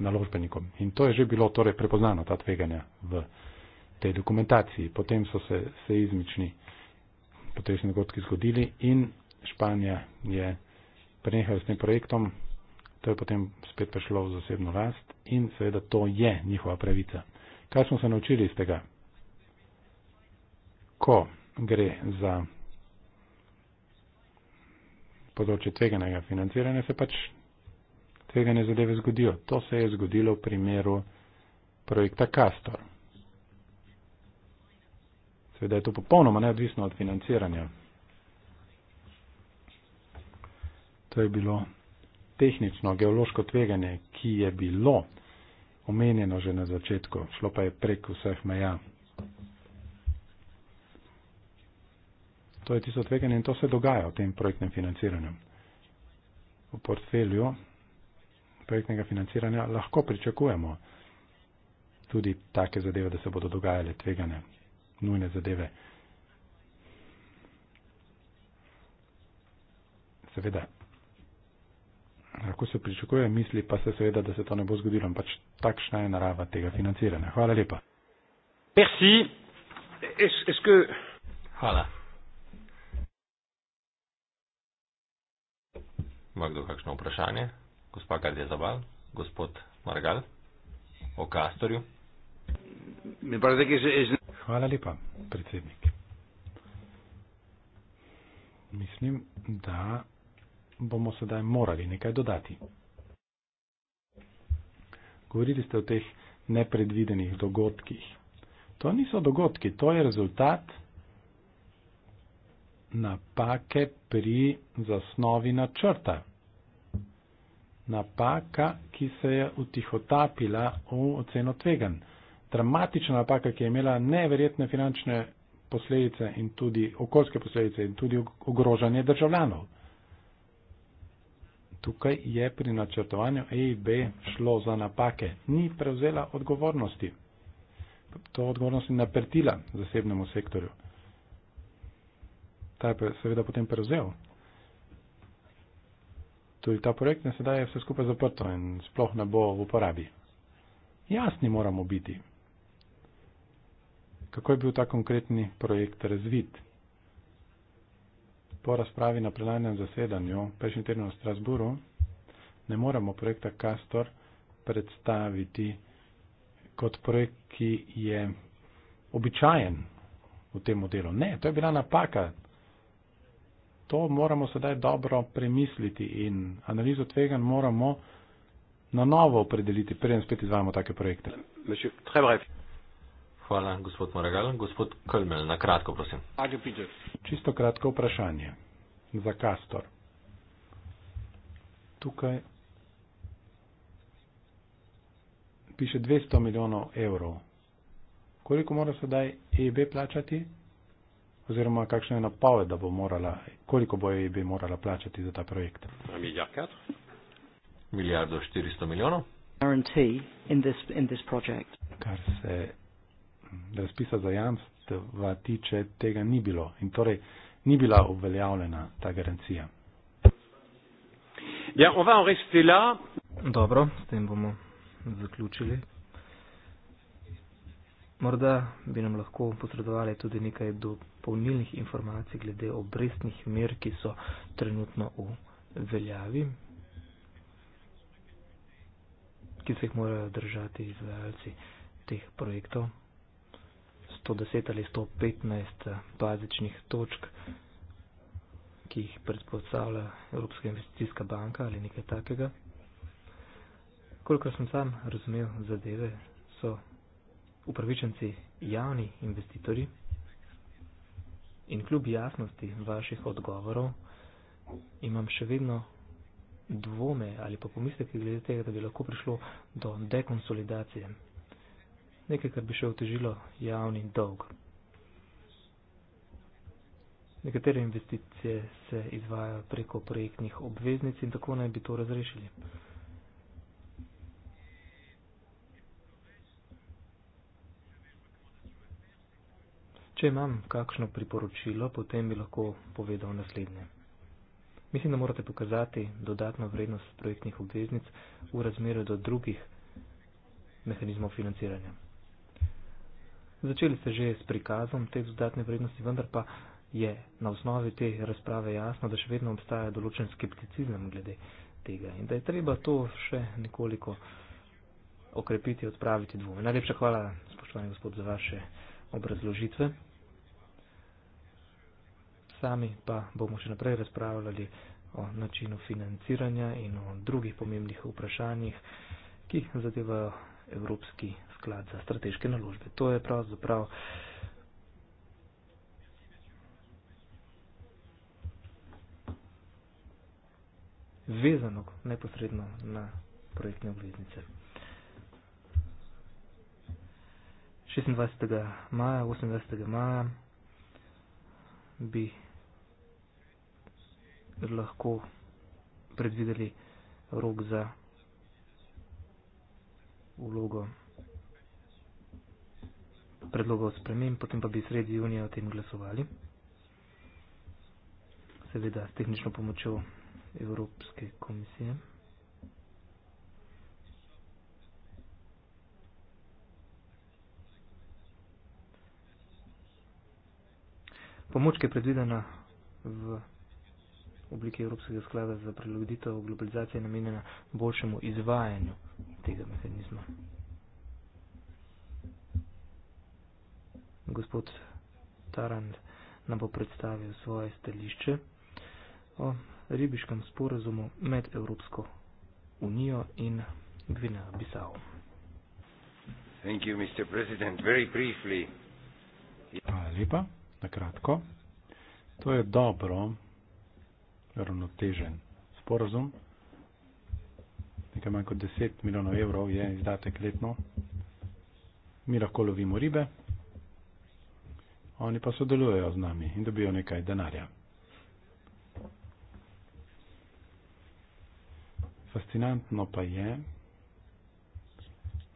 naložbenikom. In to je že bilo torej prepoznano, ta tveganja v tej dokumentaciji. Potem so se seizmični potresni dogodki zgodili in Španija je prenehala s tem projektom, to je potem spet prišlo v zasebno last in seveda to je njihova pravica. Kaj smo se naučili iz tega? Ko gre za področje tveganega financiranja se pač tvegane zadeve zgodijo. To se je zgodilo v primeru projekta Castor. Seveda je to popolnoma neodvisno od financiranja. To je bilo tehnično, geološko tveganje, ki je bilo omenjeno že na začetku, šlo pa je prek vseh meja. To je tisto tveganje in to se dogaja v tem projektnem financiranju. V portfelju projektnega financiranja lahko pričakujemo tudi take zadeve, da se bodo dogajale tvegane, nujne zadeve. Seveda, lahko se pričakuje, misli pa se seveda, da se to ne bo zgodilo, ampak pač takšna je narava tega financiranja. Hvala lepa. Merci. Est-ce que... Voilà. Ima kdo kakšno vprašanje? Gospa Gardija Zabal, gospod Margal o Kastorju. Hvala lepa, predsednik. Mislim, da bomo sedaj morali nekaj dodati. Govorili ste o teh nepredvidenih dogodkih. To niso dogodki, to je rezultat napake pri zasnovi načrta, napaka, ki se je utihotapila v oceno tvegan. Dramatična napaka, ki je imela neverjetne finančne posledice in tudi okoljske posledice in tudi ogrožanje državljanov. Tukaj je pri načrtovanju EIB šlo za napake. Ni prevzela odgovornosti. To odgovornost je napertila zasebnemu sektorju. Ta je seveda potem prevzel tudi ta projekt na sedaj je vse skupaj zaprto in sploh ne bo v uporabi. Jasni moramo biti, kako je bil ta konkretni projekt razvit. Po razpravi na plenarnem zasedanju prejšnji teden v Strasburu ne moremo projekta Castor predstaviti kot projekt, ki je običajen v tem modelu. Ne, to je bila napaka to moramo sedaj dobro premisliti in analizo tvegan moramo na novo opredeliti, preden spet izvajamo take projekte. Hvala, gospod Moragal. Gospod Kölmel, na kratko, prosim. Čisto kratko vprašanje za Kastor. Tukaj piše 200 milijonov evrov. Koliko mora sedaj EIB plačati? oziroma kakšne napave, da bo morala, koliko bo jih e bi morala plačati za ta projekt. Milijardo 400 milijonov. Kar se mm, razpisa za jamstva tiče, tega ni bilo in torej ni bila obveljavljena ta garancija. Ja, Dobro, s tem bomo zaključili. Morda bi nam lahko posredovali tudi nekaj dob polnilnih informacij glede obrestnih mer, ki so trenutno v veljavi, ki se jih morajo držati izvajalci teh projektov. 110 ali 115 eh, bazičnih točk, ki jih predpostavlja Evropska investicijska banka ali nekaj takega. Kolikor sem sam razumel zadeve, so upravičenci javni investitorji. In kljub jasnosti vaših odgovorov imam še vedno dvome ali pa pomisleke glede tega, da bi lahko prišlo do dekonsolidacije. Nekaj, kar bi še otežilo javni dolg. Nekatere investicije se izvajajo preko projektnih obveznic in tako naj bi to razrešili. Če imam kakšno priporočilo, potem bi lahko povedal naslednje. Mislim, da morate pokazati dodatno vrednost projektnih obveznic v razmerju do drugih mehanizmov financiranja. Začeli ste že s prikazom te dodatne vrednosti, vendar pa je na osnovi te razprave jasno, da še vedno obstaja določen skepticizem glede tega in da je treba to še nekoliko okrepiti, odpraviti dvome. Najlepša hvala, spoštovani gospod, za vaše obrazložitve sami pa bomo še naprej razpravljali o načinu financiranja in o drugih pomembnih vprašanjih, ki zadevajo Evropski sklad za strateške naložbe. To je pravzaprav vezano neposredno na projektne obveznice. 26. maja, 28. maja bi lahko predvideli rok za vlogo predloga o spremem, potem pa bi sredi junija o tem glasovali. Seveda s tehnično pomočjo Evropske komisije. Pomoč, ki je predvidena v oblike Evropskega sklada za prilagoditev globalizacije namenjena boljšemu izvajanju tega mehanizma. Gospod Tarand nam bo predstavil svoje stališče o ribiškem sporazumu med Evropsko unijo in Gvina Bisao. Thank you, Mr. President. Very briefly. Hvala lepa, na kratko. To je dobro, ravnotežen sporazum. Nekaj manj kot 10 milijonov evrov je izdatek letno. Mi lahko lovimo ribe, oni pa sodelujejo z nami in dobijo nekaj denarja. Fascinantno pa je,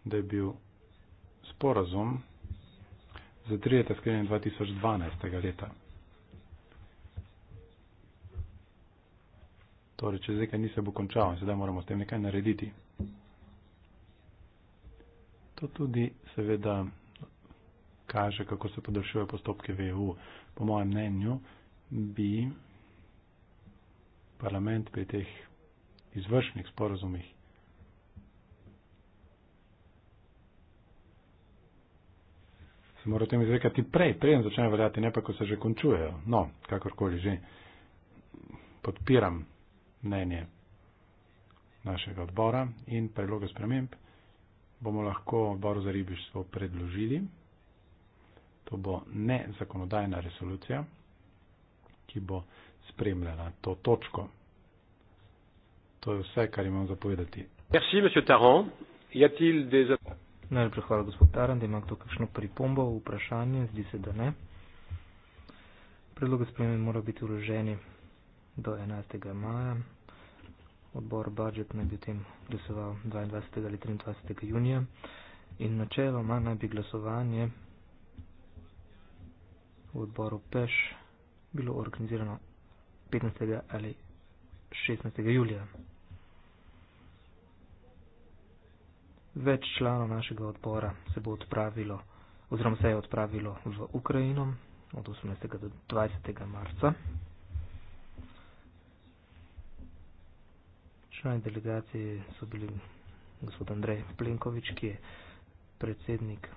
da je bil sporazum za 30. sklenjen 2012. leta. Torej, čez nekaj ni se bo končal in sedaj moramo s tem nekaj narediti. To tudi seveda kaže, kako se podaljšujejo postopke v EU. Po mojem mnenju bi parlament pri teh izvršnih sporozumih se moral tem izrekati prej, preden začnejo veljati, ne pa ko se že končujejo. No, kakorkoli že podpiram mnenje našega odbora in predloge sprememb bomo lahko odboru za ribištvo predložili. To bo ne zakonodajna resolucija, ki bo spremljala to točko. To je vse, kar imam zapovedati. Merci, Najlepša hvala, gospod Taran, da ima kdo kakšno pripombo, vprašanje, zdi se, da ne. Predloge spremembe mora biti vloženi do 11. maja odbor budžet naj bi tem glasoval 22. ali 23. junija in načeloma naj bi glasovanje v odboru PEŠ bilo organizirano 15. ali 16. julija. Več članov našega odbora se bo odpravilo, oziroma se je odpravilo v Ukrajino od 18. do 20. marca. člani delegacije so bili gospod Andrej Plenković, ki je predsednik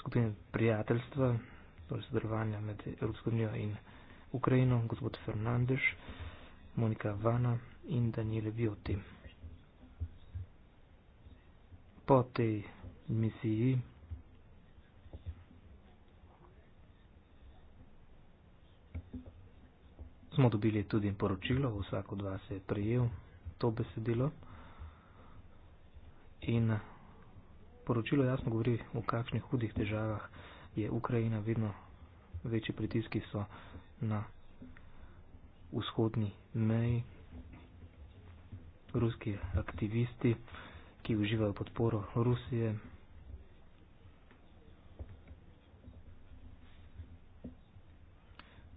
skupine prijateljstva, torej sodelovanja med Evropsko unijo in Ukrajino, gospod Fernandeš, Monika Vana in Daniele Vioti. Po tej misiji smo dobili tudi poročilo, vsak od vas je prejel to besedilo. In poročilo jasno govori, v kakšnih hudih težavah je Ukrajina, vedno večji pritiski so na vzhodni meji. Ruski aktivisti, ki uživajo podporo Rusije,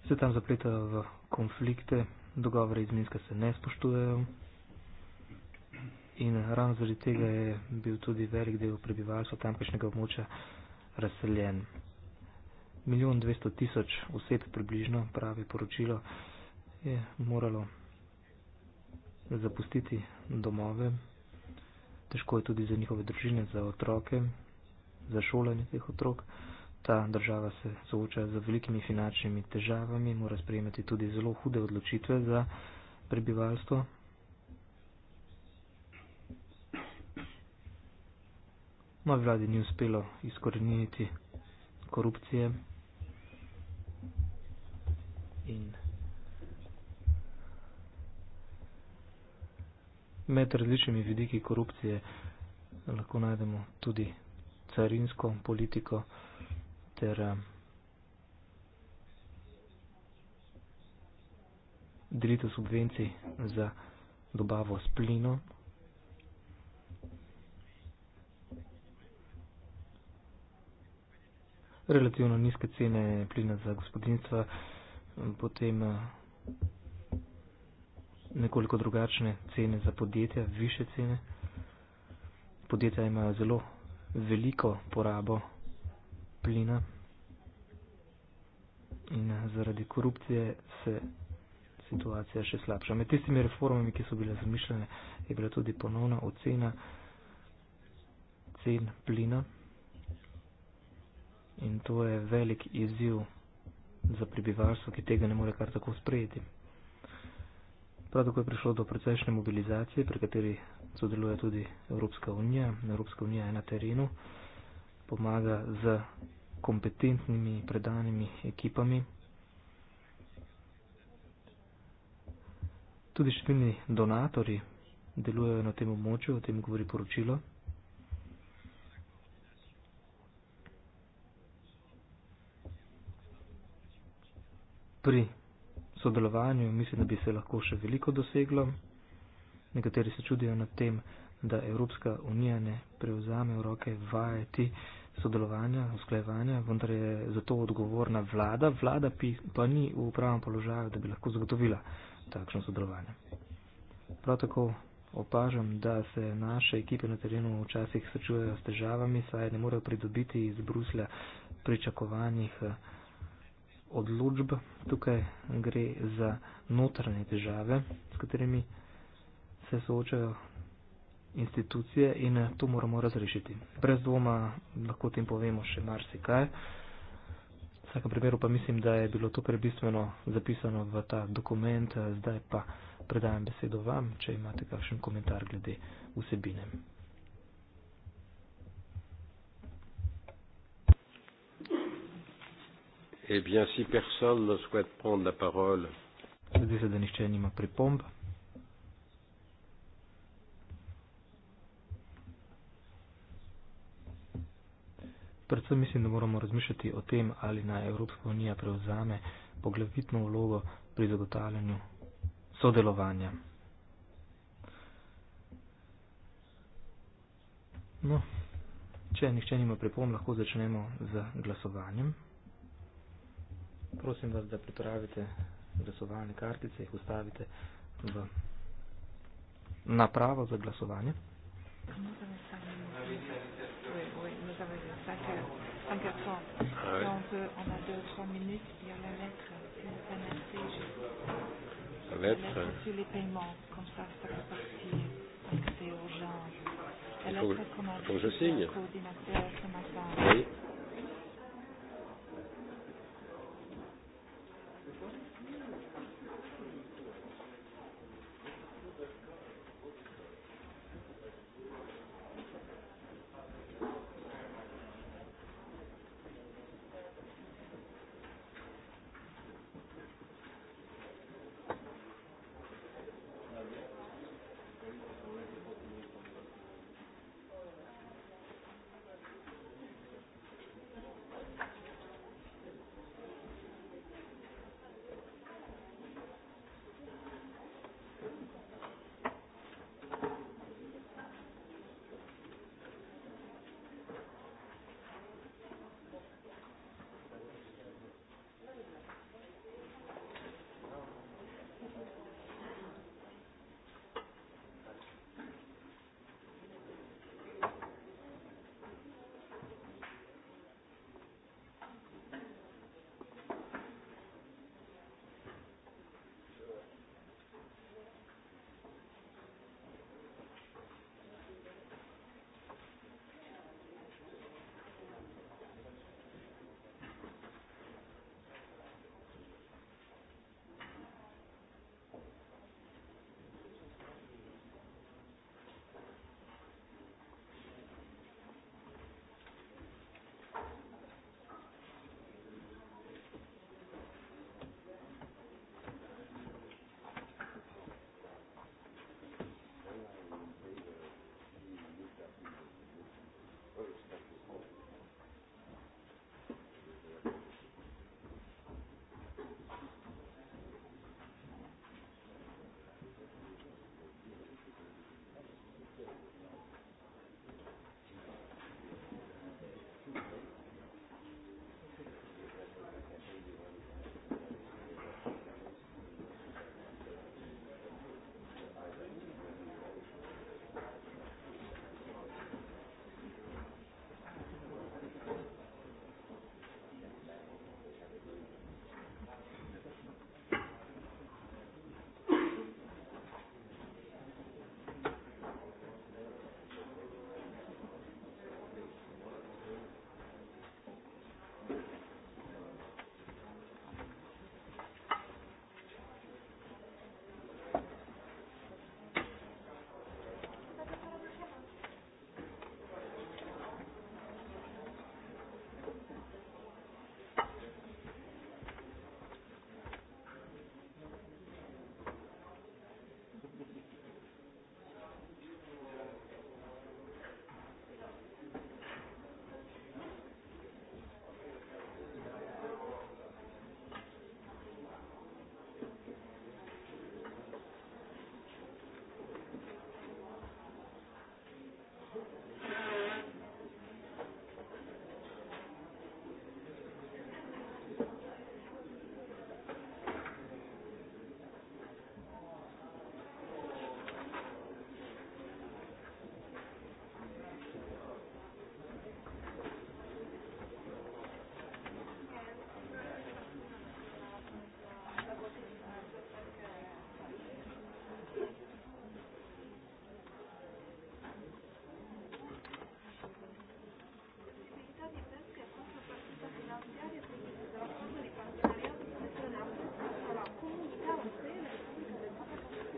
se tam zapletajo v konflikte, dogovore iz Minska se ne spoštujejo. In ravno zaradi tega je bil tudi velik del prebivalstva tamkajšnjega območja razseljen. Milijon dvesto tisoč oseb približno, pravi poročilo, je moralo zapustiti domove. Težko je tudi za njihove družine, za otroke, za šolanje teh otrok. Ta država se sooča z velikimi finančnimi težavami, mora sprejemati tudi zelo hude odločitve za prebivalstvo. Novi vladi ni uspelo izkoreniti korupcije in med različnimi vidiki korupcije lahko najdemo tudi carinsko politiko ter eh, delitev subvencij za dobavo s plinom. Relativno nizke cene plina za gospodinstva, eh, potem eh, nekoliko drugačne cene za podjetja, više cene. Podjetja imajo zelo veliko porabo plina. In eh, zaradi korupcije se situacija še slabša. Med tistimi reformami, ki so bile zamišljene, je bila tudi ponovna ocena cen plina. In to je velik izziv za prebivalstvo, ki tega ne more kar tako sprejeti. Prav tako je prišlo do precejšnje mobilizacije, pri kateri sodeluje tudi Evropska unija. Evropska unija je na terenu pomaga z kompetentnimi, predanimi ekipami. Tudi številni donatori delujejo na tem območju, o tem govori poročilo. Pri sodelovanju mislim, da bi se lahko še veliko doseglo. Nekateri se čudijo nad tem, da Evropska unija ne prevzame v roke vajeti sodelovanja, usklajevanja, vendar je za to odgovorna vlada. Vlada pa ni v upravnem položaju, da bi lahko zagotovila takšno sodelovanje. Prav tako opažam, da se naše ekipe na terenu včasih srečujejo s težavami, saj ne morejo pridobiti iz Bruslja pričakovanih eh, odločb. Tukaj gre za notranje težave, s katerimi se soočajo institucije in eh, to moramo razrešiti. Brez dvoma lahko tem povemo še marsikaj. V vsakem primeru pa mislim, da je bilo to prebistveno zapisano v ta dokument, eh, zdaj pa predajam besedo vam, če imate kakšen komentar glede vsebine. Eh bien, si personne ne souhaite prendre la parole. Zdi se, da nihče nima pripomba. predvsem mislim, da moramo razmišljati o tem, ali naj Evropska unija prevzame poglavitno vlogo pri zagotavljanju sodelovanja. No, če nihče nima pripom, lahko začnemo z glasovanjem. Prosim vas, da pripravite glasovalne kartice, jih ustavite v napravo za glasovanje. Nous avons 5 minutes. Oui, oui, nous avons 5h30. Ah ouais. Donc, euh, on a 2-3 minutes. Il y a la lettre. La lettre. la lettre sur les paiements. Comme ça, ça fait partie. Donc, c'est urgent. La lettre qu'on a Faut que je signe. coordinateur ce matin. Oui.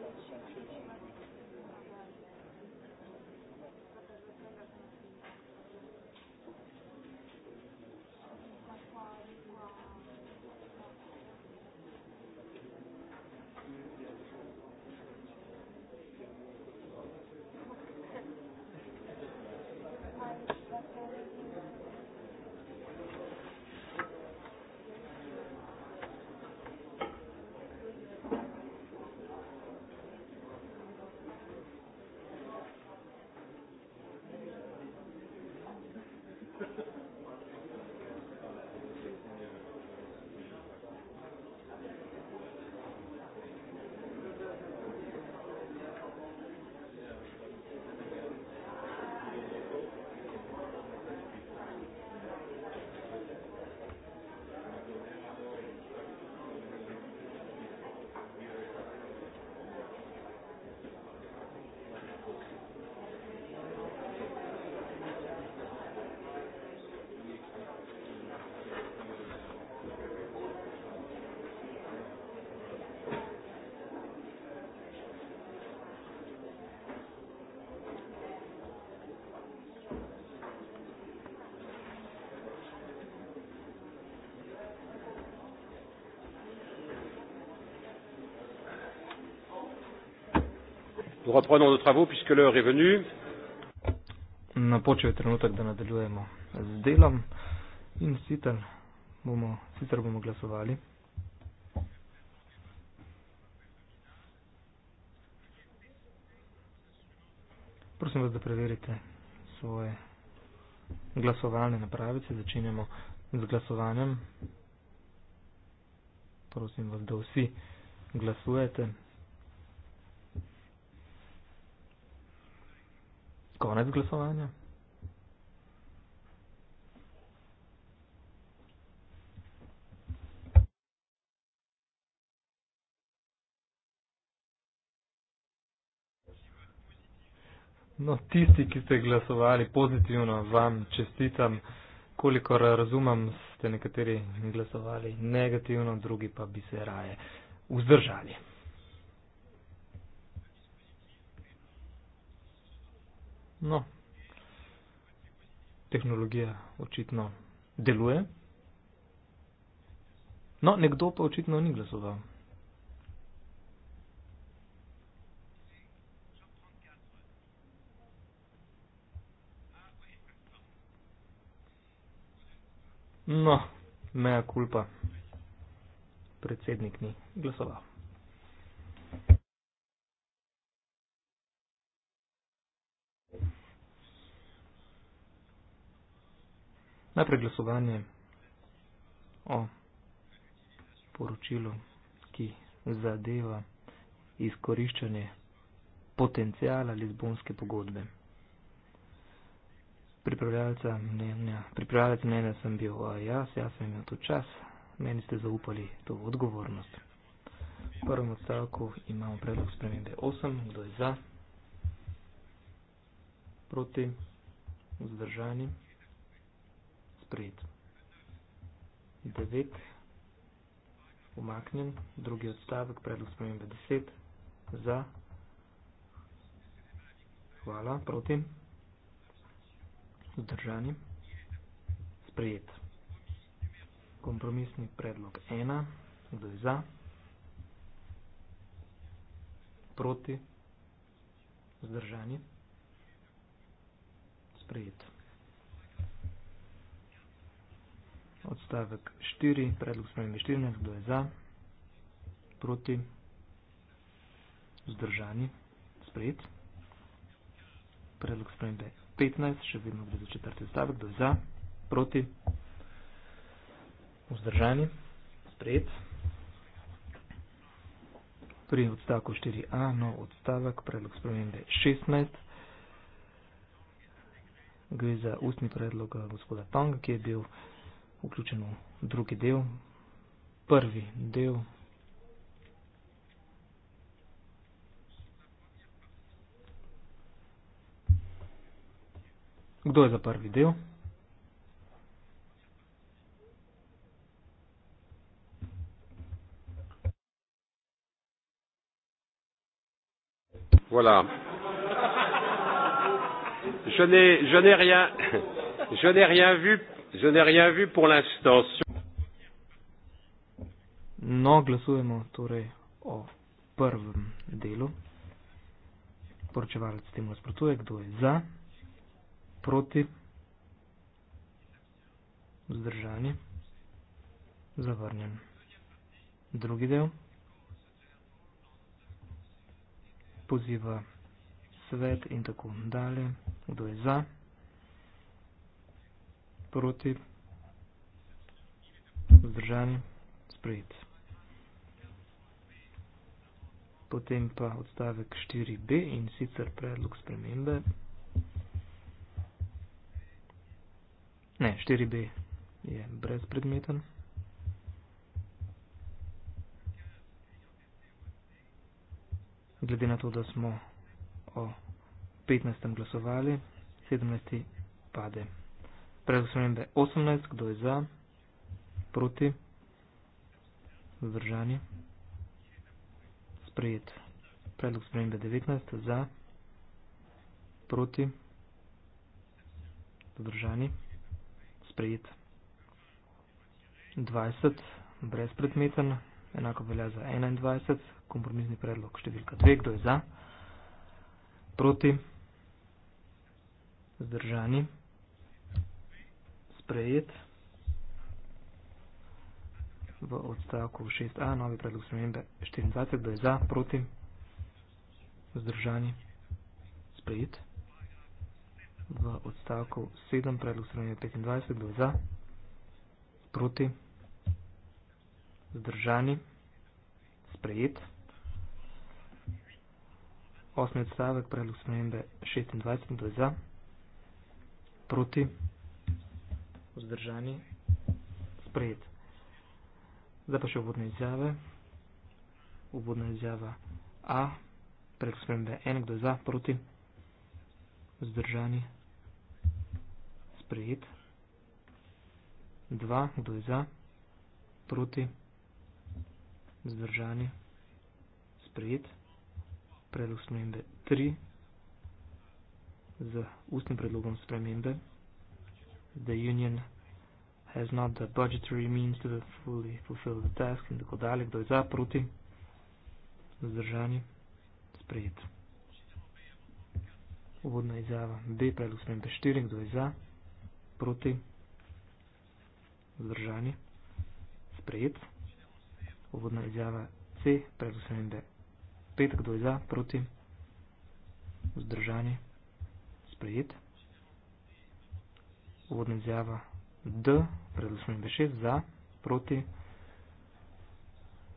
knowledge and teaching. Nous reprenons nos travaux puisque l'heure est venue. Napočil je trenutek, da nadaljujemo z delom in sicer bomo, sicer bomo glasovali. Prosim vas, da preverite svoje glasovalne napravice. Začenjamo z glasovanjem. Prosim vas, da vsi glasujete. konec glasovanja. No, tisti, ki ste glasovali pozitivno, vam čestitam, koliko razumem, ste nekateri glasovali negativno, drugi pa bi se raje vzdržali. No, tehnologija očitno deluje. No, nekdo pa očitno ni glasoval. No, mea culpa. Predsednik ni glasoval. Najprej glasovanje o poročilu, ki zadeva izkoriščanje potencijala Lizbonske pogodbe. Pripravljalca mnenja, pripravljalca mnenja sem bil jaz, jaz sem imel to čas, meni ste zaupali to odgovornost. V prvem odstavku imamo predlog spremembe 8, kdo je za, proti, vzdržanim sprejet. Devet, umaknjen, drugi odstavek, predlog spremembe deset, za, hvala, proti, zdržani, sprejet. Kompromisni predlog ena, kdo je za, proti, zdržani, sprejet. odstavek 4, predlog spremembe 14, kdo je za, proti, vzdržani, sprejet. Predlog spremembe 15, še vedno gre za četrti odstavek, kdo je za, proti, vzdržani, sprejet. Pri odstavku 4a, no odstavek, predlog spremembe 16, gre za ustni predlog eh, gospoda Tonga, ki je bil vključen v drugi del. Prvi del. Kdo je za prvi del? Voilà. Je n'ai rien, rien vu Je n'ai rien vu pour l'instant. No, glasujemo torej o prvem delu. Poročevalec temu nasprotuje, kdo je za, proti, vzdržani, zavrnjen. Drugi del poziva svet in tako dalje, kdo je za proti, vzdržan, sprejet. Potem pa odstavek 4b in sicer predlog spremembe. Ne, 4b je brezpredmeten. Glede na to, da smo o 15. glasovali, 17. pade. Preglasovanje je 18, kdo je za, proti, vzdržani, sprejet. Predlog spremembe 19, za, proti, vzdržani, sprejet. 20, brezpredmeten, enako velja za 21, kompromisni predlog številka 2, kdo je za, proti, vzdržani, sprejet sprejet v odstavku 6a, novi predlog spremembe 24, kdo je za, proti, vzdržani, sprejet v odstavku 7, predlog spremembe 25, kdo je za, proti, vzdržani, sprejet. Osmi odstavek predlog spremembe 26, kdo je za, proti, vzdržani, sprejet vzdržani, sprejet. Zdaj pa še uvodne izjave. Uvodna izjava A, predlog spremembe N, kdo je za, proti, vzdržani, sprejet. 2, kdo je za, proti, vzdržani, sprejet. Predlog spremembe 3, z ustnim predlogom spremembe the union has not the budgetary means to fully fulfill the task in tako dalje, kdo je za, proti, zdržani, sprejet. Uvodna izjava B, predlog spremembe 4, kdo je za, proti, zdržani, sprejet. Uvodna izjava C, predlog spremembe 5, kdo je za, proti, zdržani, sprejet uvodna izjava D, predvsem B6, za, proti,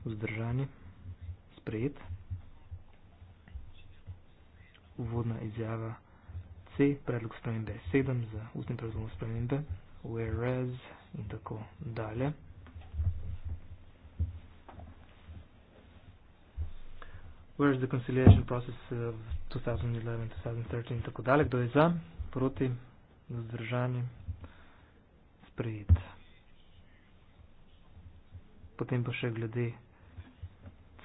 vzdržani, sprejet. Uvodna izjava C, predlog spremembe 7 za ustni predlog spremembe, whereas in tako dalje. Where is the conciliation process of 2011-2013 in tako dalje, kdo je za, proti, vzdržani, sprejeti. Potem pa še glede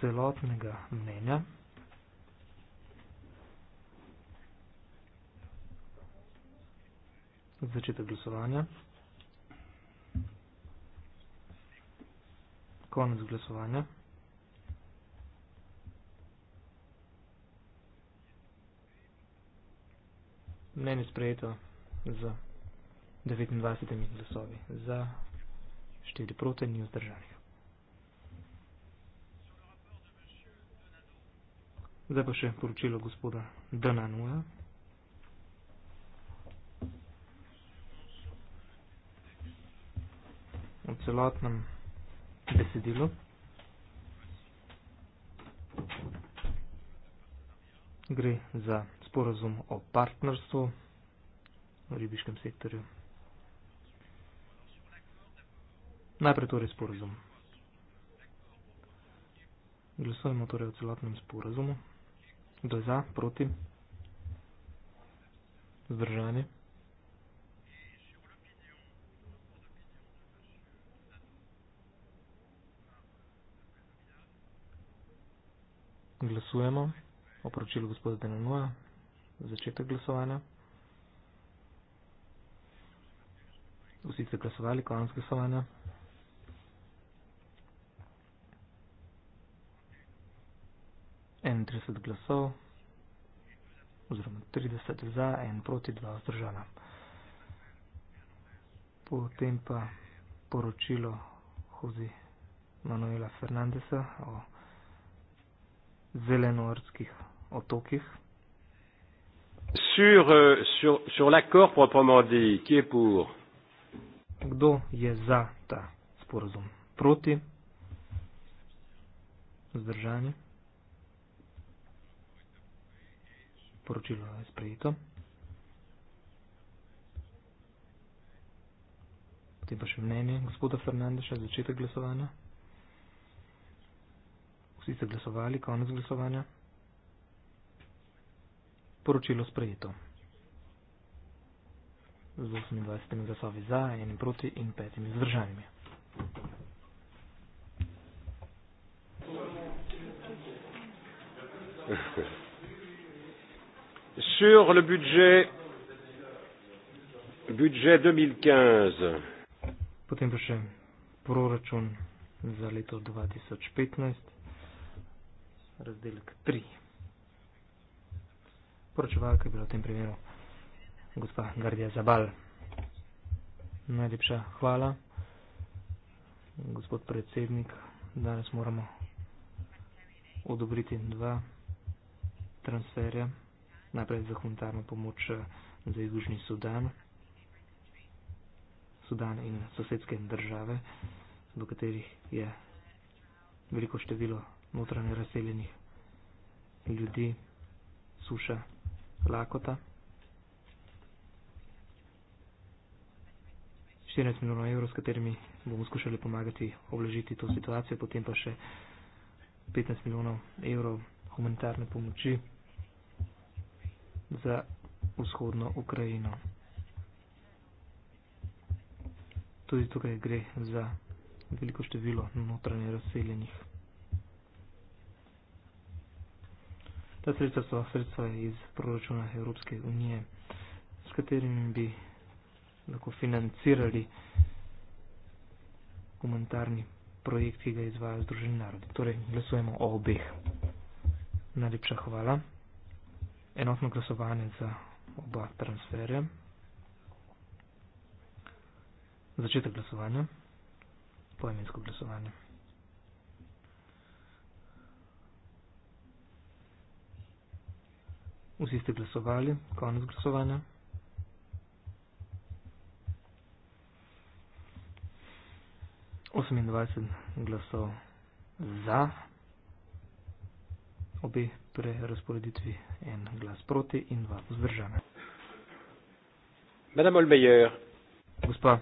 celotnega mnenja. Začetek glasovanja. Konec glasovanja. Mnenje sprejeto za 29 glasovi za, 4 proti ni vzdržanih. Zdaj pa še poročilo gospoda Dananuja. V celotnem besedilu. Gre za sporazum o partnerstvu v ribiškem sektorju Najprej torej sporozum. Glasujemo torej o celotnem sporozumu. Kdo je za, proti? Zdržanje. Glasujemo o poročilu gospoda Denanoja. Začetek glasovanja. Vsi ste glasovali, konec glasovanja. 31 glasov, oziroma 30 za, 1 proti, 2 vzdržana. Potem pa poročilo Hozi Manuela Fernandesa o zelenoordskih otokih. Sur, euh, sur, sur l'accord proprement dit, qui est pour Kdo je za ta sporazum? Proti? Zdržanje? sporočilo je sprejeto. Potem pa še mnenje gospoda Fernandeša, začetek glasovanja. Vsi ste glasovali, konec glasovanja. Poročilo sprejeto. Z 28 glasovi za, enim proti in petimi zdržanimi. Thank you sur le budget budget 2015. Potem pa še proračun za leto 2015, razdelek 3. Poročevalka je bila v tem primeru gospa Gardija Zabal. Najlepša hvala, gospod predsednik. Danes moramo odobriti dva transferja najprej za humanitarno pomoč eh, za Južni Sudan, Sudan in sosedske države, do katerih je veliko število notranje razseljenih ljudi, suša, lakota. 14 milijonov evrov, s katerimi bomo skušali pomagati obložiti to situacijo, potem pa še 15 milijonov evrov humanitarne pomoči za vzhodno Ukrajino. Tudi tukaj gre za veliko število notranje razseljenih. Ta sredstva so sredstva iz proračuna Evropske unije, s katerimi bi lahko financirali humanitarni projekt, ki ga izvaja Združeni narodi. Torej, glasujemo o obeh. Najlepša hvala enotno glasovanje za oba transferja. Začetek glasovanja, poemensko glasovanje. Vsi ste glasovali, konec glasovanja. 28 glasov za, obe prerazporeditvi en glas proti in dva vzdržana. Madame Olmeyer. Gospa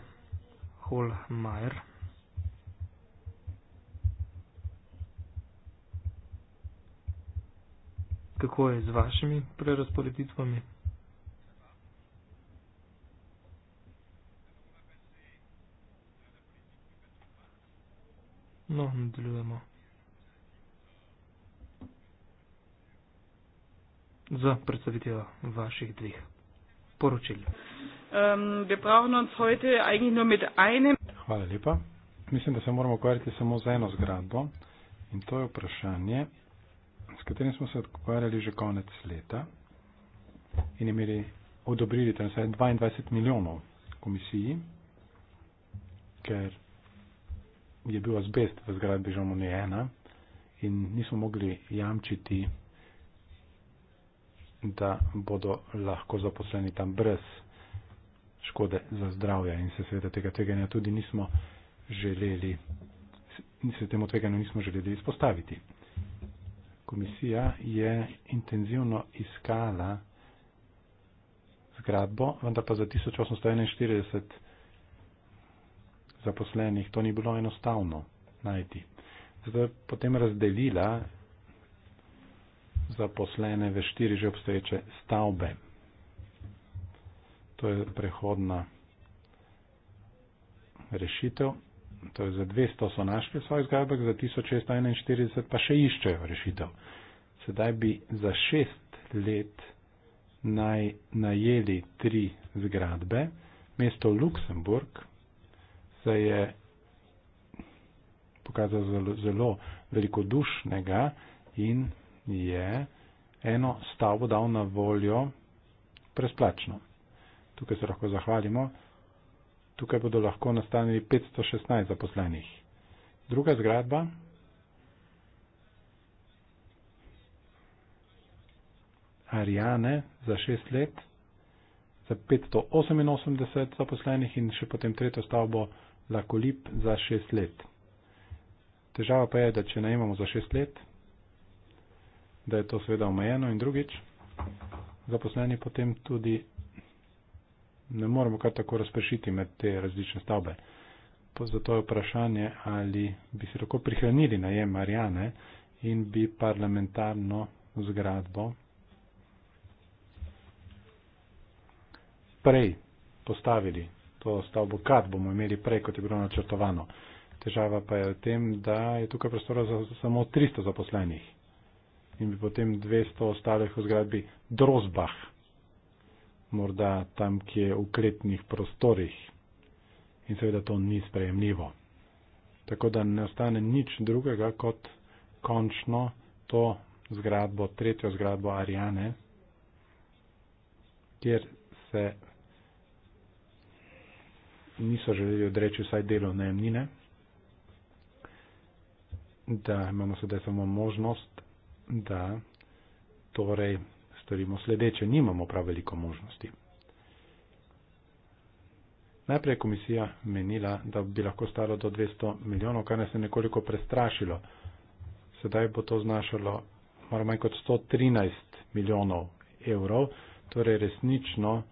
Holmeyer. Kako je z vašimi prerazporeditvami? No, nadaljujemo. za predstavitev vaših dveh poročil. Um, Hvala lepa. Mislim, da se moramo ukvarjati samo z eno zgradbo in to je vprašanje, s katerim smo se ukvarjali že konec leta in imeli odobrili transfer torej 22 milijonov komisiji, ker je bil azbest v zgradbi že omenjena in nismo mogli jamčiti da bodo lahko zaposleni tam brez škode za zdravje in se seveda tega tveganja tudi nismo želeli, se temu tveganju nismo želeli izpostaviti. Komisija je intenzivno iskala zgradbo, vendar pa za 1841 zaposlenih to ni bilo enostavno najti. Zato je potem razdelila zaposlene v štiri že obstoječe stavbe. To je prehodna rešitev. To je za 200 so našli svoj zgradbek, za 1641 pa še iščejo rešitev. Sedaj bi za šest let naj najeli tri zgradbe. Mesto Luksemburg se je pokazalo zelo velikodušnega in je eno stavbo dal na voljo presplačno. Tukaj se lahko zahvalimo. Tukaj bodo lahko nastanili 516 zaposlenih. Druga zgradba. Arijane za 6 let, za 588 zaposlenih in še potem tretjo stavbo Lakolip za 6 let. Težava pa je, da če najemamo za 6 let, da je to seveda omejeno in drugič, zaposleni potem tudi ne moramo kar tako razpršiti med te različne stavbe. Zato je vprašanje, ali bi se lahko prihranili najem Marijane in bi parlamentarno zgradbo prej postavili, to stavbo kad bomo imeli prej, kot je bilo načrtovano. Težava pa je v tem, da je tukaj prostora za samo 300 zaposlenih in bi potem 200 ostalih v zgradbi Drozbah, morda tam, kje v kletnih prostorih. In seveda to ni sprejemljivo. Tako da ne ostane nič drugega kot končno to zgradbo, tretjo zgradbo Arijane, kjer se niso želeli odreči vsaj delov najemnine, da imamo sedaj samo možnost da torej storimo sledeče. Nimamo prav veliko možnosti. Najprej je komisija menila, da bi lahko stalo do 200 milijonov, kar nas je nekoliko prestrašilo. Sedaj bo to znašalo malo manj kot 113 milijonov evrov. Torej resnično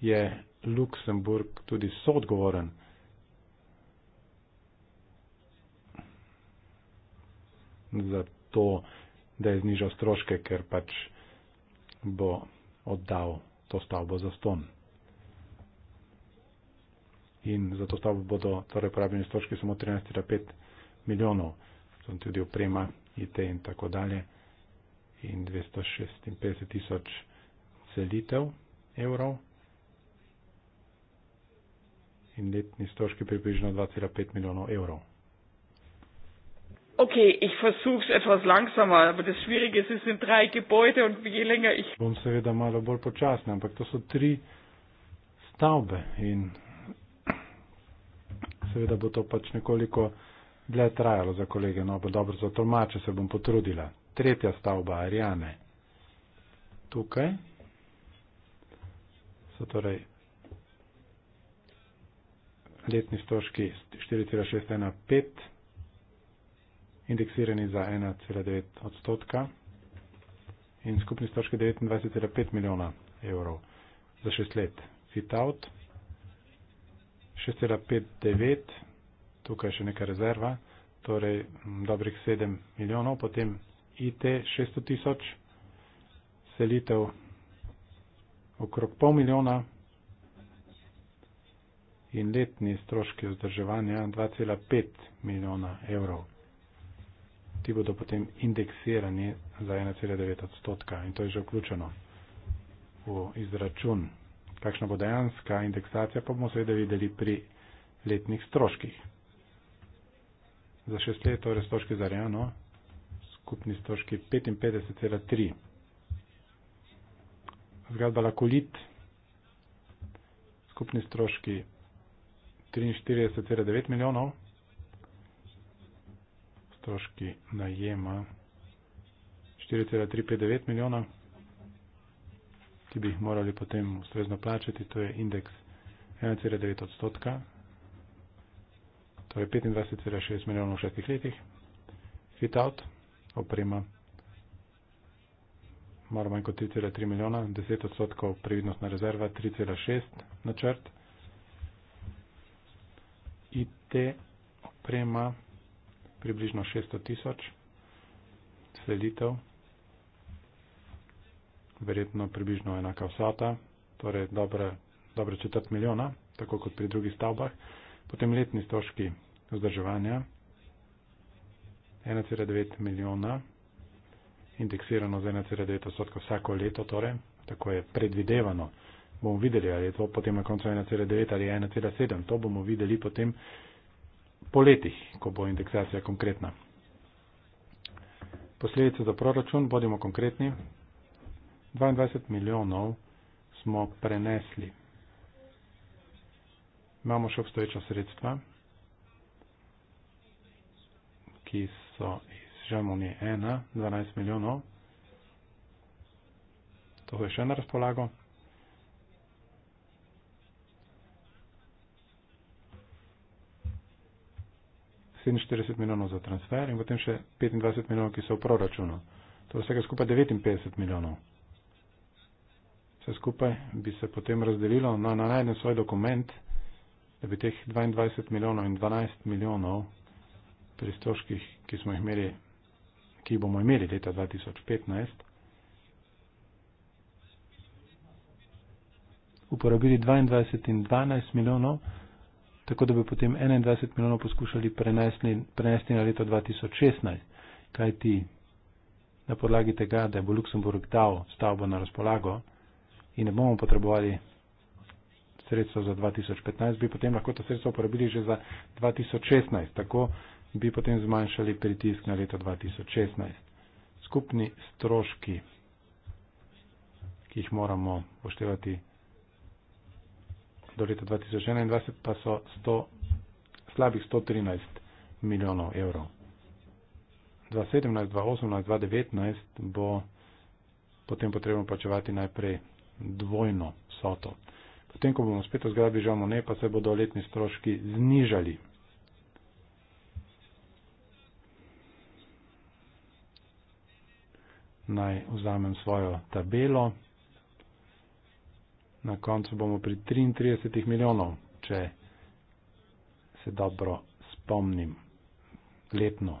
je Luksemburg tudi soodgovoren. Za to da je znižal stroške, ker pač bo oddal to stavbo za ston. In za to stavbo bodo torej porabljeni stroški samo 13,5 milijonov, tudi oprema, IT in tako dalje in 256 tisoč celitev evrov in letni stroški približno 2,5 milijonov evrov. Okay, ich versuch's etwas langsamer, aber das Schwierige ist, es sind drei Gebäude und je länger ich. Bom seveda malo bolj počasen, ampak to so tri stavbe in seveda bo to pač nekoliko dlje trajalo za kolege, no bo dobro za tolmače, se bom potrudila. Tretja stavba, Ariane. Tukaj so torej letni stroški 4,615 indeksirani za 1,9 odstotka in skupni stroški 29,5 milijona evrov za šest let. Fitout 6,59, tukaj še neka rezerva, torej dobrih 7 milijonov, potem IT 600 tisoč, selitev okrog pol milijona in letni stroški vzdrževanja 2,5 milijona evrov ti bodo potem indeksirani za 1,9 odstotka in to je že vključeno v izračun. Kakšna bo dejanska indeksacija, pa bomo seveda videli pri letnih stroških. Za šest let, torej stroški za rejano, skupni stroški 55,3. Zgradba Lakulit, skupni stroški 43,9 milijonov stroški najema 4,359 milijona, ki bi jih morali potem ustrezno plačati, to je indeks 1,9 odstotka, torej 25,6 milijona v šestih letih. Fit-out, oprema, malo manj kot 3,3 milijona, 10 odstotkov previdnostna rezerva, 3,6 načrt. IT oprema približno 600 tisoč selitev, verjetno približno enaka vsota, torej dobre, dobre četrt milijona, tako kot pri drugih stavbah. Potem letni stroški vzdrževanja 1,9 milijona, indeksirano za 1,9 odstotka vsako leto, torej tako je predvidevano. Bomo videli, ali je to potem na koncu 1,9 ali 1,7. To bomo videli potem, poletih, ko bo indeksacija konkretna. Posledice za proračun, bodimo konkretni, 22 milijonov smo prenesli. Imamo še obstoječa sredstva, ki so iz Žemoni 1, 12 milijonov. To je še na razpolago. 47 milijonov za transfer in potem še 25 milijonov, ki so v proračunu. To je vsega skupaj 59 milijonov. Vse skupaj bi se potem razdelilo na, na najden svoj dokument, da bi teh 22 milijonov in 12 milijonov pri stroških, ki smo jih imeli, ki jih bomo imeli leta 2015, uporabili 22 in 12 milijonov tako da bi potem 21 milijonov poskušali prenesti, prenesti na leto 2016. Kaj ti na podlagi tega, da bo Luksemburg dal stavbo na razpolago in ne bomo potrebovali sredstva za 2015, bi potem lahko to sredstvo uporabili že za 2016. Tako bi potem zmanjšali pritisk na leto 2016. Skupni stroški, ki jih moramo poštevati do leta 2021 pa so 100, slabih 113 milijonov evrov. 2017, 2018, 2019 bo potem potrebno plačevati najprej dvojno soto. Potem, ko bomo spet zgradili žal ne, pa se bodo letni stroški znižali. Naj vzamem svojo tabelo na koncu bomo pri 33 milijonov, če se dobro spomnim, letno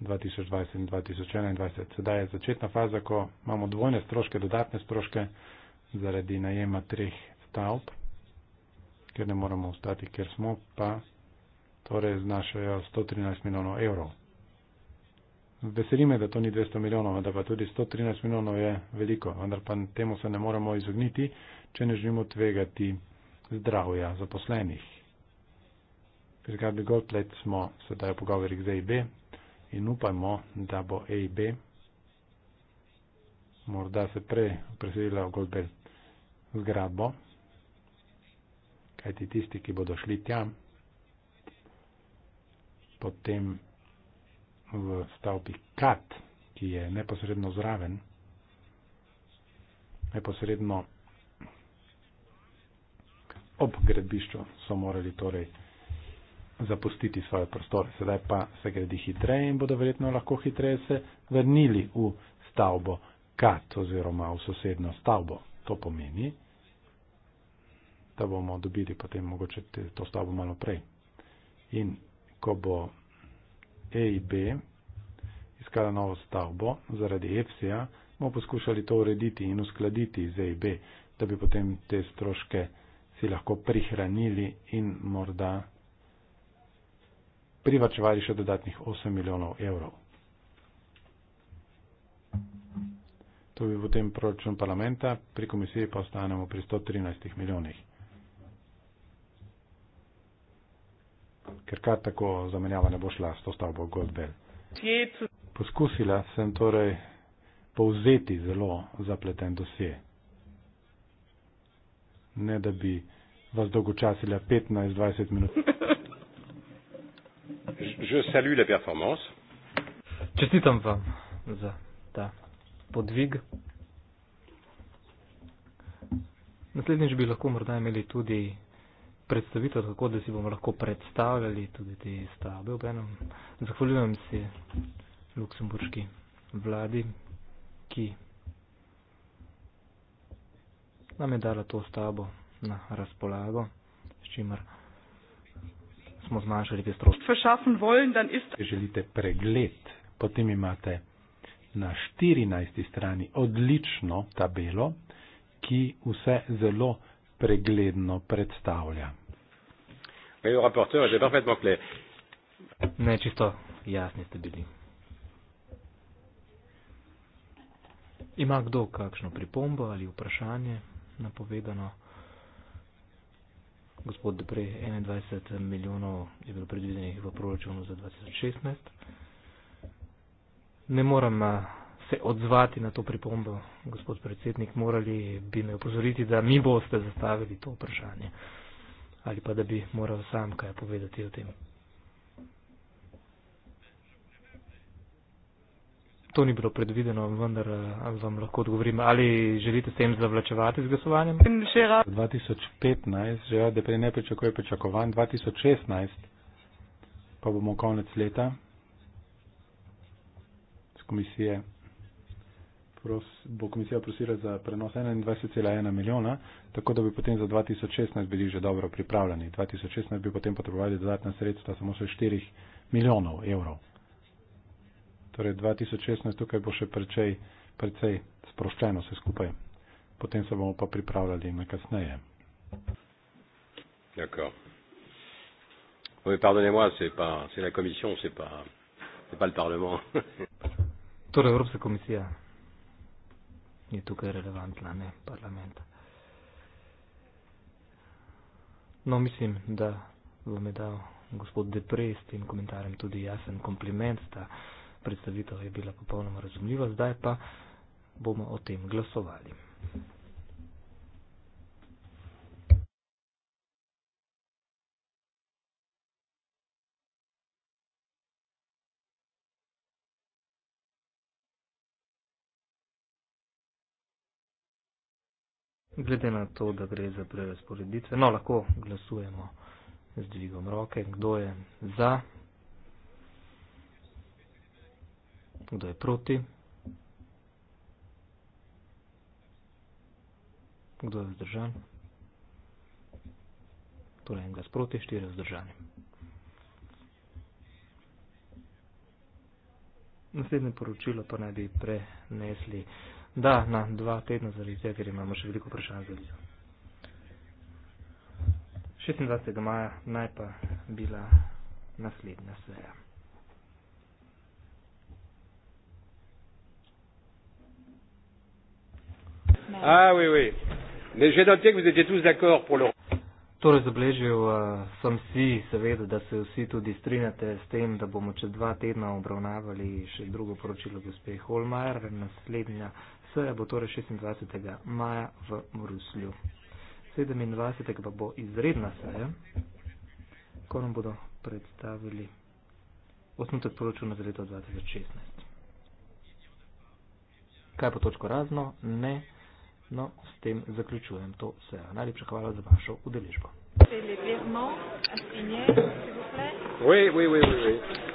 2020 in 2021. Sedaj je začetna faza, ko imamo dvojne stroške, dodatne stroške zaradi najema treh stavb, ker ne moramo ostati, ker smo pa, torej znašajo 113 milijonov evrov. Veseli me, da to ni 200 milijonov, da pa tudi 113 milijonov je veliko, vendar pa temu se ne moremo izogniti, če ne želimo tvegati zdravja zaposlenih. Pri Gabi Goldplate smo sedaj v pogovorih z AIB in upajmo, da bo AIB morda se prej preselila v Goldplate zgradbo, kajti tisti, ki bodo šli tja, potem v stavbi Kat, ki je neposredno zraven, neposredno ob gradbišču, so morali torej zapustiti svoje prostore. Sedaj pa se gradi hitreje in bodo verjetno lahko hitreje se vrnili v stavbo Kat oziroma v sosedno stavbo. To pomeni, da bomo dobili potem mogoče to stavbo malo prej. In ko bo A in B, iskala novo stavbo zaradi EFSI-ja, bomo poskušali to urediti in uskladiti z A in B, da bi potem te stroške si lahko prihranili in morda privačevali še dodatnih 8 milijonov evrov. To bi potem proračun parlamenta, pri komisiji pa ostanemo pri 113 milijonih. ker kar tako zamenjava ne bo šla s to stavbo Goldbell. Poskusila sem torej povzeti zelo zapleten dosje. Ne da bi vas dolgočasila 15-20 minut. Je salu la performance. Čestitam vam za ta podvig. Naslednjič bi lahko morda imeli tudi predstavitev, kako da si bomo lahko predstavljali tudi te stavbe. Obenem zahvaljujem se luksemburški vladi, ki nam je dala to stavbo na razpolago, s čimer smo zmanjšali te stroške. Če želite pregled, potem imate na 14. strani odlično tabelo, ki vse zelo pregledno predstavlja. Ne, čisto jasni ste bili. Ima kdo kakšno pripombo ali vprašanje napovedano? Gospod Dobre, 21 milijonov je bilo predvidenih v proračunu za 2016. Ne morem se odzvati na to pripombo, gospod predsednik, morali bi me opozoriti, da mi boste zastavili to vprašanje ali pa da bi moral sam kaj povedati o tem. To ni bilo predvideno, vendar eh, vam lahko odgovorim. Ali želite s tem zavlačevati z glasovanjem? 2015, že ADP ne pričakuje pričakovan, 2016 pa bomo konec leta z komisije pros, bo komisija prosila za prenos 21,1 milijona, tako da bi potem za 2016 bili že dobro pripravljeni. 2016 bi potem potrebovali dodatna sredstva samo še 4 milijonov evrov. Torej 2016 tukaj bo še precej, precej sproščeno vse skupaj. Potem se bomo pa pripravljali na kasneje. Torej Evropska komisija je tukaj relevantna, ne parlamenta. No, mislim, da vam je dal gospod Deprej s tem komentarjem tudi jasen kompliment, ta predstavitev je bila popolnoma razumljiva, zdaj pa bomo o tem glasovali. Glede na to, da gre za prerasporeditve, no lahko glasujemo z dvigom roke, kdo je za, kdo je proti, kdo je vzdržan, torej en glas proti, štiri vzdržani. Naslednje poročilo pa naj bi prenesli. Da, na dva tedna za revizijo, ker imamo še veliko vprašanj za revizijo. 26. maja naj pa bila naslednja seja. Ah, oui, oui. Mais j'ai noté que vous étiez tous d'accord pour le... Torej, zabeležil eh, sem si, seveda, da se vsi tudi strinjate s tem, da bomo čez dva tedna obravnavali še drugo poročilo gospe Holmajer. Naslednja seja bo torej 26. maja v Bruslju. 27. pa bo izredna seja, ko nam bodo predstavili osnutek poročuna za leto 2016. Kaj pa točko razno? Ne. No, s tem zaključujem to sejo. Najlepša hvala za vašo udeležbo. Oui, oui, oui, oui, oui.